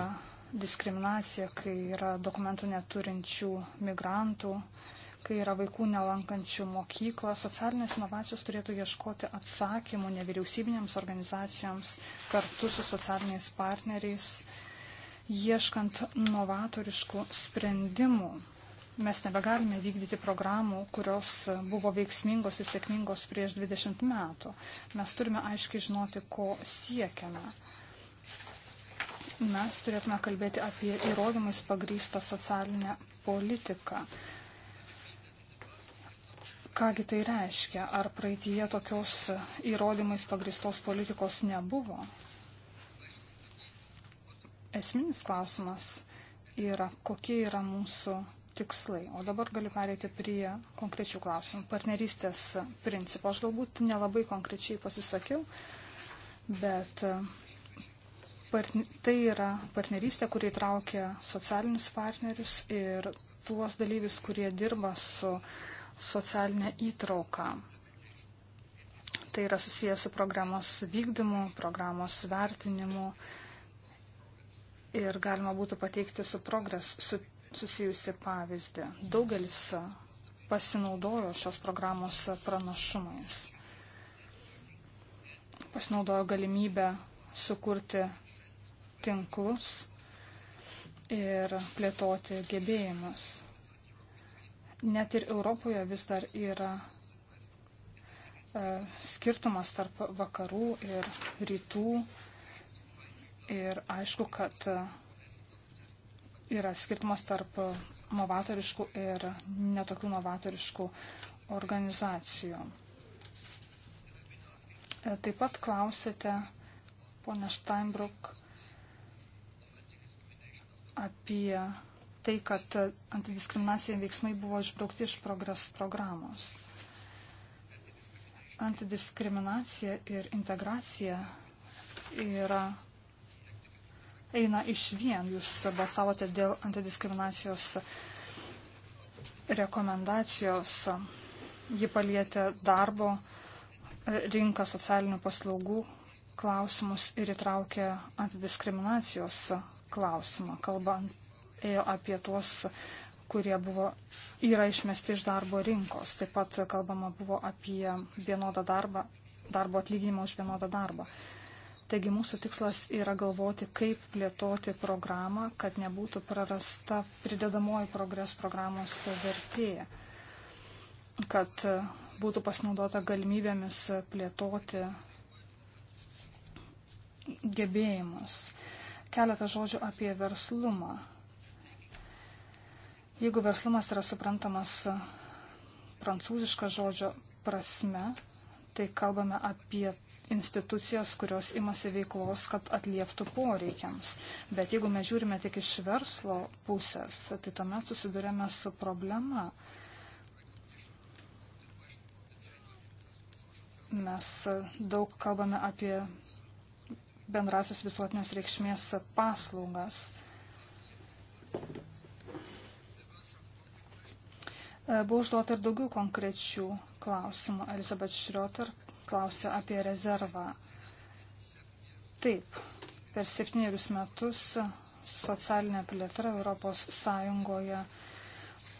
diskriminacija, kai yra dokumentų neturinčių migrantų, kai yra vaikų nelankančių mokyklą. Socialinės inovacijos turėtų ieškoti atsakymų nevyriausybinėms organizacijoms kartu su socialiniais partneriais, ieškant novatoriškų sprendimų mes nebegalime vykdyti programų, kurios buvo veiksmingos ir sėkmingos prieš 20 metų. Mes turime aiškiai žinoti, ko siekiame. Mes turėtume kalbėti apie įrodymais pagrįstą socialinę politiką. Kągi tai reiškia? Ar praeitie tokios įrodymais pagristos politikos nebuvo? Esminis klausimas yra, kokie yra mūsų tikslai. O dabar galiu pereiti prie konkrečių klausimų. Partnerystės principo. Aš galbūt nelabai konkrečiai pasisakiau, bet partn... tai yra partnerystė, kuri traukia socialinius partnerius ir tuos dalyvius, kurie dirba su uh, socialinę įtrauką. Tai yra susijęs su programos vykdymu, programos vertinimu ir galima būtų pateikti su progres su, susijusi pavyzdį. Daugelis pasinaudojo šios programos pranašumais. Pasinaudojo galimybę sukurti tinklus ir plėtoti gebėjimus. Net ir Europoje vis dar yra e, skirtumas tarp vakarų ir rytų. Ir aišku, kad e, yra skirtumas tarp novatoriškų ir netokių novatoriškų organizacijų. E, taip pat klausėte, ponia Steinbruck, apie tai, kad antidiskriminaciniai veiksmai buvo išbraukti iš progres programos. Antidiskriminacija ir integracija yra eina iš vien. Jūs balsavote dėl antidiskriminacijos rekomendacijos. Ji palietė darbo e, rinką socialinių paslaugų klausimus ir įtraukė antidiskriminacijos klausimą, kalbant ėjo apie tuos, kurie buvo, yra išmesti iš darbo rinkos. Taip pat kalbama buvo apie vienodą darbą, darbo atlyginimą už vienodą darbą. Taigi mūsų tikslas yra galvoti, kaip plėtoti programą, kad nebūtų prarasta pridedamoji progres programos vertėja, kad būtų pasinaudota galimybėmis plėtoti gebėjimus. Keletą žodžių apie verslumą. Jeigu verslumas yra suprantamas prancūziška žodžio prasme, tai kalbame apie institucijas, kurios imasi veiklos, kad atlieptų poreikiams. Bet jeigu mes žiūrime tik iš verslo pusės, tai tuomet susidurėme su problema. Mes daug kalbame apie bendrasis visuotinės reikšmės paslaugas. E, buvo užduota ir daugiau konkrečių klausimų. Elizabeth Schroeder klausė apie rezervą. Taip, per septynerius metus socialinė plėtra Europos Sąjungoje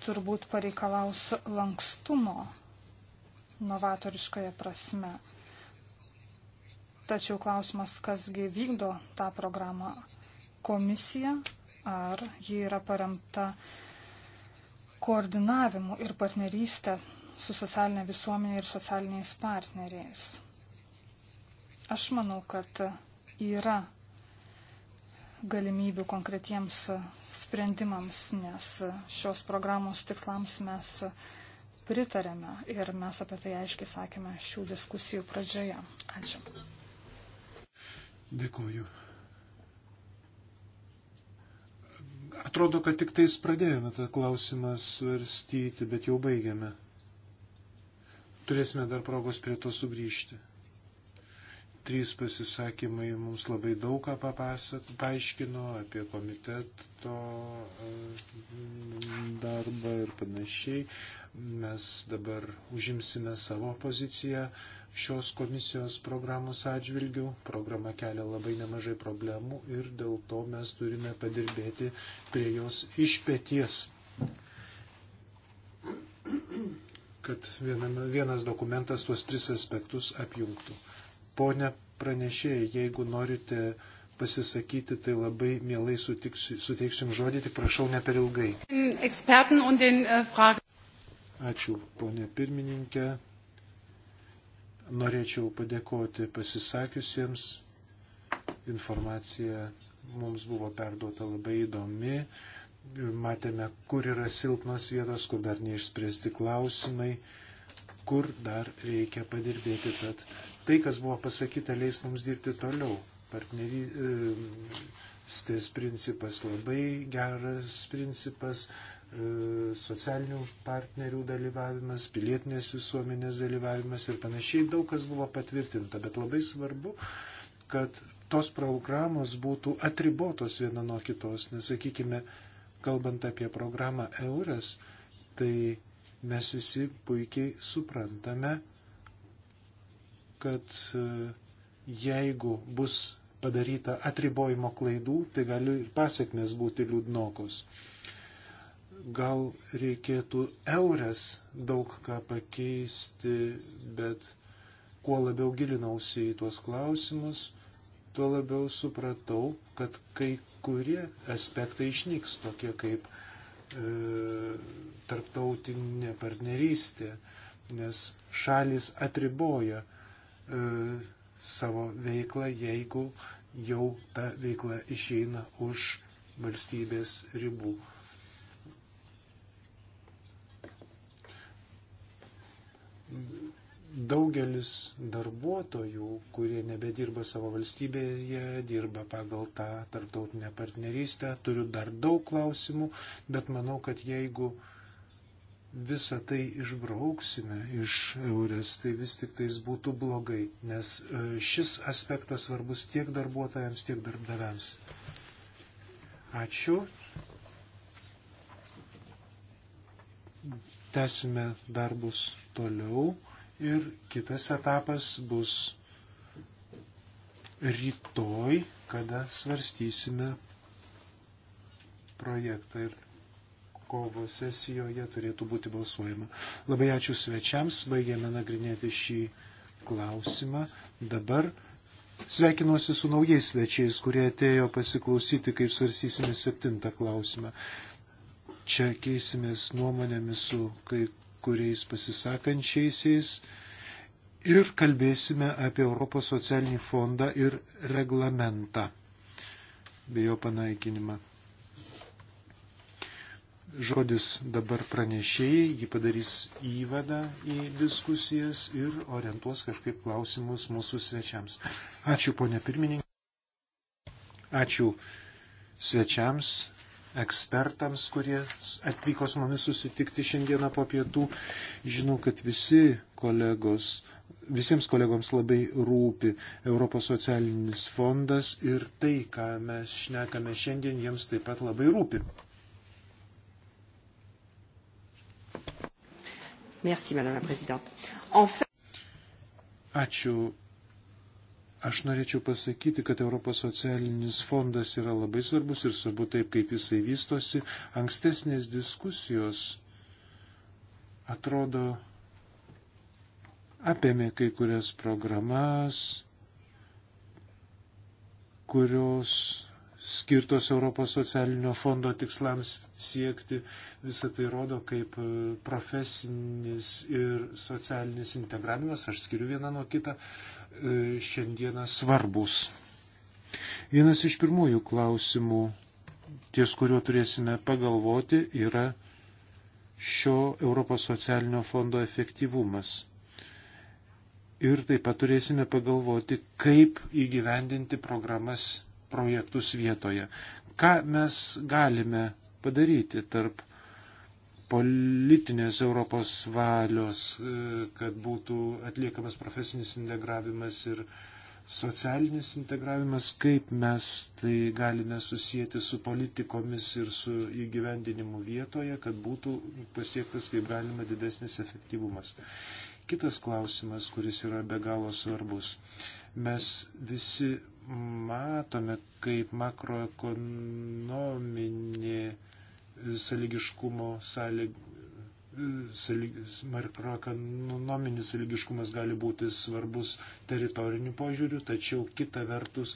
turbūt pareikalaus lankstumo novatoriškoje prasme. Tačiau klausimas, kasgi vykdo tą programą komisija, ar ji yra paremta uh, koordinavimu ir partnerystę su socialinė visuomenė ir socialiniais partneriais. Aš manau, kad yra galimybių konkretiems sprendimams, nes šios programos tikslams mes pritarėme ir mes apie tai aiškiai sakėme šių diskusijų pradžioje. Ačiū. Dėkuoju. Atrodo, kad tik tais pradėjome tą klausimą svarstyti, bet jau baigėme. Turėsime dar progos prie to sugrįžti. Trys pasisakymai mums labai daug ką papasako, paaiškino apie komiteto e, darbą ir panašiai. Mes dabar užimsime savo poziciją šios komisijos programos atžvilgių. Programa kelia labai nemažai problemų ir dėl to mes turime padirbėti prie jos išpėties kad viename, vienas dokumentas tuos tris aspektus apjungtų. Pone pranešėjai, jeigu norite pasisakyti, tai labai mielai sutiksiu, suteiksim žodį, tik prašau ne per ilgai. Äh, Ačiū, ponė pirmininkė. Norėčiau padėkoti pasisakiusiems. Informacija mums buvo perduota labai įdomi. Matėme, kur yra silpnos vietos, kur dar neišspręsti klausimai, kur dar reikia padirbėti. Tad tai, kas buvo pasakyta, leis mums dirbti toliau. Partnerystės e, principas labai geras principas, E, socialinių partnerių dalyvavimas, pilietinės visuomenės dalyvavimas ir panašiai. Daug kas buvo patvirtinta, bet labai svarbu, kad tos programos būtų atribotos viena nuo kitos. Nes, sakykime, kalbant apie programą Euras, tai mes visi puikiai suprantame, kad e, jeigu bus padaryta atribojimo klaidų, tai gali ir pasiekmes būti liūdnokos gal reikėtų eurės daug ką pakeisti, bet kuo labiau gilinausi į tuos klausimus, tuo labiau supratau, kad kai kurie aspektai išnyks, tokie kaip e, tarptautinė partnerystė, nes šalis atriboja e, savo veiklą, jeigu jau ta veikla išeina už valstybės ribų. daugelis darbuotojų, kurie nebedirba savo valstybėje, dirba pagal tą tarptautinę partnerystę. Turiu dar daug klausimų, bet manau, kad jeigu visą tai išbrauksime iš eurės, tai vis tik tais būtų blogai, nes e, šis aspektas svarbus tiek darbuotojams, tiek darbdaviams. Ačiū. Tęsime darbus toliau. Ir kitas etapas bus rytoj, kada svarstysime projektą ir kovo sesijoje turėtų būti balsuojama. Labai ačiū svečiams, baigėme nagrinėti šį klausimą. Dabar sveikinuosi su naujais svečiais, kurie atėjo pasiklausyti, kaip svarstysime septintą klausimą. Čia keisimės nuomonėmis su kai kuriais pasisakančiaisiais ir kalbėsime apie Europos socialinį fondą ir reglamentą bei jo panaikinimą. Žodis dabar pranešėjai, ji padarys įvadą į diskusijas ir orientuos kažkaip klausimus mūsų svečiams. Ačiū, ponė pirmininkė. Ačiū svečiams ekspertams, kurie atvyko su mumis susitikti šiandieną po pietų. Žinau, kad visi kolegos, visiems kolegoms labai rūpi Europos socialinis fondas ir tai, ką mes šnekame šiandien, jiems taip pat labai rūpi. Merci, Madame la Présidente. En fait... Ačiū, Aš norėčiau pasakyti, kad Europos socialinis fondas yra labai svarbus ir svarbu taip, kaip jisai vystosi. Ankstesnės diskusijos atrodo apėmė kai kurias programas, kurios skirtos Europos socialinio fondo tikslams siekti. Visą tai rodo kaip profesinis ir socialinis integravimas. Aš skiriu vieną nuo kitą. E, šiandieną svarbus. Vienas iš pirmųjų klausimų, ties kuriuo turėsime pagalvoti, yra šio Europos socialinio fondo efektyvumas. Ir taip pat turėsime pagalvoti, kaip įgyvendinti programas projektus vietoje. Ką mes galime padaryti tarp politinės Europos valios, e, kad būtų atliekamas profesinis integravimas ir socialinis integravimas, kaip mes tai galime susijęti su politikomis ir su įgyvendinimu vietoje, kad būtų pasiektas kaip galima didesnis efektyvumas. Kitas klausimas, kuris yra be galo svarbus. Mes visi matome, kaip makroekonominė sąlygiškumo sąlyg, sąlyg, makroekonominis sąlygiškumas gali būti svarbus teritoriniu požiūriu, tačiau kita vertus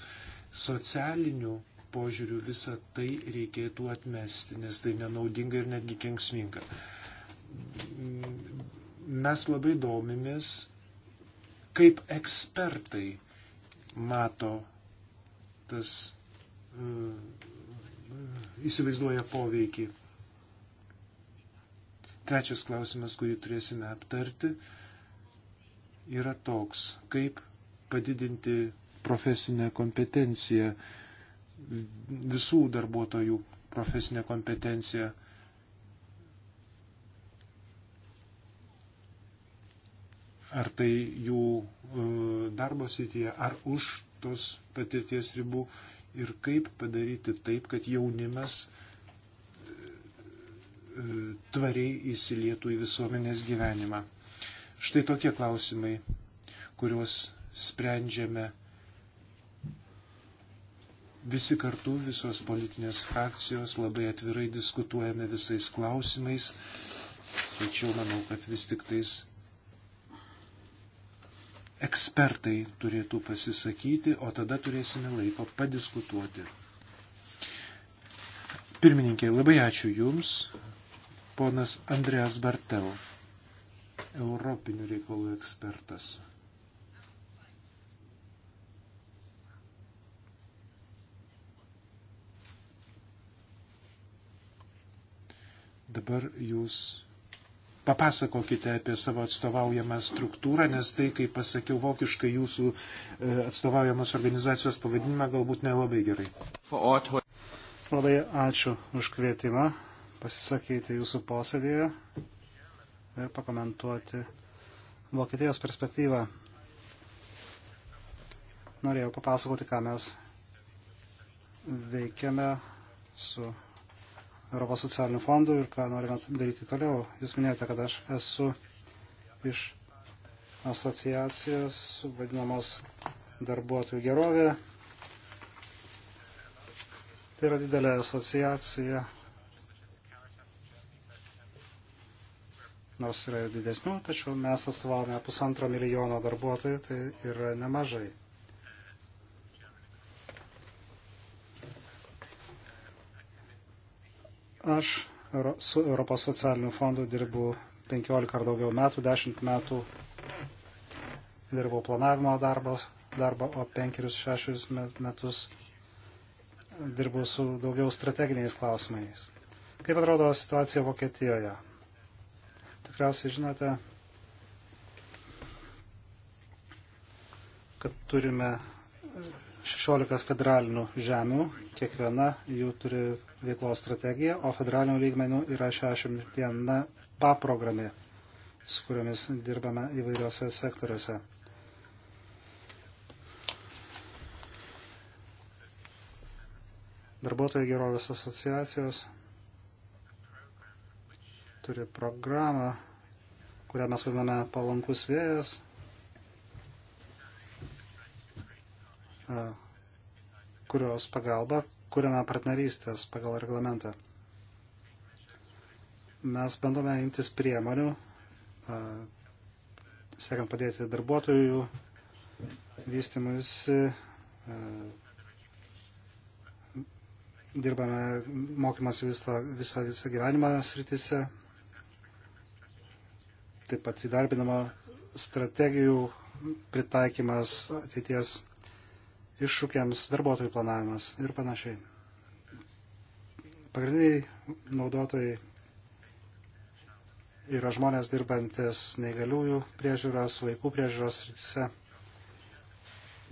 socialiniu požiūriu visą tai reikėtų atmesti, nes tai nenaudinga ir netgi kengsminga. Mes labai domimės, kaip ekspertai mato tas uh, įsivaizduoja poveikį. Trečias klausimas, kurį turėsime aptarti, yra toks, kaip padidinti profesinę kompetenciją, visų darbuotojų profesinę kompetenciją. Ar tai jų e, darbo srityje, ar už tos patirties ribų ir kaip padaryti taip, kad jaunimas e, e, tvariai įsilietų į visuomenės gyvenimą. Štai tokie klausimai, kuriuos sprendžiame visi kartu, visos politinės frakcijos, labai atvirai diskutuojame visais klausimais, tačiau manau, kad vis tik tais ekspertai turėtų pasisakyti, o tada turėsime laiko padiskutuoti. Pirmininkė, labai ačiū Jums, ponas Andreas Bartel, Europinių reikalų ekspertas. Dabar Jūs Papasakokite apie savo atstovaujamą struktūrą, nes tai, kaip pasakiau vokiškai, jūsų e, atstovaujamos organizacijos pavadinimą galbūt nelabai gerai. Labai ačiū už kvietimą pasisakyti jūsų posėdėje ir pakomentuoti Vokietijos perspektyvą. Norėjau papasakoti, ką mes veikiame su Europos socialinių fondų ir ką norime daryti toliau. Jūs minėjote, kad aš esu iš asociacijos vadinamos darbuotojų gerovė. Tai yra didelė asociacija. Nors yra ir didesnių, tačiau mes atstovavome pusantro milijono darbuotojų, tai yra nemažai. Aš su Europos socialiniu fondu dirbu 15 ar daugiau metų, 10 metų dirbau planavimo darbos, darbą, o 5-6 metus dirbu su daugiau strateginiais klausimais. Kaip atrodo situacija Vokietijoje? Tikriausiai žinote, kad turime 16 federalinių žemių, kiekviena jų turi veiklos strategija, o federalinių lygmenių yra 61 paprogramė, su kuriomis dirbame įvairiose sektoriuose. Darbuotojų gerovės asociacijos turi programą, kurią mes vadiname palankus vėjas. kurios pagalba kuriame partnerystės pagal reglamentą. Mes bandome imtis priemonių, siekiant padėti darbuotojų vystimus. Dirbame mokymas visą, visą, visą gyvenimą srityse. Taip pat įdarbinama strategijų pritaikymas ateities iššūkiams, darbuotojų planavimas ir panašiai. Pagrindiniai naudotojai yra žmonės dirbantis neįgaliųjų priežiūros, vaikų priežiūros rytise.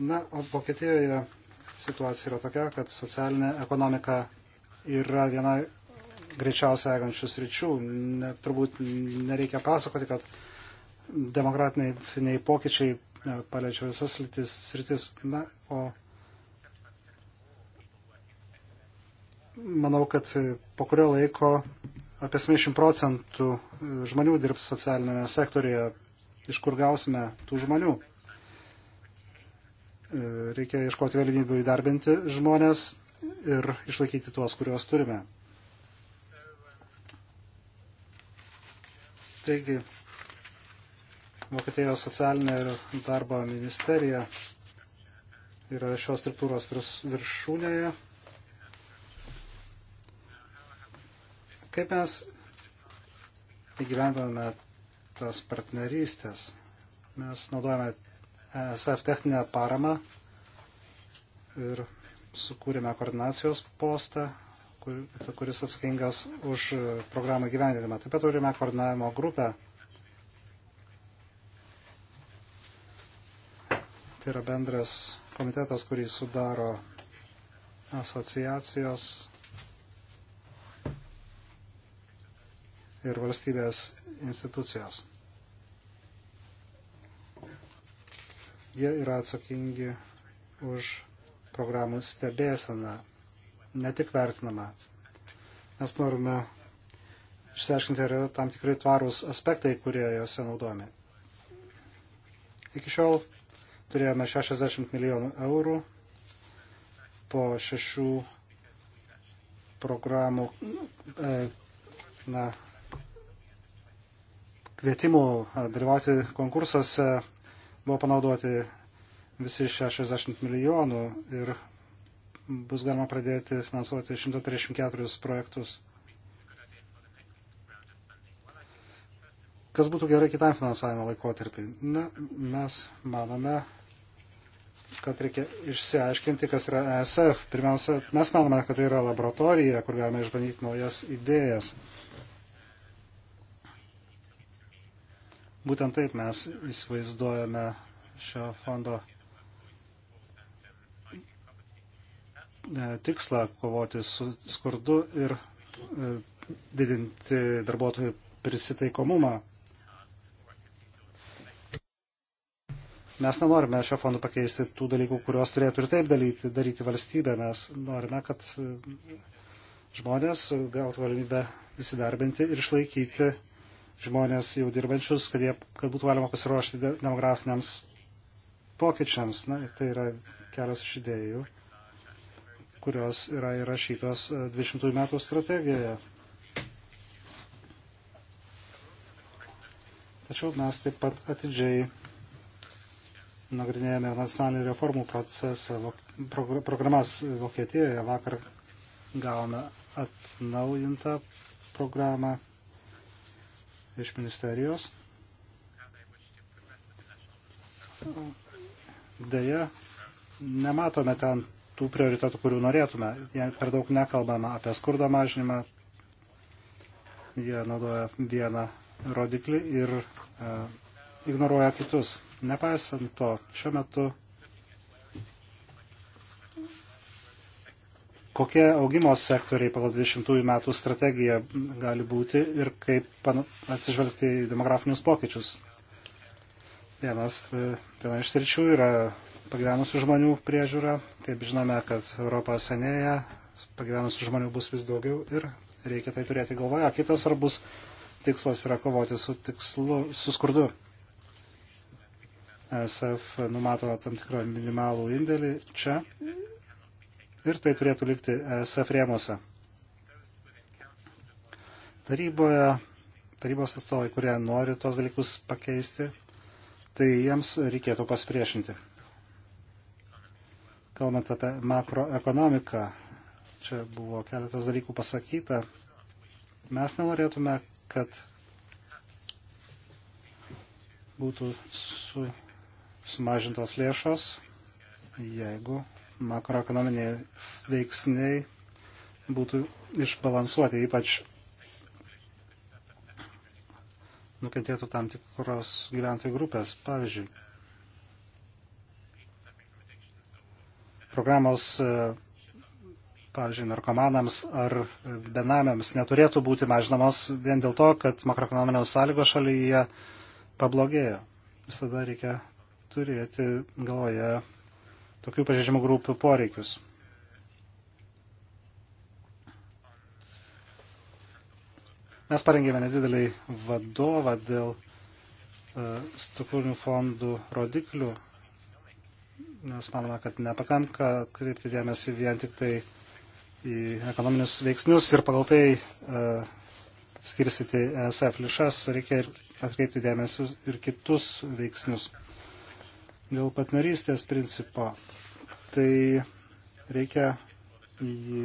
Na, o Vokietijoje situacija yra tokia, kad socialinė ekonomika yra viena greičiausiai egančių sričių. Ne, turbūt nereikia pasakoti, kad demokratiniai pokyčiai paliečia visas sritis. sritis. Na, o manau, kad po kurio laiko apie 70 procentų žmonių dirbs socialinėme sektorėje, iš kur gausime tų žmonių. Reikia iškoti galimybių įdarbinti žmonės ir išlaikyti tuos, kuriuos turime. Taigi, Vokietijos socialinė ir darbo ministerija yra šios struktūros viršūnėje. Kaip mes įgyvendiname tas partnerystės? Mes naudojame ESF techninę paramą ir sukūrėme koordinacijos postą, kuris atsakingas už programą gyvendinimą. Taip pat turime koordinavimo grupę Tai yra bendras komitetas, kurį sudaro asociacijos ir valstybės institucijos. Jie yra atsakingi už programų stebėseną, ne tik vertinamą. Mes norime išsiaiškinti, ar yra tam tikrai tvarūs aspektai, kurie jose naudojami. Iki šiol turėjome 60 milijonų eurų po šešių programų e, na, kvietimų dalyvauti konkursuose buvo panaudoti visi 60 milijonų ir bus galima pradėti finansuoti 134 projektus. Kas būtų gerai kitam finansavimo laikotarpiai? Na, mes manome, kad reikia išsiaiškinti, kas yra ESF. Pirmiausia, mes manome, kad tai yra laboratorija, kur galime išbandyti naujas idėjas. Būtent taip mes įsivaizduojame šio fondo e, tikslą kovoti su skurdu ir e, didinti darbuotojų prisitaikomumą Mes nenorime šio fondo pakeisti tų dalykų, kuriuos turėtų ir taip dalyti, daryti valstybė. Mes norime, kad e, žmonės gautų galimybę įsidarbinti ir išlaikyti žmonės jau dirbančius, kad, jie, kad būtų galima pasiruošti demografiniams pokyčiams. Na, tai yra kelios iš idėjų, kurios yra įrašytos 200 e, metų strategijoje. Tačiau mes taip pat atidžiai nagrinėjame nacionalinį reformų procesą, programas Vokietijoje. Vakar gavome atnaujintą programą iš ministerijos. Deja, nematome ten tų prioritetų, kurių norėtume. Jei per daug nekalbama apie skurdo mažinimą, jie naudoja vieną rodiklį ir e, ignoruoja kitus. Nepaisant to, šiuo metu kokie augimo sektoriai pagal 20 metų strategiją gali būti ir kaip atsižvelgti į demografinius pokyčius. Vienas, e, viena iš sričių yra pagyvenusių žmonių priežiūra. Taip žinome, kad Europa senėja, pagyvenusių žmonių bus vis daugiau ir reikia tai turėti galvoje. Kitas svarbus tikslas yra kovoti su, tikslu, su skurdu. ESF numato tam tikrą minimalų indėlį čia ir tai turėtų likti ESF rėmose. Taryboje, tarybos atstovai, kurie nori tuos dalykus pakeisti, tai jiems reikėtų pasipriešinti. Kalbant apie makroekonomiką, čia buvo keletas dalykų pasakyta. Mes nenorėtume, kad būtų su sumažintos lėšos, jeigu makroekonominiai veiksniai būtų išbalansuoti, ypač nukentėtų tam tikros gyventojų grupės. Pavyzdžiui, programos, e, pavyzdžiui, narkomanams ar benamiams neturėtų būti mažinamos vien dėl to, kad makroekonominės sąlygos šalyje pablogėjo. Visada reikia turėti galvoje tokių pažeidžiamų grupių poreikius. Mes parengėme nedidelį vadovą dėl e, struktūrinių fondų rodiklių, nes manome, kad nepakanka kreipti dėmesį vien tik tai į ekonominius veiksnius ir pagal tai uh, skirstyti ESF lišas, reikia ir atkreipti dėmesį ir kitus veiksnius dėl partnerystės principo, tai reikia jį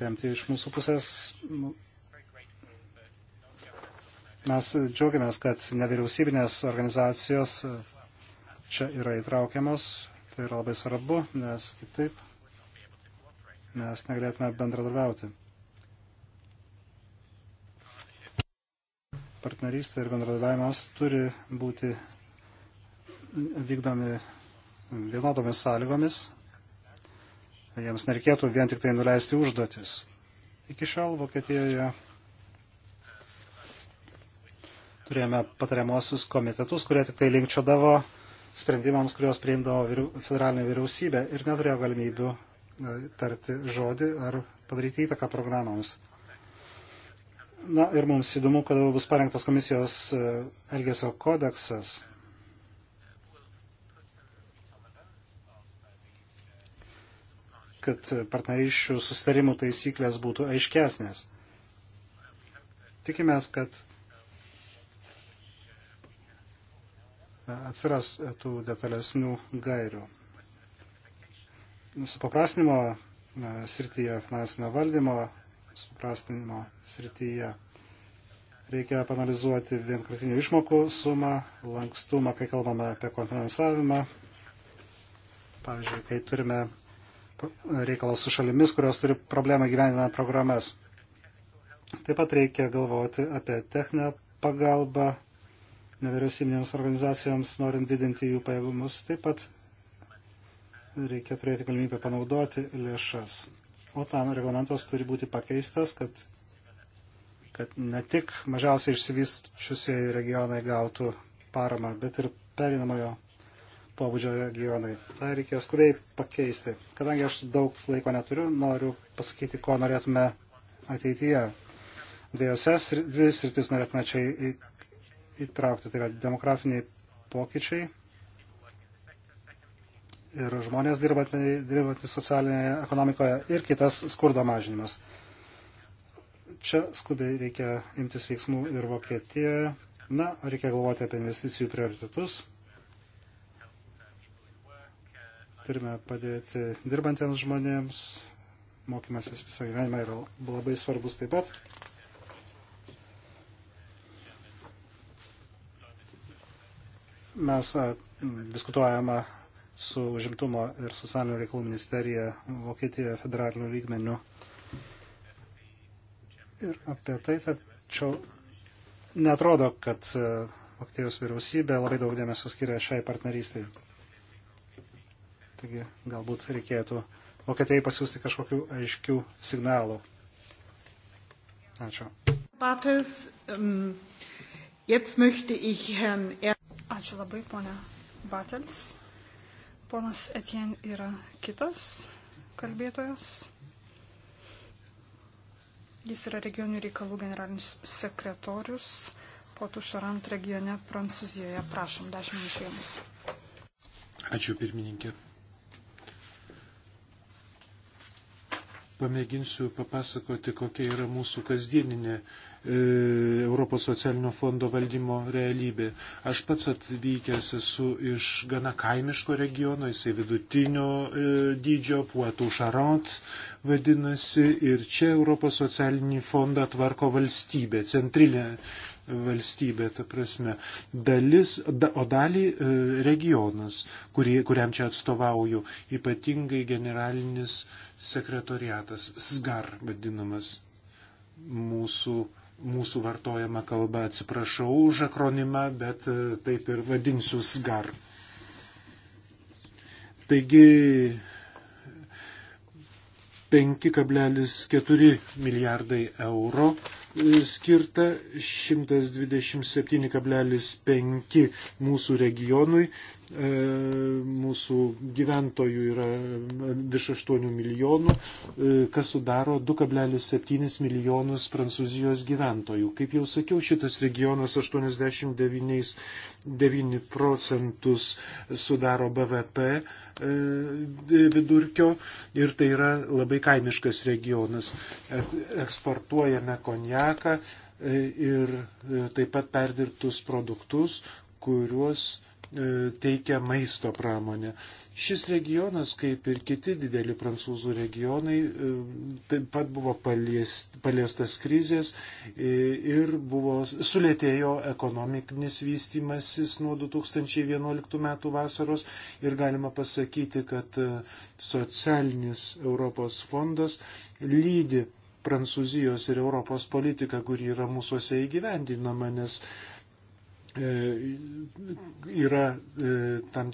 remti iš mūsų pusės. Mes džiaugiamės, kad nevyriausybinės organizacijos čia yra įtraukiamos. Tai yra labai svarbu, nes kitaip mes negalėtume bendradarbiauti. Partnerystė ir bendradarbiavimas turi būti vykdomi vienodomis sąlygomis. Jiems nereikėtų vien tik tai nuleisti užduotis. Iki šiol Vokietijoje turėjome patariamuosius komitetus, kurie tik tai linkčiodavo sprendimams, kuriuos priimdavo vyriu, federalinė vyriausybė ir neturėjo galimybių e, tarti žodį ar padaryti įtaką programoms. Na ir mums įdomu, kada bus parengtas komisijos e, elgesio kodeksas, kad partnerysčių susitarimų taisyklės būtų aiškesnės. Tikimės, kad atsiras tų detalesnių gairių. Supaprastinimo e, srityje, finansinio valdymo suprastinimo srityje reikia panalizuoti vienkartinių išmokų sumą, lankstumą, kai kalbame apie kompensavimą. Pavyzdžiui, kai turime reikalas su šalimis, kurios turi problemą gyveninant programas. Taip pat reikia galvoti apie techninę pagalbą nevyriausybinėms organizacijoms, norint didinti jų pajėgumus. Taip pat reikia turėti galimybę panaudoti lėšas. O tam reglamentas turi būti pakeistas, kad, kad ne tik mažiausiai išsivysčiusieji regionai gautų paramą, bet ir perinamojo pobūdžio regionai. Tai reikės skubiai pakeisti. Kadangi aš daug laiko neturiu, noriu pasakyti, ko norėtume ateityje. Dviejose, dvi sritis norėtume čia į, įtraukti, tai yra demografiniai pokyčiai ir žmonės dirbantys dirbanti socialinėje ekonomikoje ir kitas skurdo mažinimas. Čia skubiai reikia imtis veiksmų ir Vokietijoje. Na, reikia galvoti apie investicijų prioritetus, Turime padėti dirbantiems žmonėms, mokymasis visą gyvenimą yra labai svarbus taip pat. Mes diskutuojame su užimtumo ir socialinių reikalų ministerija Vokietijoje federaliniu lygmeniu. Ir apie tai, tačiau netrodo, kad Vokietijos vyriausybė labai daug dėmesio skiria šiai partnerystėje. Taigi galbūt reikėtų Vokietijai pasiūsti kažkokių aiškių signalų. Ačiū. Bartels, um, jetzt möchte ich Herrn er Ačiū labai, ponia Bartels. Ponas Etien yra kitas kalbėtojas. Jis yra regionių reikalų generalinis sekretorius Potų Šarant regione Prancūzijoje. Prašom, dešimt minučių jums. Ačiū pirmininkė. pamėginsiu papasakoti, kokia yra mūsų kasdieninė e, Europos socialinio fondo valdymo realybė. Aš pats atvykęs esu iš gana kaimiško regiono, jisai vidutinio e, dydžio, Puatų Šarant vadinasi, ir čia Europos socialinį fondą tvarko valstybė, centrinė valstybė, ta prasme, dalis, da, o dalį e, regionas, kurį, kuriam čia atstovauju, ypatingai generalinis sekretoriatas, SGAR vadinamas mūsų, mūsų vartojama kalba, atsiprašau už akronimą, bet e, taip ir vadinsiu SGAR. Taigi 5,4 milijardai eurų e, skirta, 127,5 mūsų regionui, E, mūsų gyventojų yra e, virš 8 milijonų, e, kas sudaro 2,7 milijonus Prancūzijos gyventojų. Kaip jau sakiau, šitas regionas 89 procentus sudaro BVP vidurkio ir tai yra labai kaimiškas regionas. Eksportuojame konjaką ir taip pat perdirbtus produktus, kuriuos E, teikia maisto pramonė. Šis regionas, kaip ir kiti dideli prancūzų regionai, e, taip pat buvo paliestas krizės e, ir buvo sulėtėjo ekonomikinis vystimasis nuo 2011 metų vasaros ir galima pasakyti, kad socialinis Europos fondas lydi Prancūzijos ir Europos politiką, kuri yra mūsųse įgyvendinama, nes uh, E, yra e, tam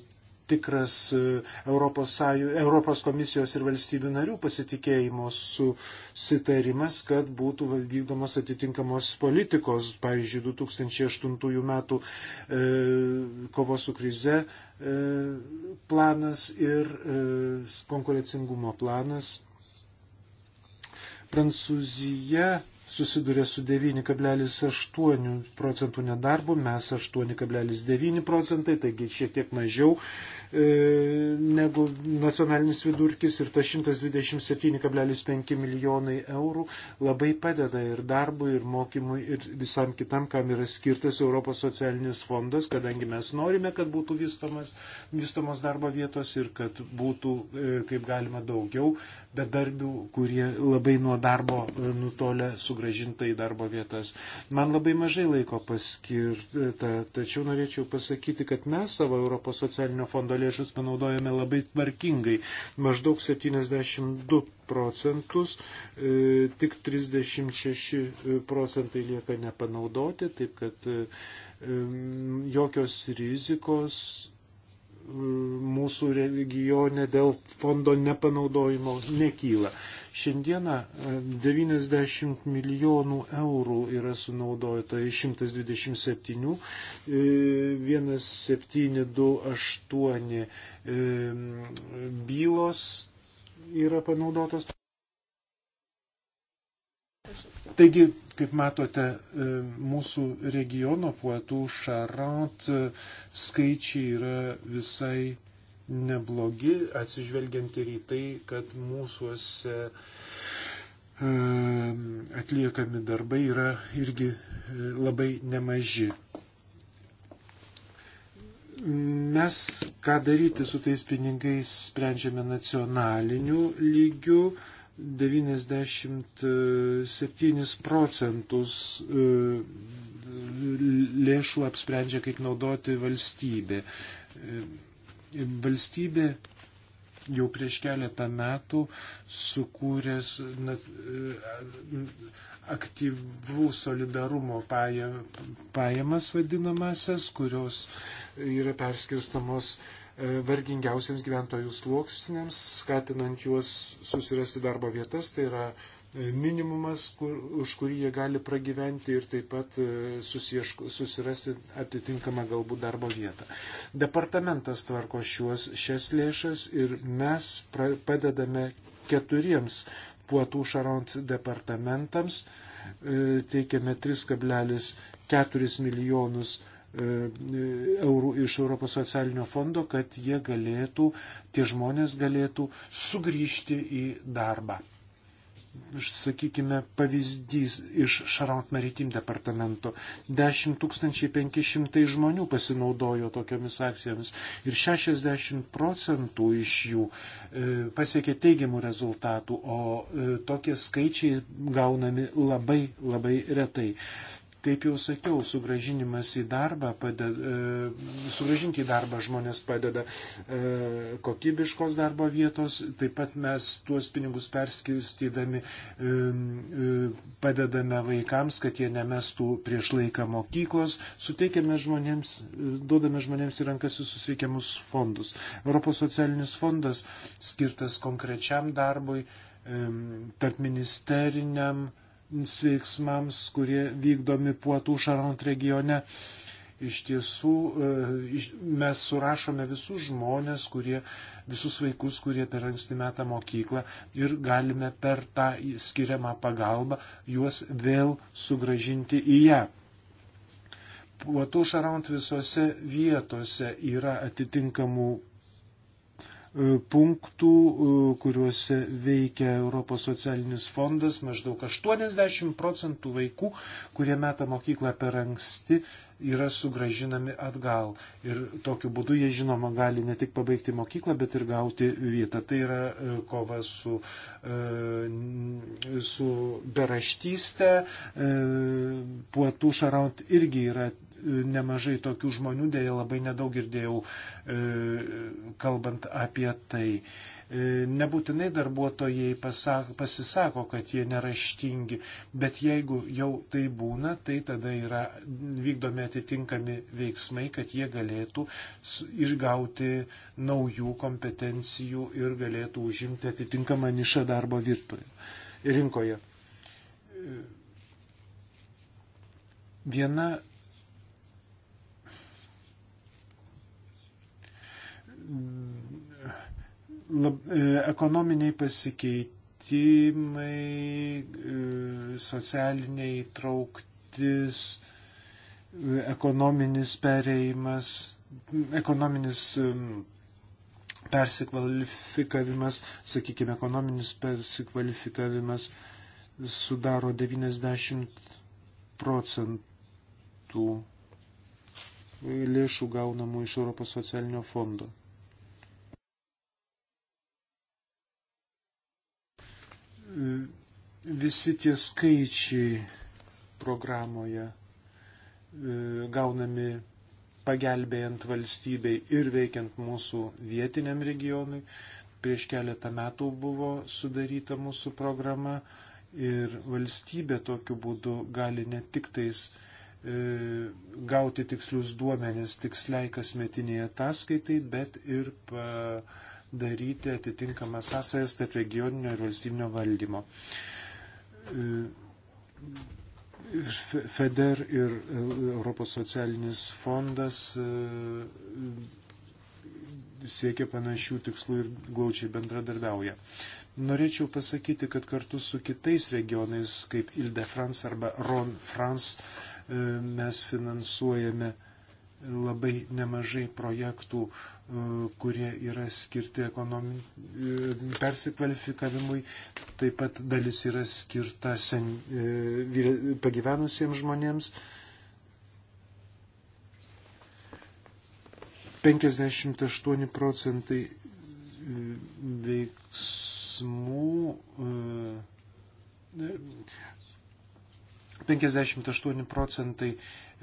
tikras e, Europos, Sąjų, Europos komisijos ir valstybių narių pasitikėjimo susitarimas, kad būtų vykdomos atitinkamos politikos, pavyzdžiui, 2008 metų e, kovos su krize e, planas ir e, konkurencingumo planas. Prancūzija susiduria su 9,8 procentų nedarbu, mes 8,9 procentai, taigi šiek tiek mažiau E, negu nacionalinis vidurkis ir tas 127,5 milijonai eurų labai padeda ir darbui, ir mokymui, ir visam kitam, kam yra skirtas Europos socialinis fondas, kadangi mes norime, kad būtų vystomas, vystomos darbo vietos ir kad būtų e, kaip galima daugiau bedarbių, kurie labai nuo darbo e, nutolę sugražinta į darbo vietas. Man labai mažai laiko paskirta, tačiau norėčiau pasakyti, kad mes savo Europos socialinio fondo biudžeto lėšus panaudojame labai tvarkingai. Maždaug 72 procentus, e, tik 36 e, procentai lieka nepanaudoti, taip kad e, jokios rizikos mūsų regione dėl fondo nepanaudojimo nekyla. Šiandieną 90 e, milijonų eurų yra sunaudojota iš 127, 1728 e, e, bylos yra panaudotos. Taigi, kaip matote, mūsų regiono poetų šarant skaičiai yra visai neblogi, atsižvelgiant ir į tai, kad mūsųse ehm, atliekami darbai yra irgi e, labai nemaži. Mes ką daryti su tais pinigais sprendžiame nacionaliniu lygiu, 97 e, procentus e, lėšų apsprendžia, kaip naudoti valstybė. Valstybė jau prieš keletą metų sukūręs e, aktyvų solidarumo pajamas vadinamasias, kurios yra perskirstamos e, vargingiausiams gyventojų sluoksniams, skatinant juos susirasti darbo vietas, tai yra E, minimumas, kur, už kurį jie gali pragyventi ir taip pat e, susieško, susirasti atitinkamą galbūt darbo vietą. Departamentas tvarko šiuos šias lėšas ir mes pra, padedame keturiems puotų šaront departamentams, e, teikiame 3,4 milijonus eurų iš Europos socialinio fondo, kad jie galėtų, tie žmonės galėtų sugrįžti į darbą sakykime, pavyzdys iš Šarant Maritim departamento. 10 500 žmonių pasinaudojo tokiamis akcijomis ir 60 procentų iš jų e, pasiekė teigiamų rezultatų, o e, tokie skaičiai gaunami labai, labai retai. Kaip jau sakiau, sugražinimas į darbą padeda, e, sugražinti į darbą žmonės padeda e, kokybiškos darbo vietos, taip pat mes tuos pinigus perskirstydami e, padedame vaikams, kad jie nemestų prieš laiką mokyklos, suteikiame žmonėms, duodame žmonėms į rankas visus reikiamus fondus. Europos socialinis fondas skirtas konkrečiam darbui, tarp ministeriniam, veiksmams, kurie vykdomi Puotų Šarant regione. Iš tiesų e, mes surašome visus žmonės, kurie, visus vaikus, kurie per anksti metą mokyklą ir galime per tą skiriamą pagalbą juos vėl sugražinti į ją. Puotų Šarant visose vietose yra atitinkamų E, punktų, e, kuriuose veikia Europos socialinis fondas, maždaug 80 procentų vaikų, kurie meta mokyklą per anksti, yra sugražinami atgal. Ir tokiu būdu jie, žinoma, gali ne tik pabaigti mokyklą, bet ir gauti vietą. Tai yra e, kova su, su beraštystė. Puetų šaraut irgi yra nemažai tokių žmonių, dėja labai nedaug girdėjau e, kalbant apie tai. E, nebūtinai darbuotojai pasako, pasisako, kad jie neraštingi, bet jeigu jau tai būna, tai tada yra vykdomi atitinkami veiksmai, kad jie galėtų išgauti naujų kompetencijų ir galėtų užimti atitinkamą nišą darbo virtuje, rinkoje. E, viena Mm. lab, e, ekonominiai pasikeitimai, e, socialiniai įtrauktis, e, ekonominis pereimas, ekonominis persikvalifikavimas, sakykime, ekonominis persikvalifikavimas sudaro 90 procentų lėšų gaunamų iš Europos socialinio fondo. E, visi tie skaičiai programoje e, gaunami pagelbėjant valstybei ir veikiant mūsų vietiniam regionui. Prieš keletą metų buvo sudaryta mūsų programa ir valstybė tokiu būdu gali ne tik tais e, gauti tikslius duomenis tiksliai kasmetiniai ataskaitai, bet ir pa, e, daryti atitinkamas sąsajas tarp regioninio ir valstybinio valdymo. FEDER ir e, Europos socialinis fondas e, siekia panašių tikslų ir glaučiai bendradarbiauja. Norėčiau pasakyti, kad kartu su kitais regionais, kaip Ile de France arba Ron France, e, mes finansuojame labai nemažai projektų, e, kurie yra skirti ekonomi... E, persikvalifikavimui. Taip pat dalis yra skirta sen... E, pagyvenusiems žmonėms. 58 procentai veiksmų 58 procentai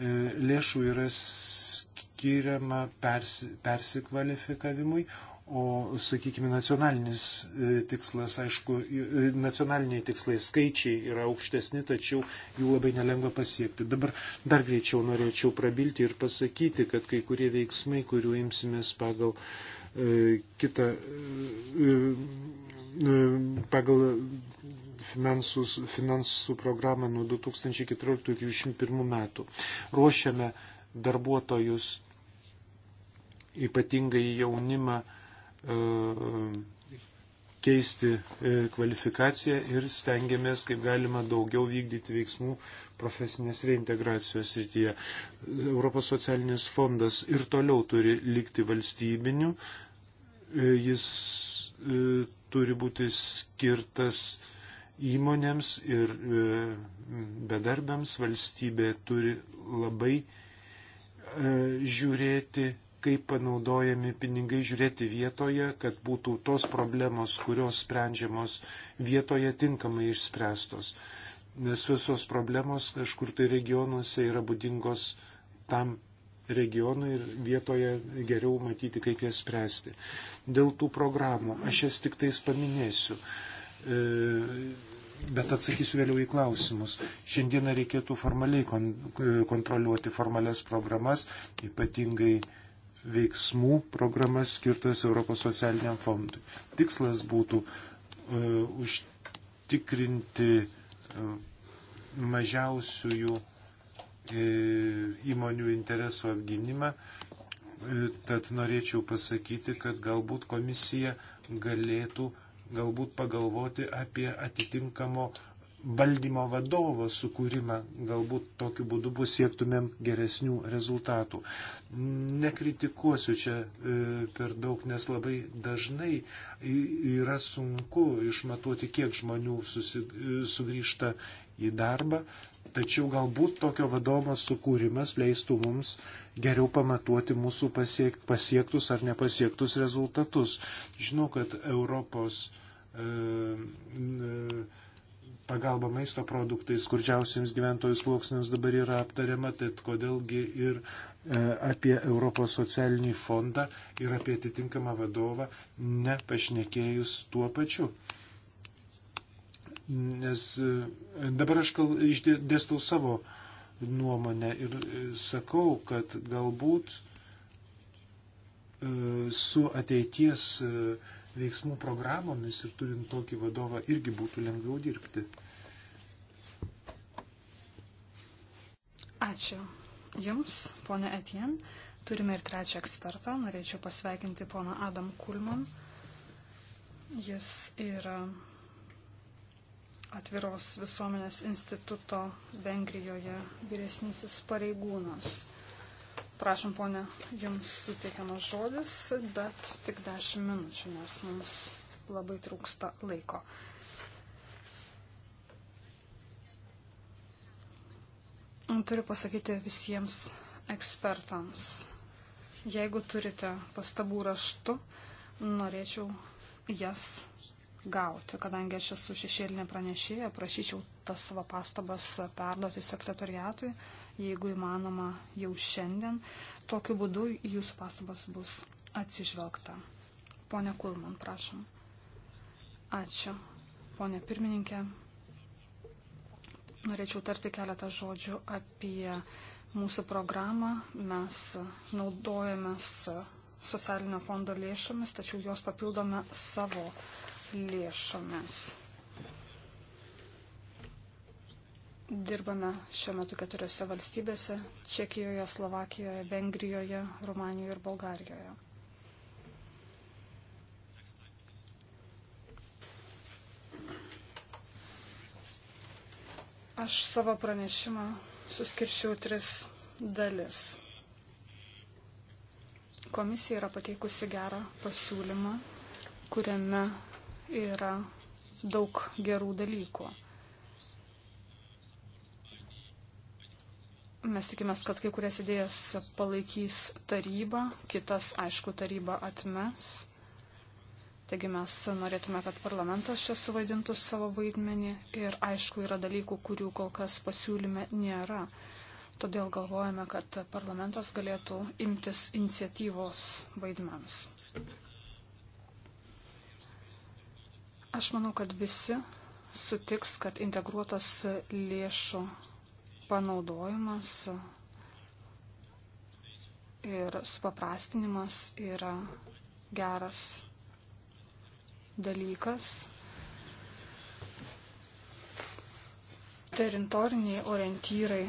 e, lėšų yra skiriama persi, persikvalifikavimui, o, sakykime, nacionalinis e, tikslas, aišku, e, nacionaliniai tikslai skaičiai yra aukštesni, tačiau jų labai nelengva pasiekti. Dabar dar greičiau norėčiau prabilti ir pasakyti, kad kai kurie veiksmai, kurių imsimės pagal e, kitą, e, pagal finansų, finansų programą nuo 2014-2021 metų. Ruošiame darbuotojus, ypatingai jaunimą, e, keisti e, kvalifikaciją ir stengiamės, kaip galima daugiau vykdyti veiksmų profesinės reintegracijos rytyje. Europos socialinis fondas ir toliau turi likti valstybiniu. E, jis turi būti skirtas įmonėms ir e, bedarbiams valstybė turi labai e, žiūrėti, kaip panaudojami pinigai, žiūrėti vietoje, kad būtų tos problemos, kurios sprendžiamos vietoje, tinkamai išspręstos. Nes visos problemos kažkur tai regionuose yra būdingos tam regionui ir vietoje geriau matyti, kaip jas spręsti. Dėl tų programų aš jas tik tais paminėsiu. Uh, E, bet atsakysiu vėliau į klausimus. Šiandieną reikėtų formaliai kon, e, kontroliuoti formalias programas, ypatingai veiksmų programas skirtas Europos socialiniam fondui. Tikslas būtų uh, užtikrinti uh, mažiausiųjų uh, įmonių interesų apginimą. Uh, tad norėčiau pasakyti, kad galbūt komisija galėtų uh, galbūt pagalvoti apie atitinkamo valdymo vadovo sukūrimą, galbūt tokiu būdu bus siektumėm geresnių rezultatų. Nekritikuosiu čia e, per daug, nes labai dažnai yra sunku išmatuoti, kiek žmonių susi, e, sugrįžta į darbą, Tačiau galbūt tokio vadovo sukūrimas leistų mums geriau pamatuoti mūsų pasiek, pasiektus ar nepasiektus rezultatus. Žinau, kad Europos e, e, pagalba maisto produktais skurdžiausiams gyventojų sluoksniams dabar yra aptariama, tad kodėlgi ir e, apie Europos socialinį fondą ir apie atitinkamą vadovą nepašnekėjus tuo pačiu. Nes e, dabar aš kal, išdėstau savo nuomonę ir e, sakau, kad galbūt e, su ateities veiksmų programomis ir turint tokį vadovą irgi būtų lengviau dirbti. Ačiū Jums, ponė Etien. Turime ir trečią ekspertą. Norėčiau pasveikinti poną Adam Kulman. Jis yra atviros visuomenės instituto Vengrijoje vyresnysis pareigūnas. Prašom, ponė, jums suteikiamas žodis, bet tik 10 minučių, nes mums labai trūksta laiko. Turiu pasakyti visiems ekspertams, jeigu turite pastabų raštu, norėčiau jas gauti. Kadangi aš esu šešėlinė pranešėja, prašyčiau tas savo pastabas perduoti sekretoriatui, jeigu įmanoma jau šiandien. Tokiu būdu jūsų pastabas bus atsižvelgta. Pone Kulman, prašom. Ačiū. Pone pirmininkė, norėčiau tarti keletą žodžių apie mūsų programą. Mes naudojamės socialinio fondo lėšomis, tačiau jos papildome savo uh, lėšomis. Dirbame šiuo metu keturiose valstybėse - Čekijoje, Slovakijoje, Vengrijoje, Rumanijoje ir Bulgarijoje. Aš savo pranešimą suskirčiau tris dalis. Komisija yra pateikusi gerą pasiūlymą, kuriame yra daug gerų dalykų. Mes tikimės, kad kai kurias idėjas palaikys taryba, kitas, aišku, taryba atmes. Taigi mes norėtume, kad parlamentas čia suvaidintų savo vaidmenį ir, aišku, yra dalykų, kurių kol kas pasiūlyme nėra. Todėl galvojame, kad parlamentas galėtų imtis iniciatyvos vaidmens. Aš manau, kad visi sutiks, kad integruotas lėšų panaudojimas ir supaprastinimas yra geras dalykas. Teritoriniai orientyrai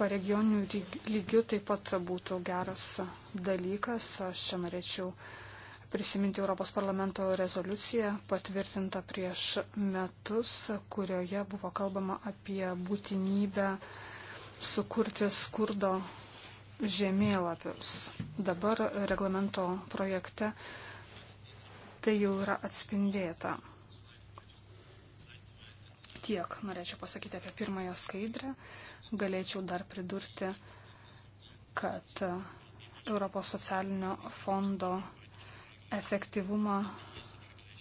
paregioninių lygių taip pat būtų geras dalykas. Aš čia norėčiau prisiminti Europos parlamento rezoliuciją patvirtintą prieš metus, kurioje buvo kalbama apie būtinybę sukurti skurdo žemėlapius. Dabar reglamento projekte tai jau yra atspindėta. Tiek norėčiau pasakyti apie pirmąją skaidrę. Galėčiau dar pridurti, kad Europos socialinio fondo efektyvumą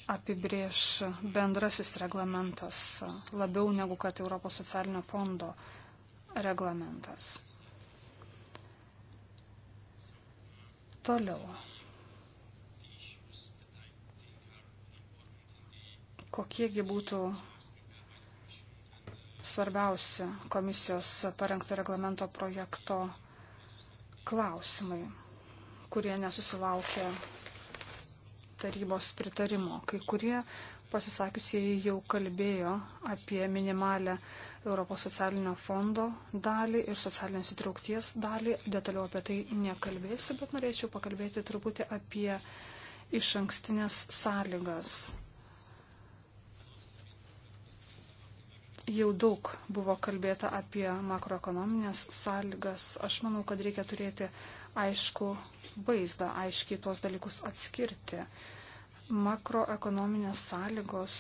apibrieš bendrasis reglamentas labiau negu kad Europos socialinio fondo reglamentas. Toliau. Kokiegi būtų svarbiausi komisijos parengto reglamento projekto klausimai, kurie nesusilaukė tarybos pritarimo. Kai kurie pasisakiusieji jau kalbėjo apie minimalę Europos socialinio fondo dalį ir socialinės įtraukties dalį. Detaliau apie tai nekalbėsiu, bet norėčiau pakalbėti truputį apie iš ankstinės sąlygas. Jau daug buvo kalbėta apie makroekonominės sąlygas. Aš manau, kad reikia turėti aišku vaizdą, aiškiai tuos dalykus atskirti. Makroekonominės sąlygos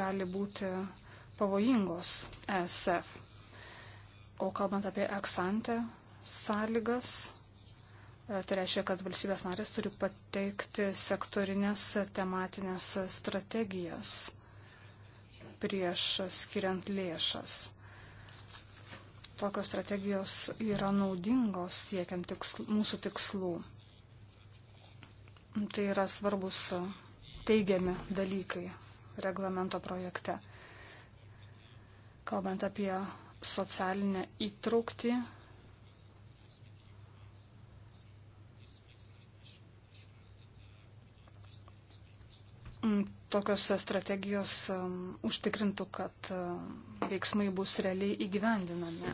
gali būti pavojingos ESF. O kalbant apie eksantę sąlygas, e, tai reiškia, kad valstybės narės turi pateikti sektorinės tematinės strategijas prieš skiriant lėšas tokios strategijos yra naudingos siekiant tiksl, mūsų tikslų. Tai yra svarbus teigiami dalykai reglamento projekte. Kalbant apie socialinę įtraukti, tokios strategijos um, užtikrintų, kad um, veiksmai bus realiai įgyvendinami.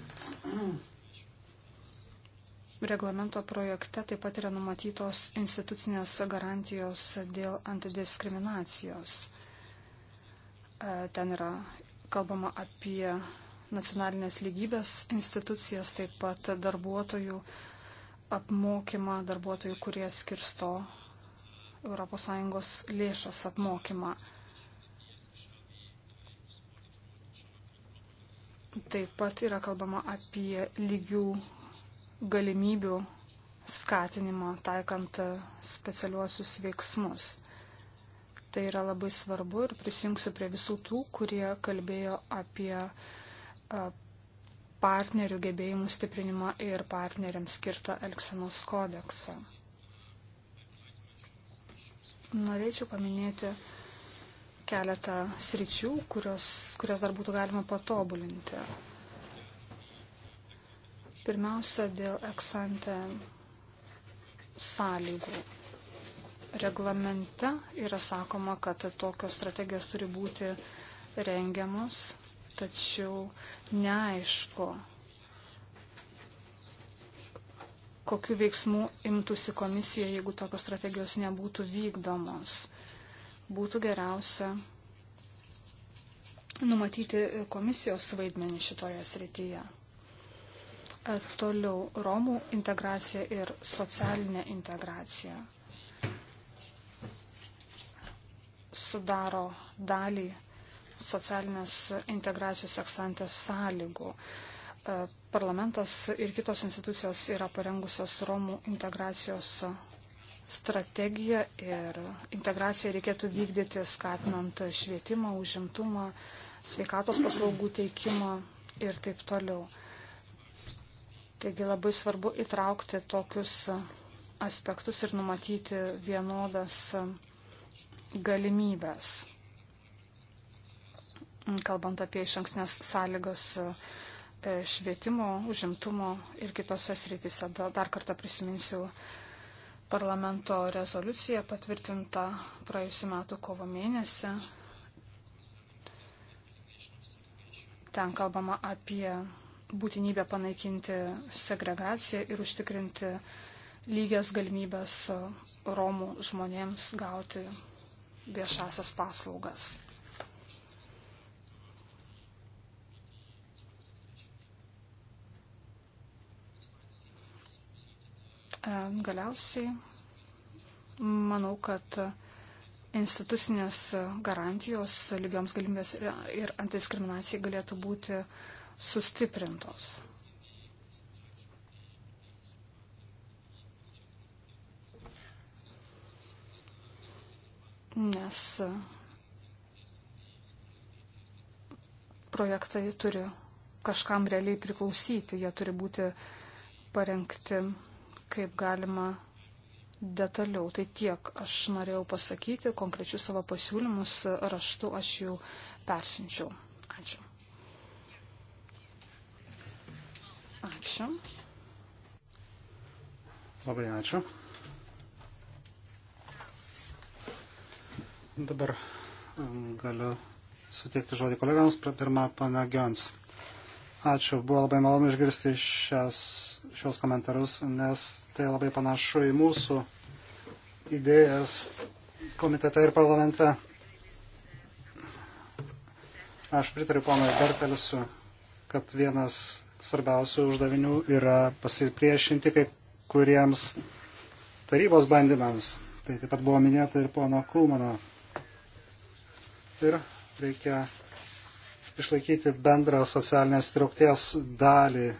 Reglamento projekte taip pat yra numatytos institucinės garantijos dėl antidiskriminacijos. E, ten yra kalbama apie nacionalinės lygybės institucijas, taip pat darbuotojų apmokymą, darbuotojų, kurie skirsto ES lėšas apmokymą. Taip pat yra kalbama apie lygių galimybių skatinimą taikant specialiuosius veiksmus. Tai yra labai svarbu ir prisijungsiu prie visų tų, kurie kalbėjo apie partnerių gebėjimų stiprinimą ir partneriams skirtą Elksenos kodeksą. Norėčiau paminėti keletą sričių, kurios, kurias dar būtų galima patobulinti. Pirmiausia, dėl eksante sąlygų. Reglamente yra sakoma, kad tokios strategijos turi būti rengiamos, tačiau neaišku, kokiu veiksmu imtųsi komisija, jeigu tokios strategijos nebūtų vykdomos. Būtų geriausia numatyti komisijos vaidmenį šitoje srityje. E, toliau Romų integracija ir socialinė integracija sudaro dalį socialinės integracijos eksantės sąlygų. E, parlamentas ir kitos institucijos yra parengusios Romų integracijos strategiją ir integraciją reikėtų vykdyti skatinant švietimą, užimtumą, sveikatos paslaugų teikimą ir taip toliau. Taigi labai svarbu įtraukti tokius aspektus ir numatyti vienodas galimybės, kalbant apie iš anksnės sąlygas E, švietimo, užimtumo ir kitose srityse. Dar kartą prisiminsiu parlamento rezoliuciją patvirtintą praėjusiu metu kovo mėnesį. Ten kalbama apie būtinybę panaikinti segregaciją ir užtikrinti lygias galimybės Romų žmonėms gauti viešasias paslaugas. E, galiausiai manau, kad institucinės garantijos lygioms galimybės ir antidiskriminacijai galėtų būti sustiprintos. Nes projektai turi kažkam realiai priklausyti, jie turi būti parengti kaip galima detaliau. Tai tiek aš norėjau pasakyti, konkrečius savo pasiūlymus raštu aš jau persinčiau. Ačiū. Ačiū. Labai ačiū. Dabar um, galiu suteikti žodį kolegams. Pirma, pana Gions. Ačiū, buvo labai malonu išgirsti šias šios komentarus, nes tai labai panašu į mūsų idėjas komitete ir parlamente. Aš pritariu ponui Bertelsiu, kad vienas svarbiausių uždavinių yra pasipriešinti kai kuriems tarybos bandymams. Tai taip pat buvo minėta ir pono Kulmano. Ir reikia išlaikyti bendrą socialinės traukties dalį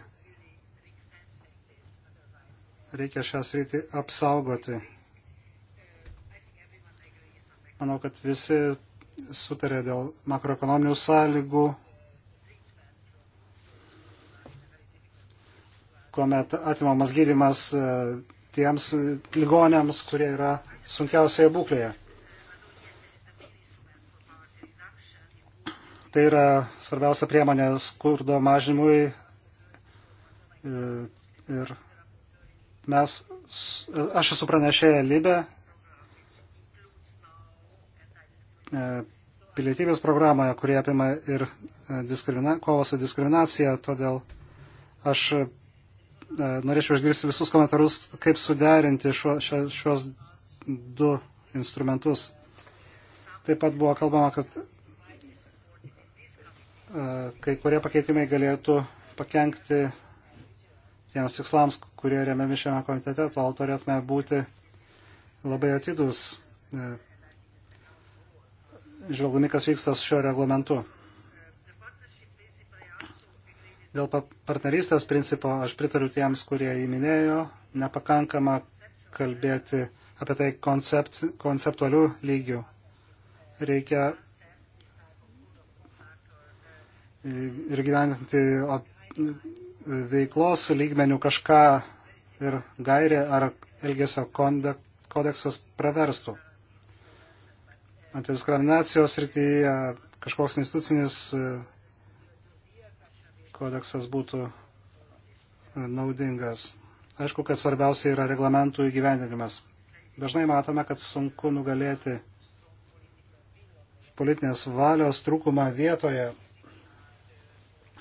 reikia šią sritį apsaugoti. Manau, kad visi sutarė dėl makroekonominių sąlygų, kuomet atimamas gydimas e, tiems ligonėms, kurie yra sunkiausioje būklėje. Tai yra svarbiausia priemonė skurdo mažinimui e, ir Mes, aš esu pranešėję Libę e, pilietybės programoje, kurie apima ir e, diskrimina, kovą su diskriminacija, todėl aš e, norėčiau išgirsti visus komentarus, kaip suderinti šio, šio, šios du instrumentus. Taip pat buvo kalbama, kad kai kurie pakeitimai galėtų pakengti tiems tikslams, kurie remiami šiame komitete, tol turėtume būti labai atidus, e, žvelgdami, kas vyksta su šiuo reglamentu. Dėl partnerystės principo aš pritariu tiems, kurie įminėjo, nepakankama kalbėti apie tai koncept, konceptualių lygių. Reikia e, ir gyventi veiklos lygmenių kažką ir gairė ar elgesio kodeksas praverstų. Antidiskriminacijos rytyje kažkoks institucinis e, kodeksas būtų e, naudingas. Aišku, kad svarbiausia yra reglamentų įgyvendinimas. Dažnai matome, kad sunku nugalėti politinės valios trūkumą vietoje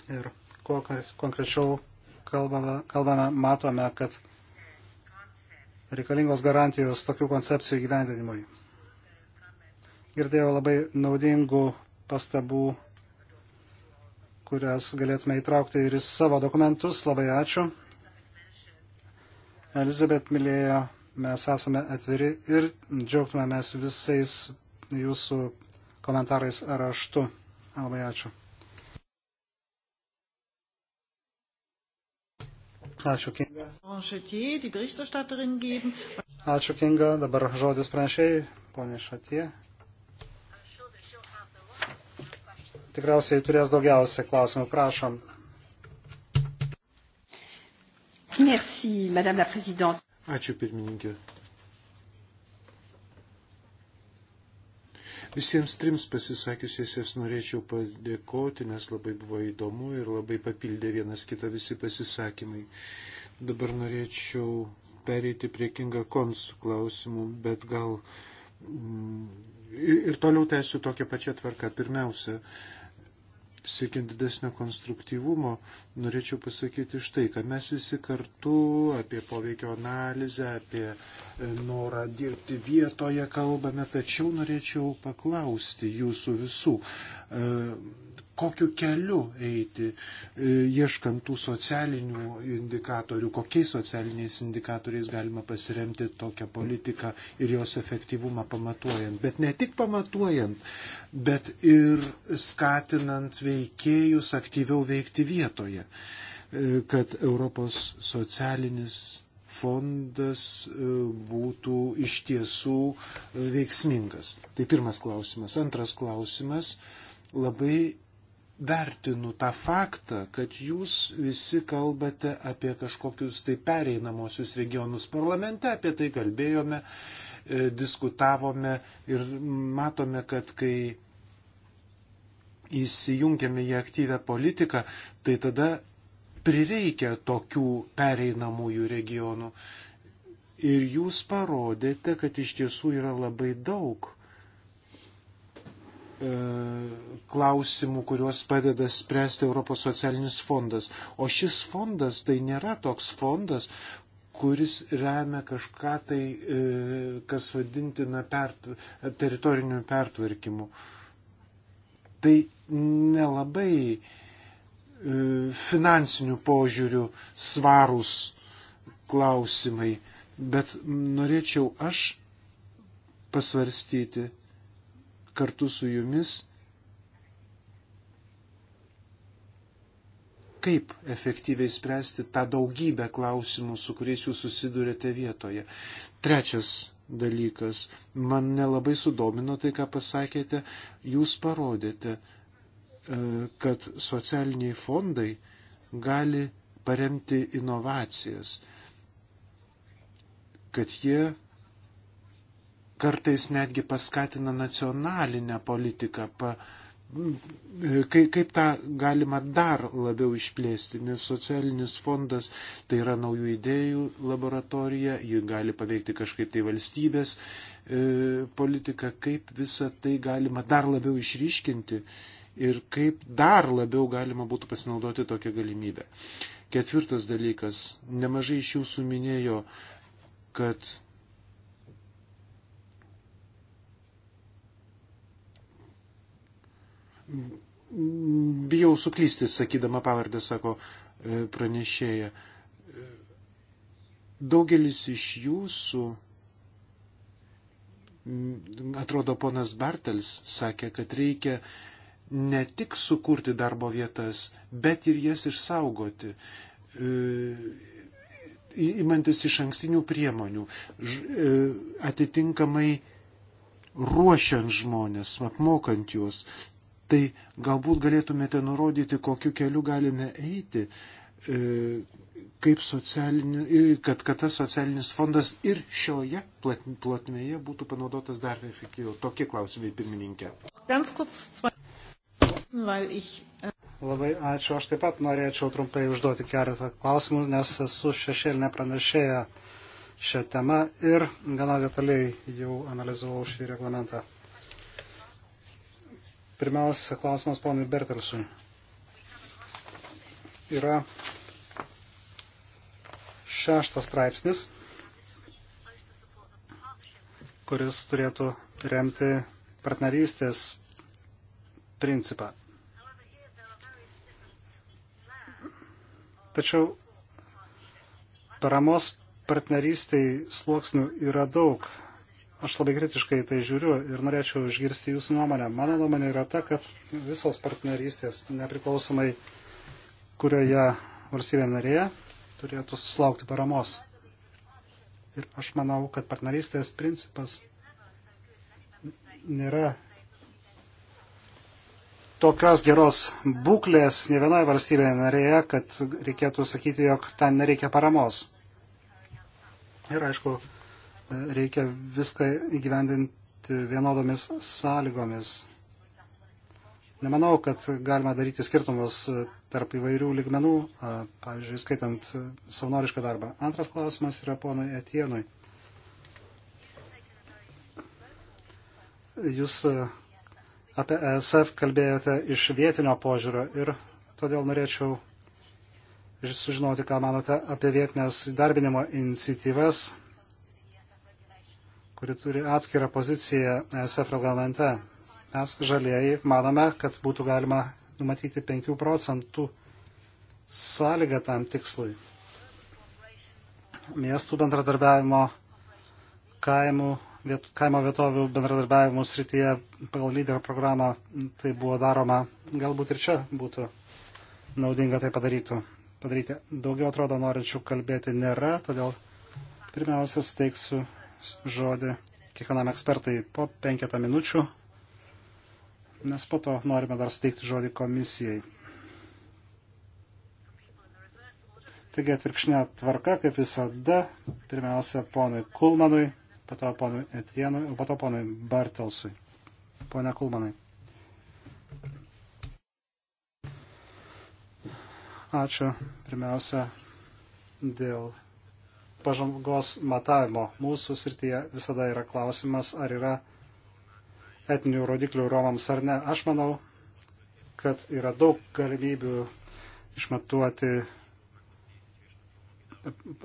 ir kuo konkrečiau kalbame, kalbame matome, kad reikalingos garantijos tokių koncepcijų įgyvendinimui. Girdėjau labai naudingų pastabų, kurias galėtume įtraukti ir į savo dokumentus. Labai ačiū. Elizabet Milėjo, mes esame atviri ir džiaugtume mes visais jūsų komentarais raštu. Labai ačiū. Ačiū, Kinga. Ačiū, Kinga. Dabar žodis pranešėjai, ponė Šatie. Tikriausiai turės daugiausia klausimų. Prašom. Merci, Madame la Présidente. Ačiū, pirmininkė. Visiems trims pasisakiusiesiems norėčiau padėkoti, nes labai buvo įdomu ir labai papildė vienas kitą visi pasisakymai. Dabar norėčiau pereiti prie Kinga Kons klausimų, bet gal mm, ir toliau tęsiu tokią pačią tvarką. Pirmiausia, uh, siekiant didesnio konstruktyvumo, norėčiau pasakyti štai, kad mes visi kartu apie poveikio analizę, apie e, norą dirbti vietoje kalbame, tačiau norėčiau paklausti jūsų visų, e, kokiu keliu eiti, e, ieškant tų socialinių indikatorių, kokiais socialiniais indikatoriais galima pasiremti tokią politiką ir jos efektyvumą pamatuojant. Bet ne tik pamatuojant, bet ir skatinant veikėjus aktyviau veikti vietoje, e, kad Europos socialinis fondas e, būtų iš tiesų veiksmingas. Tai pirmas klausimas. Antras klausimas. Labai vertinu tą faktą, kad jūs visi kalbate apie kažkokius tai pereinamosius regionus parlamente, apie tai kalbėjome, e, diskutavome ir matome, kad kai įsijungiame į aktyvę politiką, tai tada prireikia tokių pereinamųjų regionų. Ir jūs parodėte, kad iš tiesų yra labai daug E, klausimų, kuriuos padeda spręsti Europos socialinis fondas. O šis fondas tai nėra toks fondas, kuris remia kažką tai, e, kas vadintina pert, teritoriniu pertvarkymu. Tai nelabai e, finansinių požiūrių svarūs klausimai, bet norėčiau aš pasvarstyti kartu su jumis, kaip efektyviai spręsti tą daugybę klausimų, su kuriais jūs susidurėte vietoje. Trečias dalykas, man nelabai sudomino tai, ką pasakėte, jūs parodėte, e, kad socialiniai fondai gali paremti inovacijas, kad jie kartais netgi paskatina nacionalinę politiką. Pa, Kaip, kaip tą galima dar labiau išplėsti, nes socialinis fondas tai yra naujų idėjų laboratorija, ji gali paveikti kažkaip tai valstybės e, politiką, kaip visą tai galima dar labiau išryškinti ir kaip dar labiau galima būtų pasinaudoti tokią galimybę. Ketvirtas dalykas, nemažai iš jūsų minėjo, kad Bijau suklysti, sakydama pavardę, sako e, pranešėja. E, daugelis iš jūsų, atrodo, ponas Bartels sakė, kad reikia ne tik sukurti darbo vietas, bet ir jas išsaugoti e, įmantis iš ankstinių priemonių, atitinkamai ruošiant žmonės, apmokant juos, Tai galbūt galėtumėte nurodyti, kokiu keliu galime eiti, e, kaip e, kad, kad tas socialinis fondas ir šioje plotmėje būtų panaudotas dar efektyviau. Tokie klausimai, pirmininkė. Äh, Labai ačiū. Aš taip pat norėčiau trumpai užduoti keletą klausimų, nes esu šešėlinė pranešėja šią temą ir gana detaliai jau analizavau šį reglamentą. Pirmiausia, klausimas ponui Bertelsui. Yra šeštas straipsnis, kuris turėtų remti partnerystės principą. Tačiau paramos partnerystiai sluoksnių yra daug Aš labai kritiškai tai žiūriu ir norėčiau išgirsti jūsų nuomonę. Mano nuomonė yra ta, kad visos partnerystės, nepriklausomai kurioje valstybė narėje, turėtų susilaukti paramos. Ir aš manau, kad partnerystės principas nėra tokios geros būklės ne vienoje valstybėje narėje, kad reikėtų sakyti, jog ten nereikia paramos. Ir aišku, reikia viską įgyvendinti vienodomis sąlygomis. Nemanau, kad galima daryti skirtumus tarp įvairių ligmenų, pavyzdžiui, skaitant savanorišką darbą. Antras klausimas yra ponui Etienui. Jūs apie ESF kalbėjote iš vietinio požiūrio ir todėl norėčiau sužinoti, ką manote apie vietinės darbinimo iniciatyvas kuri turi atskirą poziciją ESF reglamente. Mes žalieji manome, kad būtų galima numatyti 5 procentų sąlygą tam tikslui. Miestų bendradarbiavimo, kaimų, viet, kaimo vietovių bendradarbiavimo srityje pagal lyderio programą tai buvo daroma. Galbūt ir čia būtų naudinga tai padarytų. padaryti. Daugiau atrodo norinčių kalbėti nėra, todėl pirmiausia steiksiu žodį kiekvienam ekspertui po penketą minučių, nes po to norime dar suteikti žodį komisijai. Taigi atvirkšnė tvarka, kaip visada, pirmiausia ponui Kulmanui, po to ponui Etienui, o po to ponui Bartelsui. Pone Kulmanai. Ačiū. Pirmiausia, dėl pažangos matavimo. Mūsų srityje visada yra klausimas, ar yra etinių rodiklių Romams ar ne. Aš manau, kad yra daug galimybių išmatuoti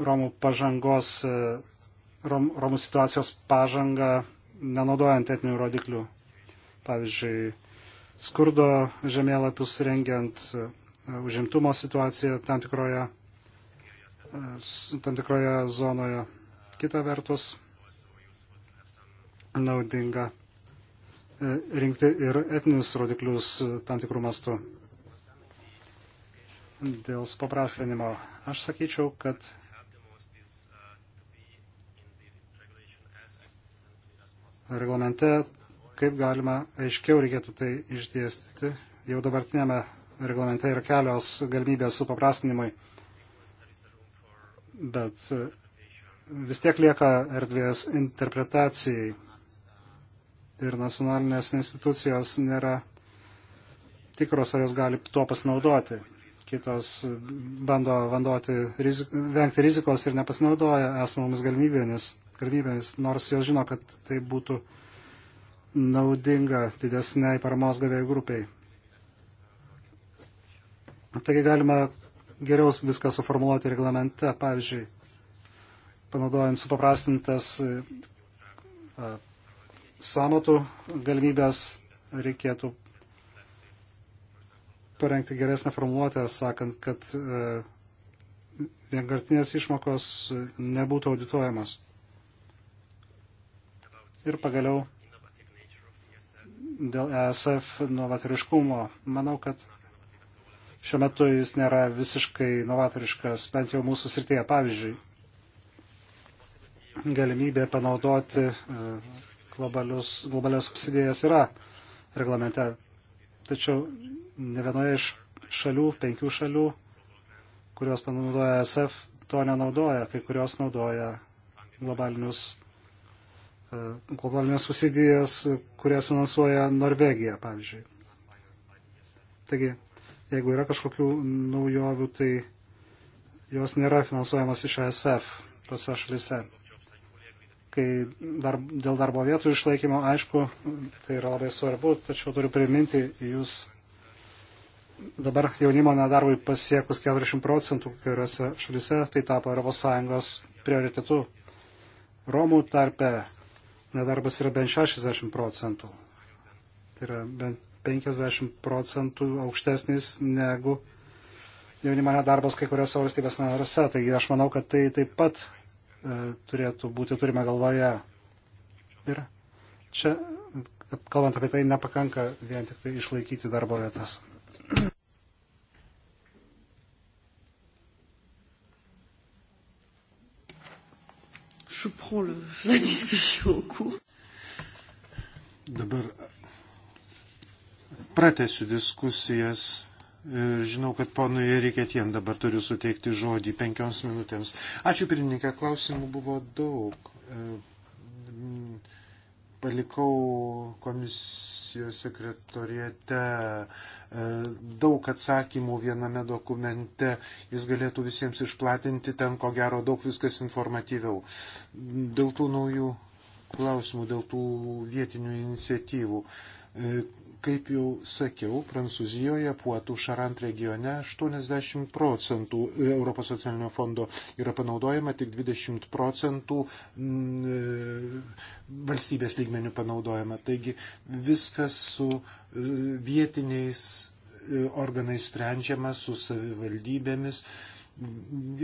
Romų pažangos, rom, Romų situacijos pažangą, nenaudojant etinių rodiklių. Pavyzdžiui, skurdo žemėlapius rengiant užimtumo situaciją tam tikroje tam tikroje zonoje. Kita vertus, naudinga e, rinkti ir etinius rodiklius e, tam tikrų mastų dėl supaprastinimo. Aš sakyčiau, kad reglamente kaip galima aiškiau reikėtų tai išdėstyti. Jau dabartinėme reglamente yra kelios galimybės supaprastinimui bet e, vis tiek lieka erdvės interpretacijai ir nacionalinės institucijos nėra tikros, ar jos gali tuo pasinaudoti. Kitos bando vandoti, rizik, vengti rizikos ir nepasinaudoja esamomis galimybėmis, galimybėmis, nors jos žino, kad tai būtų naudinga didesniai paramos gavėjų grupiai. Taigi galima geriau viską suformuoluoti reglamente, pavyzdžiui, panaudojant supaprastintas e, samatų galimybės reikėtų parengti geresnę formuluotę, sakant, kad e, vienkartinės išmokos nebūtų audituojamos. Ir pagaliau dėl ESF novatoriškumo. Manau, kad Šiuo metu jis nėra visiškai novatoriškas, bent jau mūsų srityje. Pavyzdžiui, galimybė panaudoti e, globalius, globalios subsidijas yra reglamente. Tačiau ne vienoje iš šalių, penkių šalių, kurios panaudoja SF, to nenaudoja, kai kurios naudoja globalinius, e, globalinės subsidijas, kurias finansuoja Norvegija, pavyzdžiui. Taigi, Jeigu yra kažkokių naujovių, tai jos nėra finansuojamos iš ASF tose šalise. Kai dar, dėl darbo vietų išlaikymo, aišku, tai yra labai svarbu, tačiau turiu priminti, jūs dabar jaunimo nedarbui pasiekus 40 procentų kai kuriuose šalise, tai tapo ES prioritetu. Romų tarpe nedarbas yra bent 60 procentų. Tai yra bent 50 procentų aukštesnis negu jaunimo nedarbas kai kuriuose valstybės narėse. Taigi aš manau, kad tai taip pat e, turėtų būti turime galvoje. Ir čia, kalbant apie tai, nepakanka vien tik tai išlaikyti darbo vietas. Je prends le, la discussion au cours. Dabar pratesiu diskusijas. Žinau, kad ponui Reikėtien dabar turiu suteikti žodį penkioms minutėms. Ačiū pirmininkė, klausimų buvo daug. E, palikau komisijos sekretoriete e, daug atsakymų viename dokumente. Jis galėtų visiems išplatinti, ten ko gero daug viskas informatyviau. Dėl tų naujų klausimų, dėl tų vietinių iniciatyvų e, Kaip jau sakiau, Prancūzijoje, Puatų Šarant regione 80 procentų e, Europos socialinio fondo yra panaudojama, tik 20 procentų mm, e, valstybės lygmenių panaudojama. Taigi viskas su e, vietiniais organais sprendžiama, su savivaldybėmis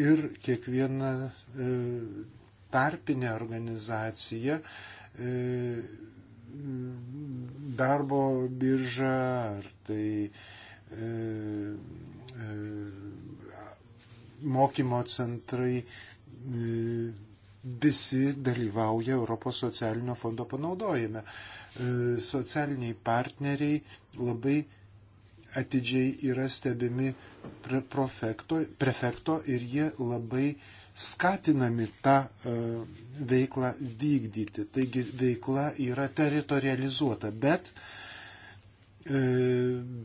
ir kiekviena tarpinė organizacija darbo birža, ar tai e, e, mokymo centrai, e, visi dalyvauja Europos socialinio fondo panaudojime. E, socialiniai partneriai labai atidžiai yra stebimi prefekto, prefekto ir jie labai e, skatinami tą e, veiklą vykdyti. Taigi veikla yra teritorializuota, bet e,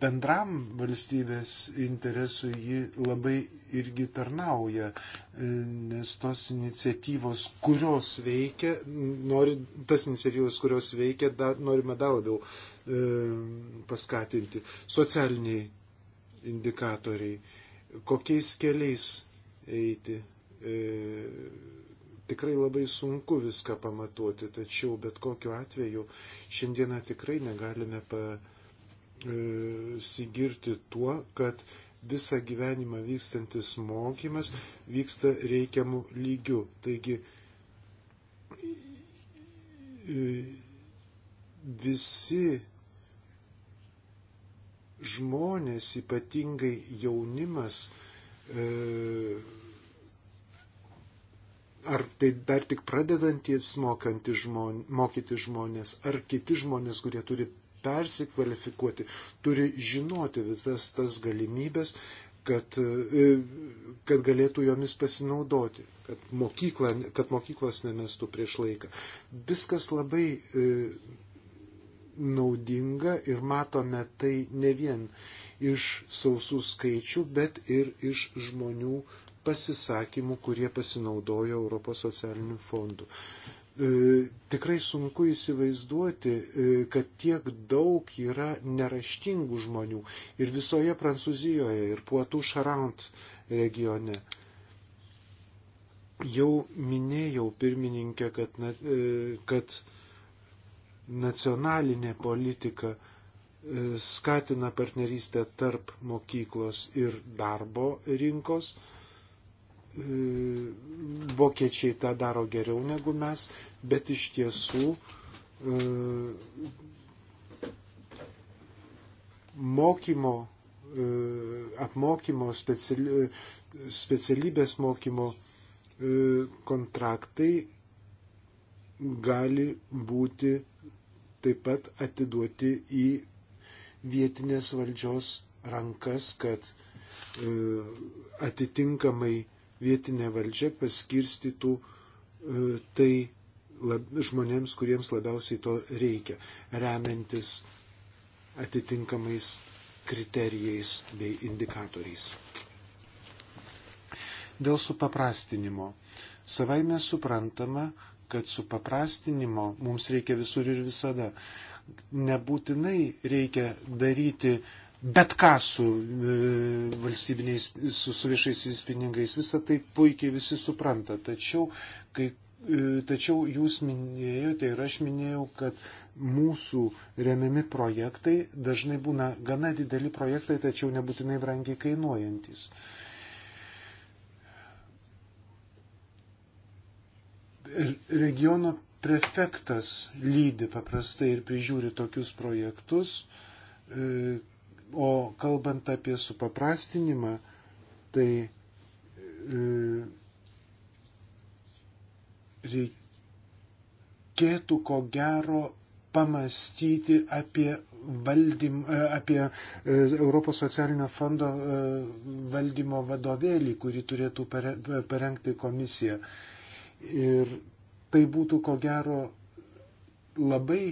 bendram valstybės interesui ji labai irgi tarnauja, e, nes tos iniciatyvos, kurios veikia, nori, tas iniciatyvos, kurios veikia, dar, norime dar labiau e, paskatinti. Socialiniai indikatoriai, kokiais keliais eiti, e, tikrai labai sunku viską pamatuoti, tačiau bet kokiu atveju šiandieną tikrai negalime pasigirti e, tuo, kad visą gyvenimą vykstantis mokymas vyksta reikiamų lygių. Taigi e, visi žmonės, ypatingai jaunimas, e, ar tai dar tik pradedantis žmon, mokyti žmonės, ar kiti žmonės, kurie turi persikvalifikuoti, turi žinoti visas tas galimybės, kad, e, kad galėtų jomis pasinaudoti, kad, mokykla, kad mokyklos nemestų prieš laiką. Viskas labai e, naudinga ir matome tai ne vien iš sausų skaičių, bet ir iš žmonių e, pasisakymų, kurie pasinaudojo Europos socialinių fondų. E, tikrai sunku įsivaizduoti, e, kad tiek daug yra neraštingų žmonių ir visoje Prancūzijoje, ir Puatų Šarant regione. Jau minėjau pirmininkę, kad, na, e, kad nacionalinė politika e, skatina partnerystę tarp mokyklos ir darbo rinkos Mm, vokiečiai tą daro geriau negu mes, bet iš tiesų mm, mokymo, mm, apmokymo, specialybės mokymo kontraktai gali būti taip pat atiduoti į vietinės valdžios rankas, kad atitinkamai vietinė valdžia paskirstytų e, tai lab, žmonėms, kuriems labiausiai to reikia, remiantis atitinkamais kriterijais bei indikatoriais. Dėl supaprastinimo. Savai mes suprantama, kad supaprastinimo mums reikia visur ir visada. Nebūtinai reikia daryti uh, bet ką su e, valstybiniais, su, su viešaisiais pinigais. Visą tai puikiai visi supranta. Tačiau, kai, e, tačiau jūs minėjote ir aš minėjau, kad mūsų remiami projektai dažnai būna gana dideli projektai, tačiau nebūtinai brangiai kainuojantis. Regiono prefektas lydi paprastai ir prižiūri tokius projektus, e, O kalbant apie supaprastinimą, tai e, reikėtų ko gero pamastyti apie, valdym, e, apie e, Europos socialinio fondo valdymo vadovėlį, kurį turėtų parengti komisija. Ir tai būtų ko gero labai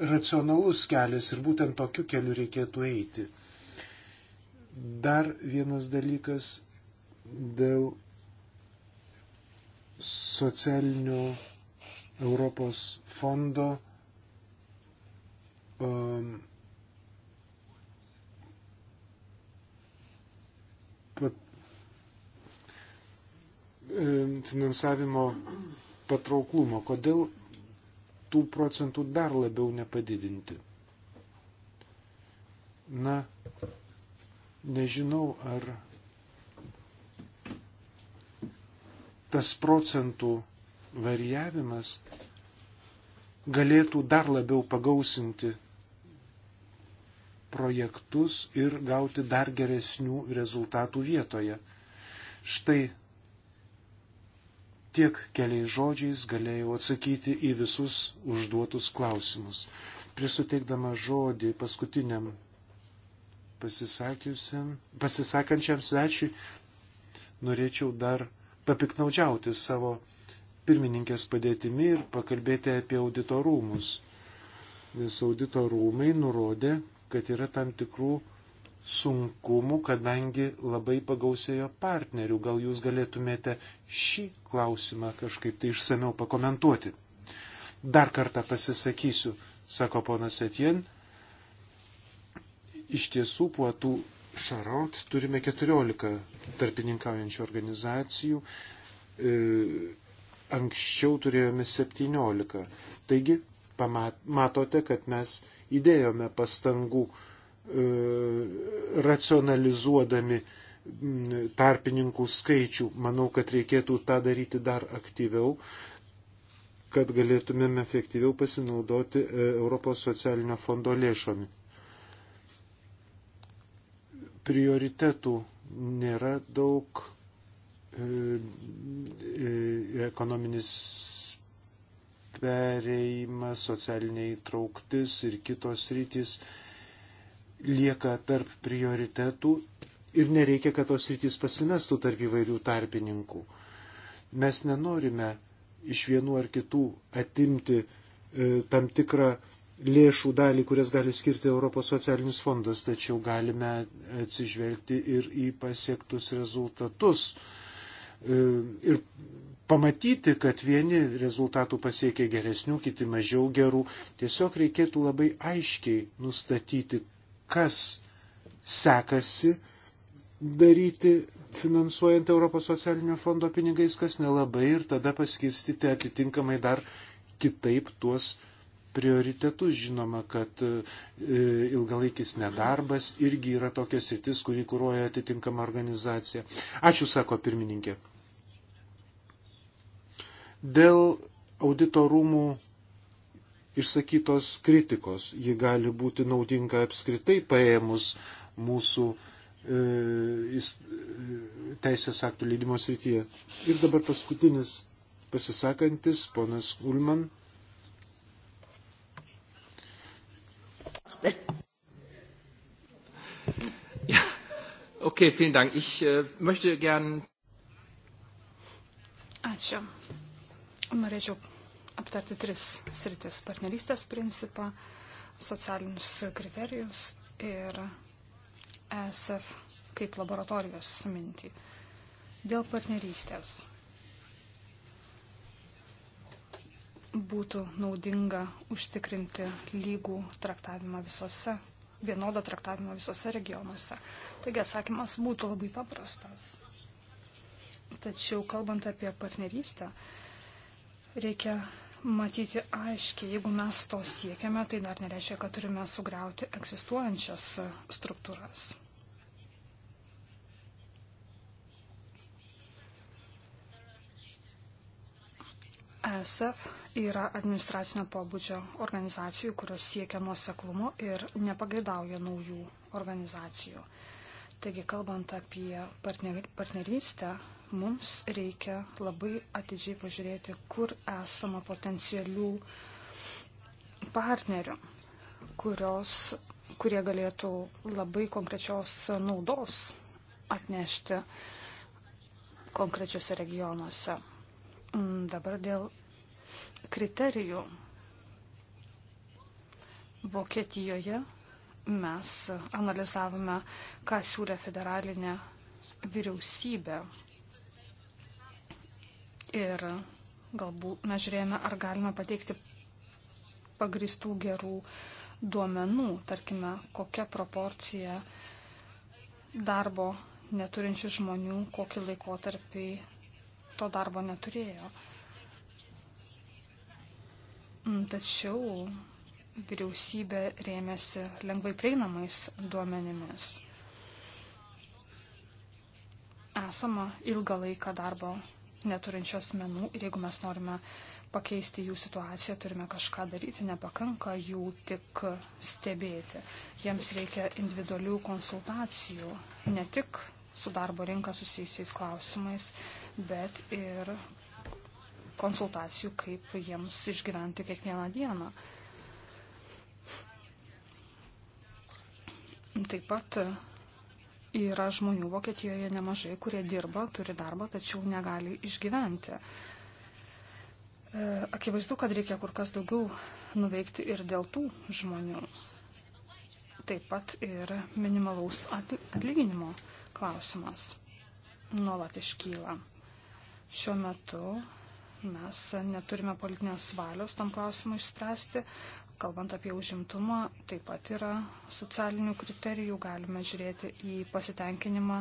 racionalus kelias ir būtent tokiu keliu reikėtų eiti. Dar vienas dalykas dėl socialinio Europos fondo um, pat, um, finansavimo patrauklumo. Kodėl tų procentų dar labiau nepadidinti. Na, nežinau, ar tas procentų varijavimas galėtų dar labiau pagausinti projektus ir gauti dar geresnių rezultatų vietoje. Štai Tiek keliais žodžiais galėjau atsakyti į visus užduotus klausimus. Prieš suteikdama žodį paskutiniam pasisakančiam svečiui, norėčiau dar papiknaudžiauti savo pirmininkės padėtimi ir pakalbėti apie auditorumus. Nes auditorumai nurodė, kad yra tam tikrų sunkumų, kadangi labai pagausėjo partnerių. Gal jūs galėtumėte šį klausimą kažkaip tai išsameu pakomentuoti. Dar kartą pasisakysiu, sako ponas Etien. Iš tiesų, puotų šarot turime 14 tarpininkaujančių organizacijų. E, anksčiau turėjome 17. Taigi, pamatote, kad mes įdėjome pastangų uh, E, racionalizuodami tarpininkų skaičių. Manau, kad reikėtų tą daryti dar aktyviau, kad galėtumėm efektyviau pasinaudoti e, Europos socialinio fondo lėšomis. Prioritetų nėra daug. E, ekonominis pereimas, socialinė įtrauktis ir kitos rytis lieka tarp prioritetų ir nereikia, kad tos rytis pasimestų tarp įvairių tarpininkų. Mes nenorime iš vienų ar kitų atimti e, tam tikrą lėšų dalį, kurias gali skirti Europos socialinis fondas, tačiau galime atsižvelgti ir į pasiektus rezultatus. E, ir pamatyti, kad vieni rezultatų pasiekė geresnių, kiti mažiau gerų. Tiesiog reikėtų labai aiškiai nustatyti, kas sekasi daryti finansuojant Europos socialinio fondo pinigais, kas nelabai ir tada paskirstyti atitinkamai dar kitaip tuos prioritetus. Žinoma, kad e, ilgalaikis nedarbas irgi yra tokia sritis, kurį kūruoja atitinkama organizacija. Ačiū, sako pirmininkė. Dėl auditorumų išsakytos kritikos. Ji gali būti naudinga apskritai paėmus mūsų e, e teisės aktų leidimo srityje. Ir dabar paskutinis pasisakantis, ponas Ulman. Ja, okay, vielen Dank. Ich äh, möchte gern. Ačiū. Norėčiau aptarti tris sritis - partnerystės principą, socialinius kriterijus ir ESF kaip laboratorijos mintį. Dėl partnerystės būtų naudinga užtikrinti lygų traktavimą visose, vienodą traktavimą visose regionuose. Taigi atsakymas būtų labai paprastas. Tačiau kalbant apie partnerystę, reikia matyti aiškiai. Jeigu mes to siekiame, tai dar nereiškia, kad turime sugriauti egzistuojančias struktūras. ESF yra administracinio pobūdžio organizacijų, kurios siekia nuoseklumo ir nepagaidauja naujų organizacijų. Taigi, kalbant apie partnerystę, mums reikia labai atidžiai pažiūrėti, kur esama potencialių partnerių, kurios, kurie galėtų labai konkrečios naudos atnešti konkrečiose regionuose. Mm, dabar dėl kriterijų. Vokietijoje mes analizavome, ką siūlė federalinė vyriausybė Ir galbūt mes žiūrėjome, ar galime pateikti pagristų gerų duomenų, tarkime, kokia proporcija darbo neturinčių žmonių, kokį laikotarpį to darbo neturėjo. Mm, tačiau vyriausybė rėmėsi lengvai prieinamais duomenimis. Esama ilgą laiką darbo neturinčių asmenų ir jeigu mes norime pakeisti jų situaciją, turime kažką daryti, nepakanka jų tik stebėti. Jiems reikia individualių konsultacijų, ne tik su darbo rinka susijusiais klausimais, bet ir konsultacijų, kaip jiems išgyventi kiekvieną dieną. Taip pat Yra žmonių Vokietijoje nemažai, kurie dirba, turi darbą, tačiau negali išgyventi. E, akivaizdu, kad reikia kur kas daugiau nuveikti ir dėl tų žmonių. Taip pat ir minimalaus atlyginimo klausimas nuolat iškyla. Šiuo metu mes neturime politinės valios tam klausimui išspręsti, kalbant apie užimtumą, taip pat yra socialinių kriterijų, galime žiūrėti į pasitenkinimą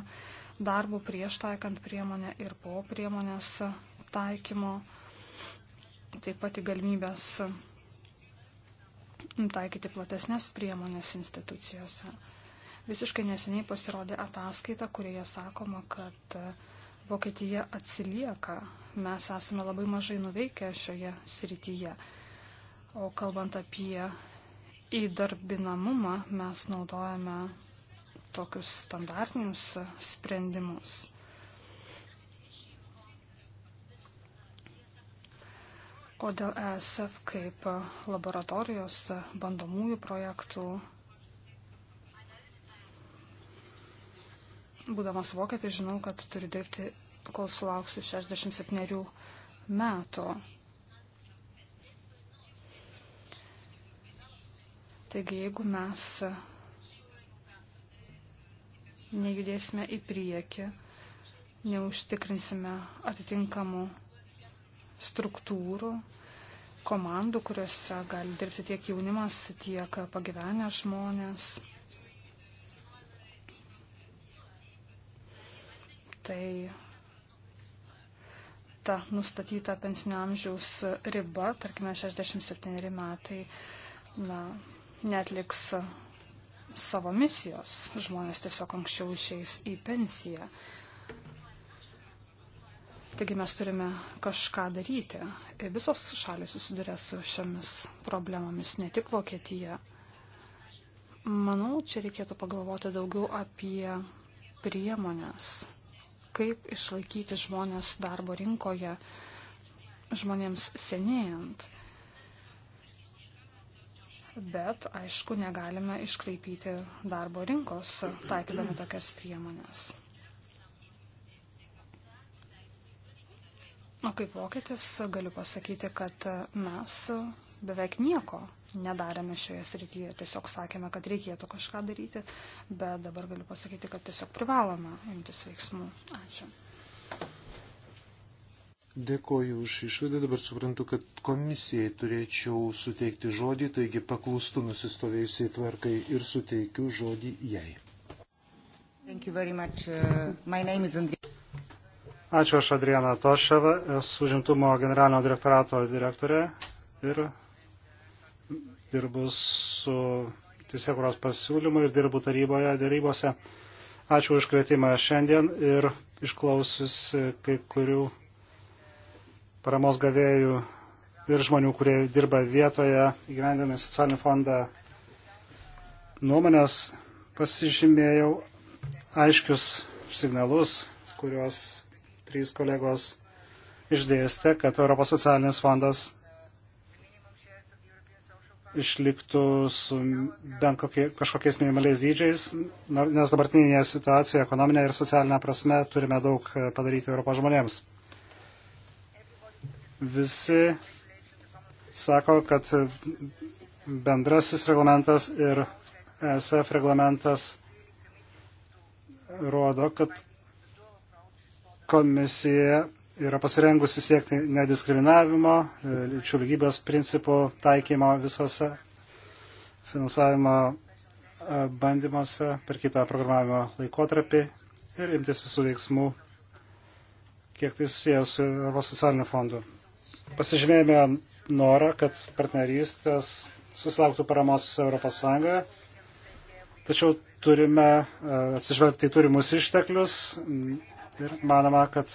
darbų prieš taikant priemonę ir po priemonės taikymo, taip pat į galimybės taikyti platesnės priemonės institucijose. Visiškai neseniai pasirodė ataskaita, kurioje sakoma, kad Vokietija atsilieka. Mes esame labai mažai nuveikę šioje srityje. O kalbant apie įdarbinamumą, mes naudojame tokius standartinius sprendimus. O dėl ESF kaip laboratorijos bandomųjų projektų, būdamas vokietis, žinau, kad turiu dirbti, kol sulauksiu 67 metų. Taigi, jeigu mes nejudėsime į priekį, neužtikrinsime atitinkamų struktūrų, komandų, kuriuose gali dirbti tiek jaunimas, tiek pagyvenę žmonės. Tai ta nustatyta pensinio amžiaus riba, tarkime 67 metai, na, netliks savo misijos. Žmonės tiesiog anksčiau išeis į pensiją. Taigi mes turime kažką daryti. Ir visos šalis susiduria su šiomis problemomis, ne tik Vokietija. Manau, čia reikėtų pagalvoti daugiau apie priemonės, kaip išlaikyti žmonės darbo rinkoje žmonėms senėjant bet aišku negalime iškraipyti darbo rinkos taikydami tokias priemonės. O kaip vokietis galiu pasakyti, kad mes beveik nieko nedarėme šioje srityje, tiesiog sakėme, kad reikėtų kažką daryti, bet dabar galiu pasakyti, kad tiesiog privalome imtis veiksmų. Ačiū. Dėkoju už išvadą. Dabar suprantu, kad komisijai turėčiau suteikti žodį, taigi paklūstu nusistovėjusiai tvarkai ir suteikiu žodį jai. Uh, Ačiū, aš Adriana Toševa, esu užimtumo generalinio direktorato direktorė ir dirbu su teisėkuros pasiūlymu ir dirbu taryboje, dėrybose. Ačiū už kvietimą šiandien ir išklausius kai kurių paramos gavėjų ir žmonių, kurie dirba vietoje, įgyvendami socialinį fondą nuomonės, pasižymėjau aiškius signalus, kuriuos trys kolegos išdėstė, kad Europos socialinis fondas išliktų su bent kokie, kažkokiais minimaliais dydžiais, nes dabartinėje situacijoje ekonominė ir socialinė prasme turime daug padaryti Europos žmonėms. Visi sako, kad bendrasis reglamentas ir ESF reglamentas rodo, kad komisija yra pasirengusi siekti nediskriminavimo, lyčių lygybės principų taikymo visose finansavimo bandymuose per kitą programavimo laikotarpį ir imtis visų veiksmų, kiek tai susijęs su Europos socialiniu fondu pasižymėjome norą, kad partnerystės susilauktų paramos visą Europos Sąjungą, tačiau turime e, atsižvelgti į turimus išteklius ir manoma, kad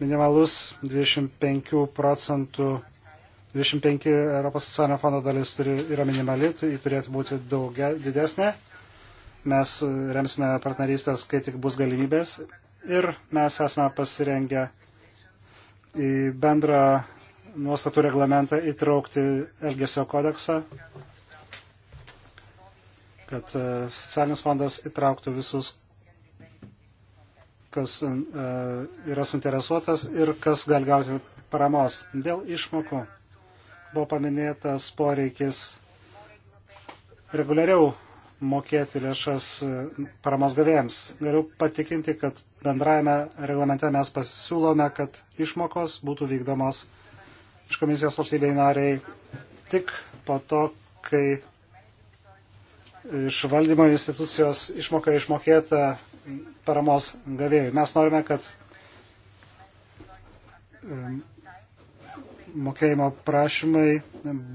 minimalus 25 procentų 25 Europos socialinio fondo dalis turi, yra minimali, tai ji turėtų būti daugia, didesnė. Mes e, remsime partnerystės, kai tik bus galimybės. Ir mes esame pasirengę į bendrą nuostatų reglamentą įtraukti Elgesio kodeksą, kad e, socialinis fondas įtrauktų visus, kas e, yra suinteresuotas ir kas gali gauti paramos. Dėl išmokų buvo paminėtas poreikis reguliariau mokėti lėšas e, paramos gavėjams. Galiu patikinti, kad bendrajame reglamente mes pasiūlome, kad išmokos būtų vykdomos iš komisijos valstybei nariai tik po to, kai iš valdymo institucijos išmoka išmokėta paramos gavėjui. Mes norime, kad mokėjimo prašymai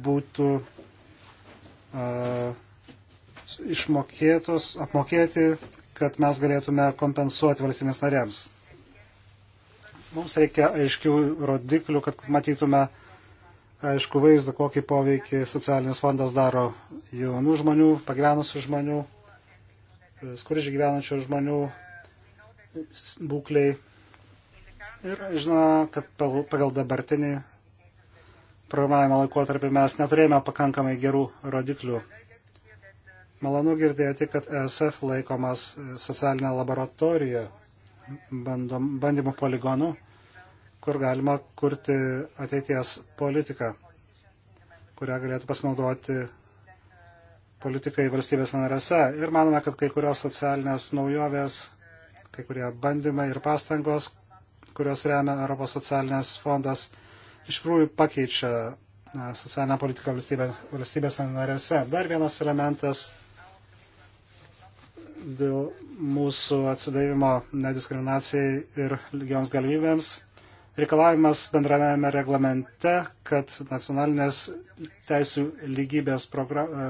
būtų uh, išmokėtos, apmokėti, kad mes galėtume kompensuoti valstybės narėms. Mums reikia aiškių rodiklių, kad matytume uh, aišku vaizdą, kokį poveikį socialinis fondas daro jaunų žmonių, pagyvenusių žmonių, e, skurdžiai gyvenančių žmonių būkliai. Ir žinoma, kad pagal dabartinį programavimo laikotarpį mes neturėjome pakankamai gerų rodiklių. Malonu girdėti, kad ESF laikomas socialinė laboratorija bandom, bandymų poligonų kur galima kurti ateities politiką, kurią galėtų pasinaudoti politikai valstybės narėse. Ir manome, kad kai kurios socialinės naujovės, kai kurie bandymai ir pastangos, kurios remia Europos socialinės fondas, iš tikrųjų pakeičia socialinę politiką valstybė, valstybės narėse. Dar vienas elementas dėl mūsų atsidavimo nediskriminacijai ir lygioms galimybėms reikalavimas bendrame reglamente, kad nacionalinės teisų lygybės e,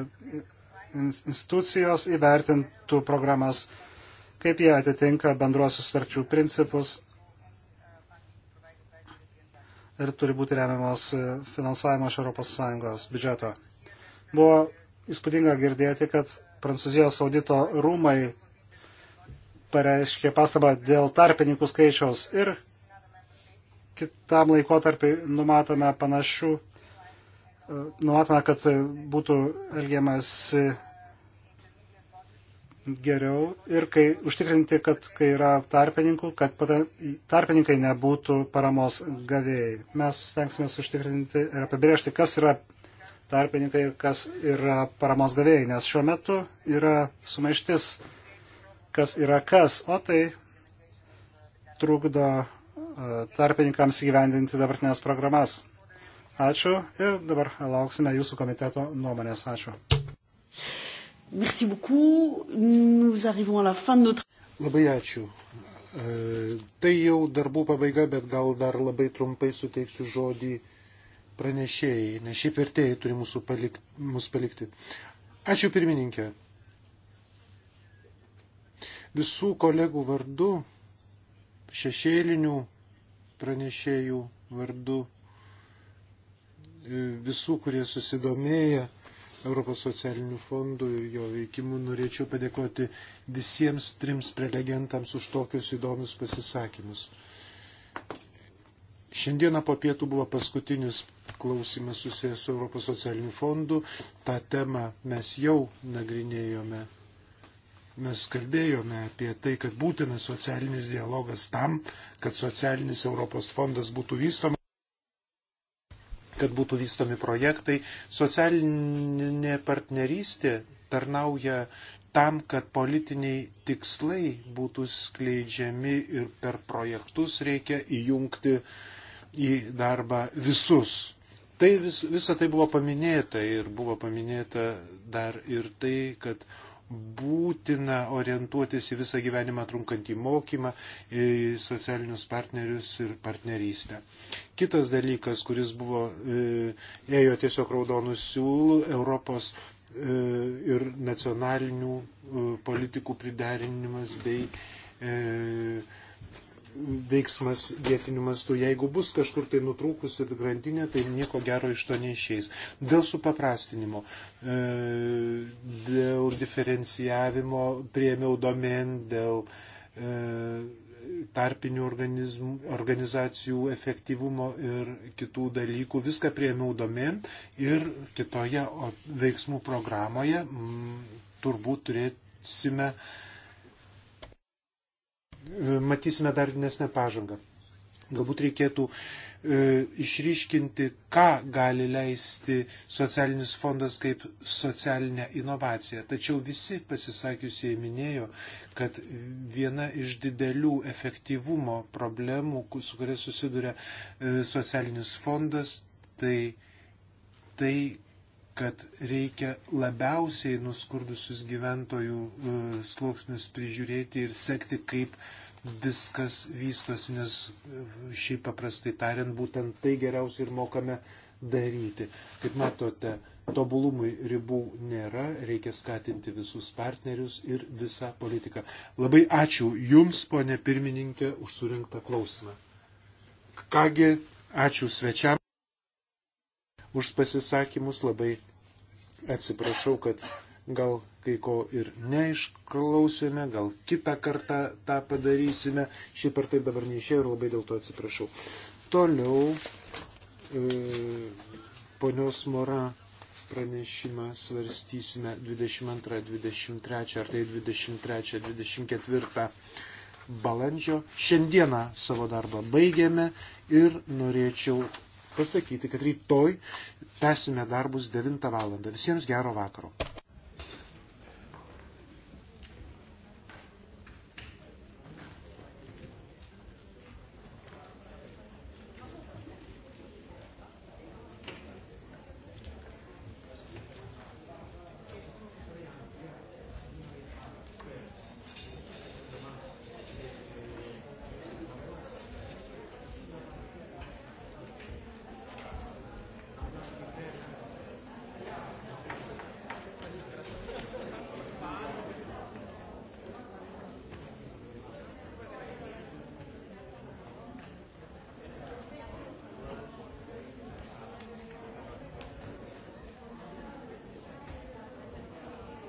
institucijos įvertintų programas, kaip jie atitinka bendruosius sutarčių principus ir turi būti remiamas e, finansavimo iš ES biudžeto. Buvo įspūdinga girdėti, kad Prancūzijos audito rūmai pareiškė pastabą dėl tarpininkų skaičiaus ir kitam laikotarpiai numatome panašių, numatome, kad būtų elgiamas geriau ir kai užtikrinti, kad kai yra tarpininkų, kad tarpininkai nebūtų paramos gavėjai. Mes stengsime užtikrinti ir apibriežti, kas yra tarpininkai ir kas yra paramos gavėjai, nes šiuo metu yra sumaištis, kas yra kas, o tai trukdo tarpininkams įgyvendinti dabartinės programas. Ačiū ir dabar lauksime jūsų komiteto nuomonės. Ačiū. Merci beaucoup. Nous arrivons à la fin de notre. Labai ačiū. E, tai jau darbų pabaiga, bet gal dar labai trumpai suteiksiu žodį pranešėjai, nes šiaip vertėjai turi mūsų palik, mus palikti. Ačiū pirmininkė. Visų kolegų vardu, šešėlinių pranešėjų vardu visų, kurie susidomėja Europos socialinių fondų ir jo veikimu. Norėčiau padėkoti visiems trims prelegentams už tokius įdomius pasisakymus. Šiandieną po pietų buvo paskutinis klausimas susijęs su Europos socialiniu fondu. Ta tema mes jau nagrinėjome mes kalbėjome apie tai, kad būtinas socialinis dialogas tam, kad socialinis Europos fondas būtų vystomas kad būtų vystomi projektai. Socialinė partnerystė tarnauja tam, kad politiniai tikslai būtų skleidžiami ir per projektus reikia įjungti į darbą visus. Tai vis, visa tai buvo paminėta ir buvo paminėta dar ir tai, kad būtina orientuotis į visą gyvenimą trunkantį mokymą, į socialinius partnerius ir partnerystę. Kitas dalykas, kuris buvo, e, ėjo tiesiog raudonų siūlų, Europos e, ir nacionalinių e, politikų priderinimas bei veiksmas vietiniu mastu. Jeigu bus kažkur tai nutrūkusi grandinė, tai nieko gero iš to neišeis. Dėl supaprastinimo, e, dėl diferencijavimo prieimiau domen, dėl e, tarpinių organizacijų efektyvumo ir kitų dalykų. Viską prieimiau domen ir kitoje veiksmų programoje turbūt turėsime uh, E, matysime dar didesnę pažangą. Galbūt reikėtų e, išryškinti, ką gali leisti socialinis fondas kaip socialinę inovaciją. Tačiau visi pasisakiusieji minėjo, kad viena iš didelių efektyvumo problemų, su kuria susiduria e, socialinis fondas, tai tai, kad reikia labiausiai nuskurdusius gyventojų e, sluoksnius prižiūrėti ir sekti, kaip viskas vystosi, nes e, šiaip paprastai tariant, būtent tai geriausiai ir mokame daryti. Kaip matote, tobulumui ribų nėra, reikia skatinti visus partnerius ir visą politiką. Labai ačiū Jums, ponė pirmininkė, už surinktą klausimą. Kągi, ačiū svečiam už pasisakymus. Labai atsiprašau, kad gal kai ko ir neišklausėme, gal kitą kartą tą padarysime. Šiaip ar taip dabar neišėjo ir labai dėl to atsiprašau. Toliau e, ponios Mora pranešimą svarstysime 22-23 ar tai 23-24 balandžio. Šiandieną savo darbą baigėme ir norėčiau pasakyti, kad rytoj tęsime darbus 9 val. Visiems gero vakaro.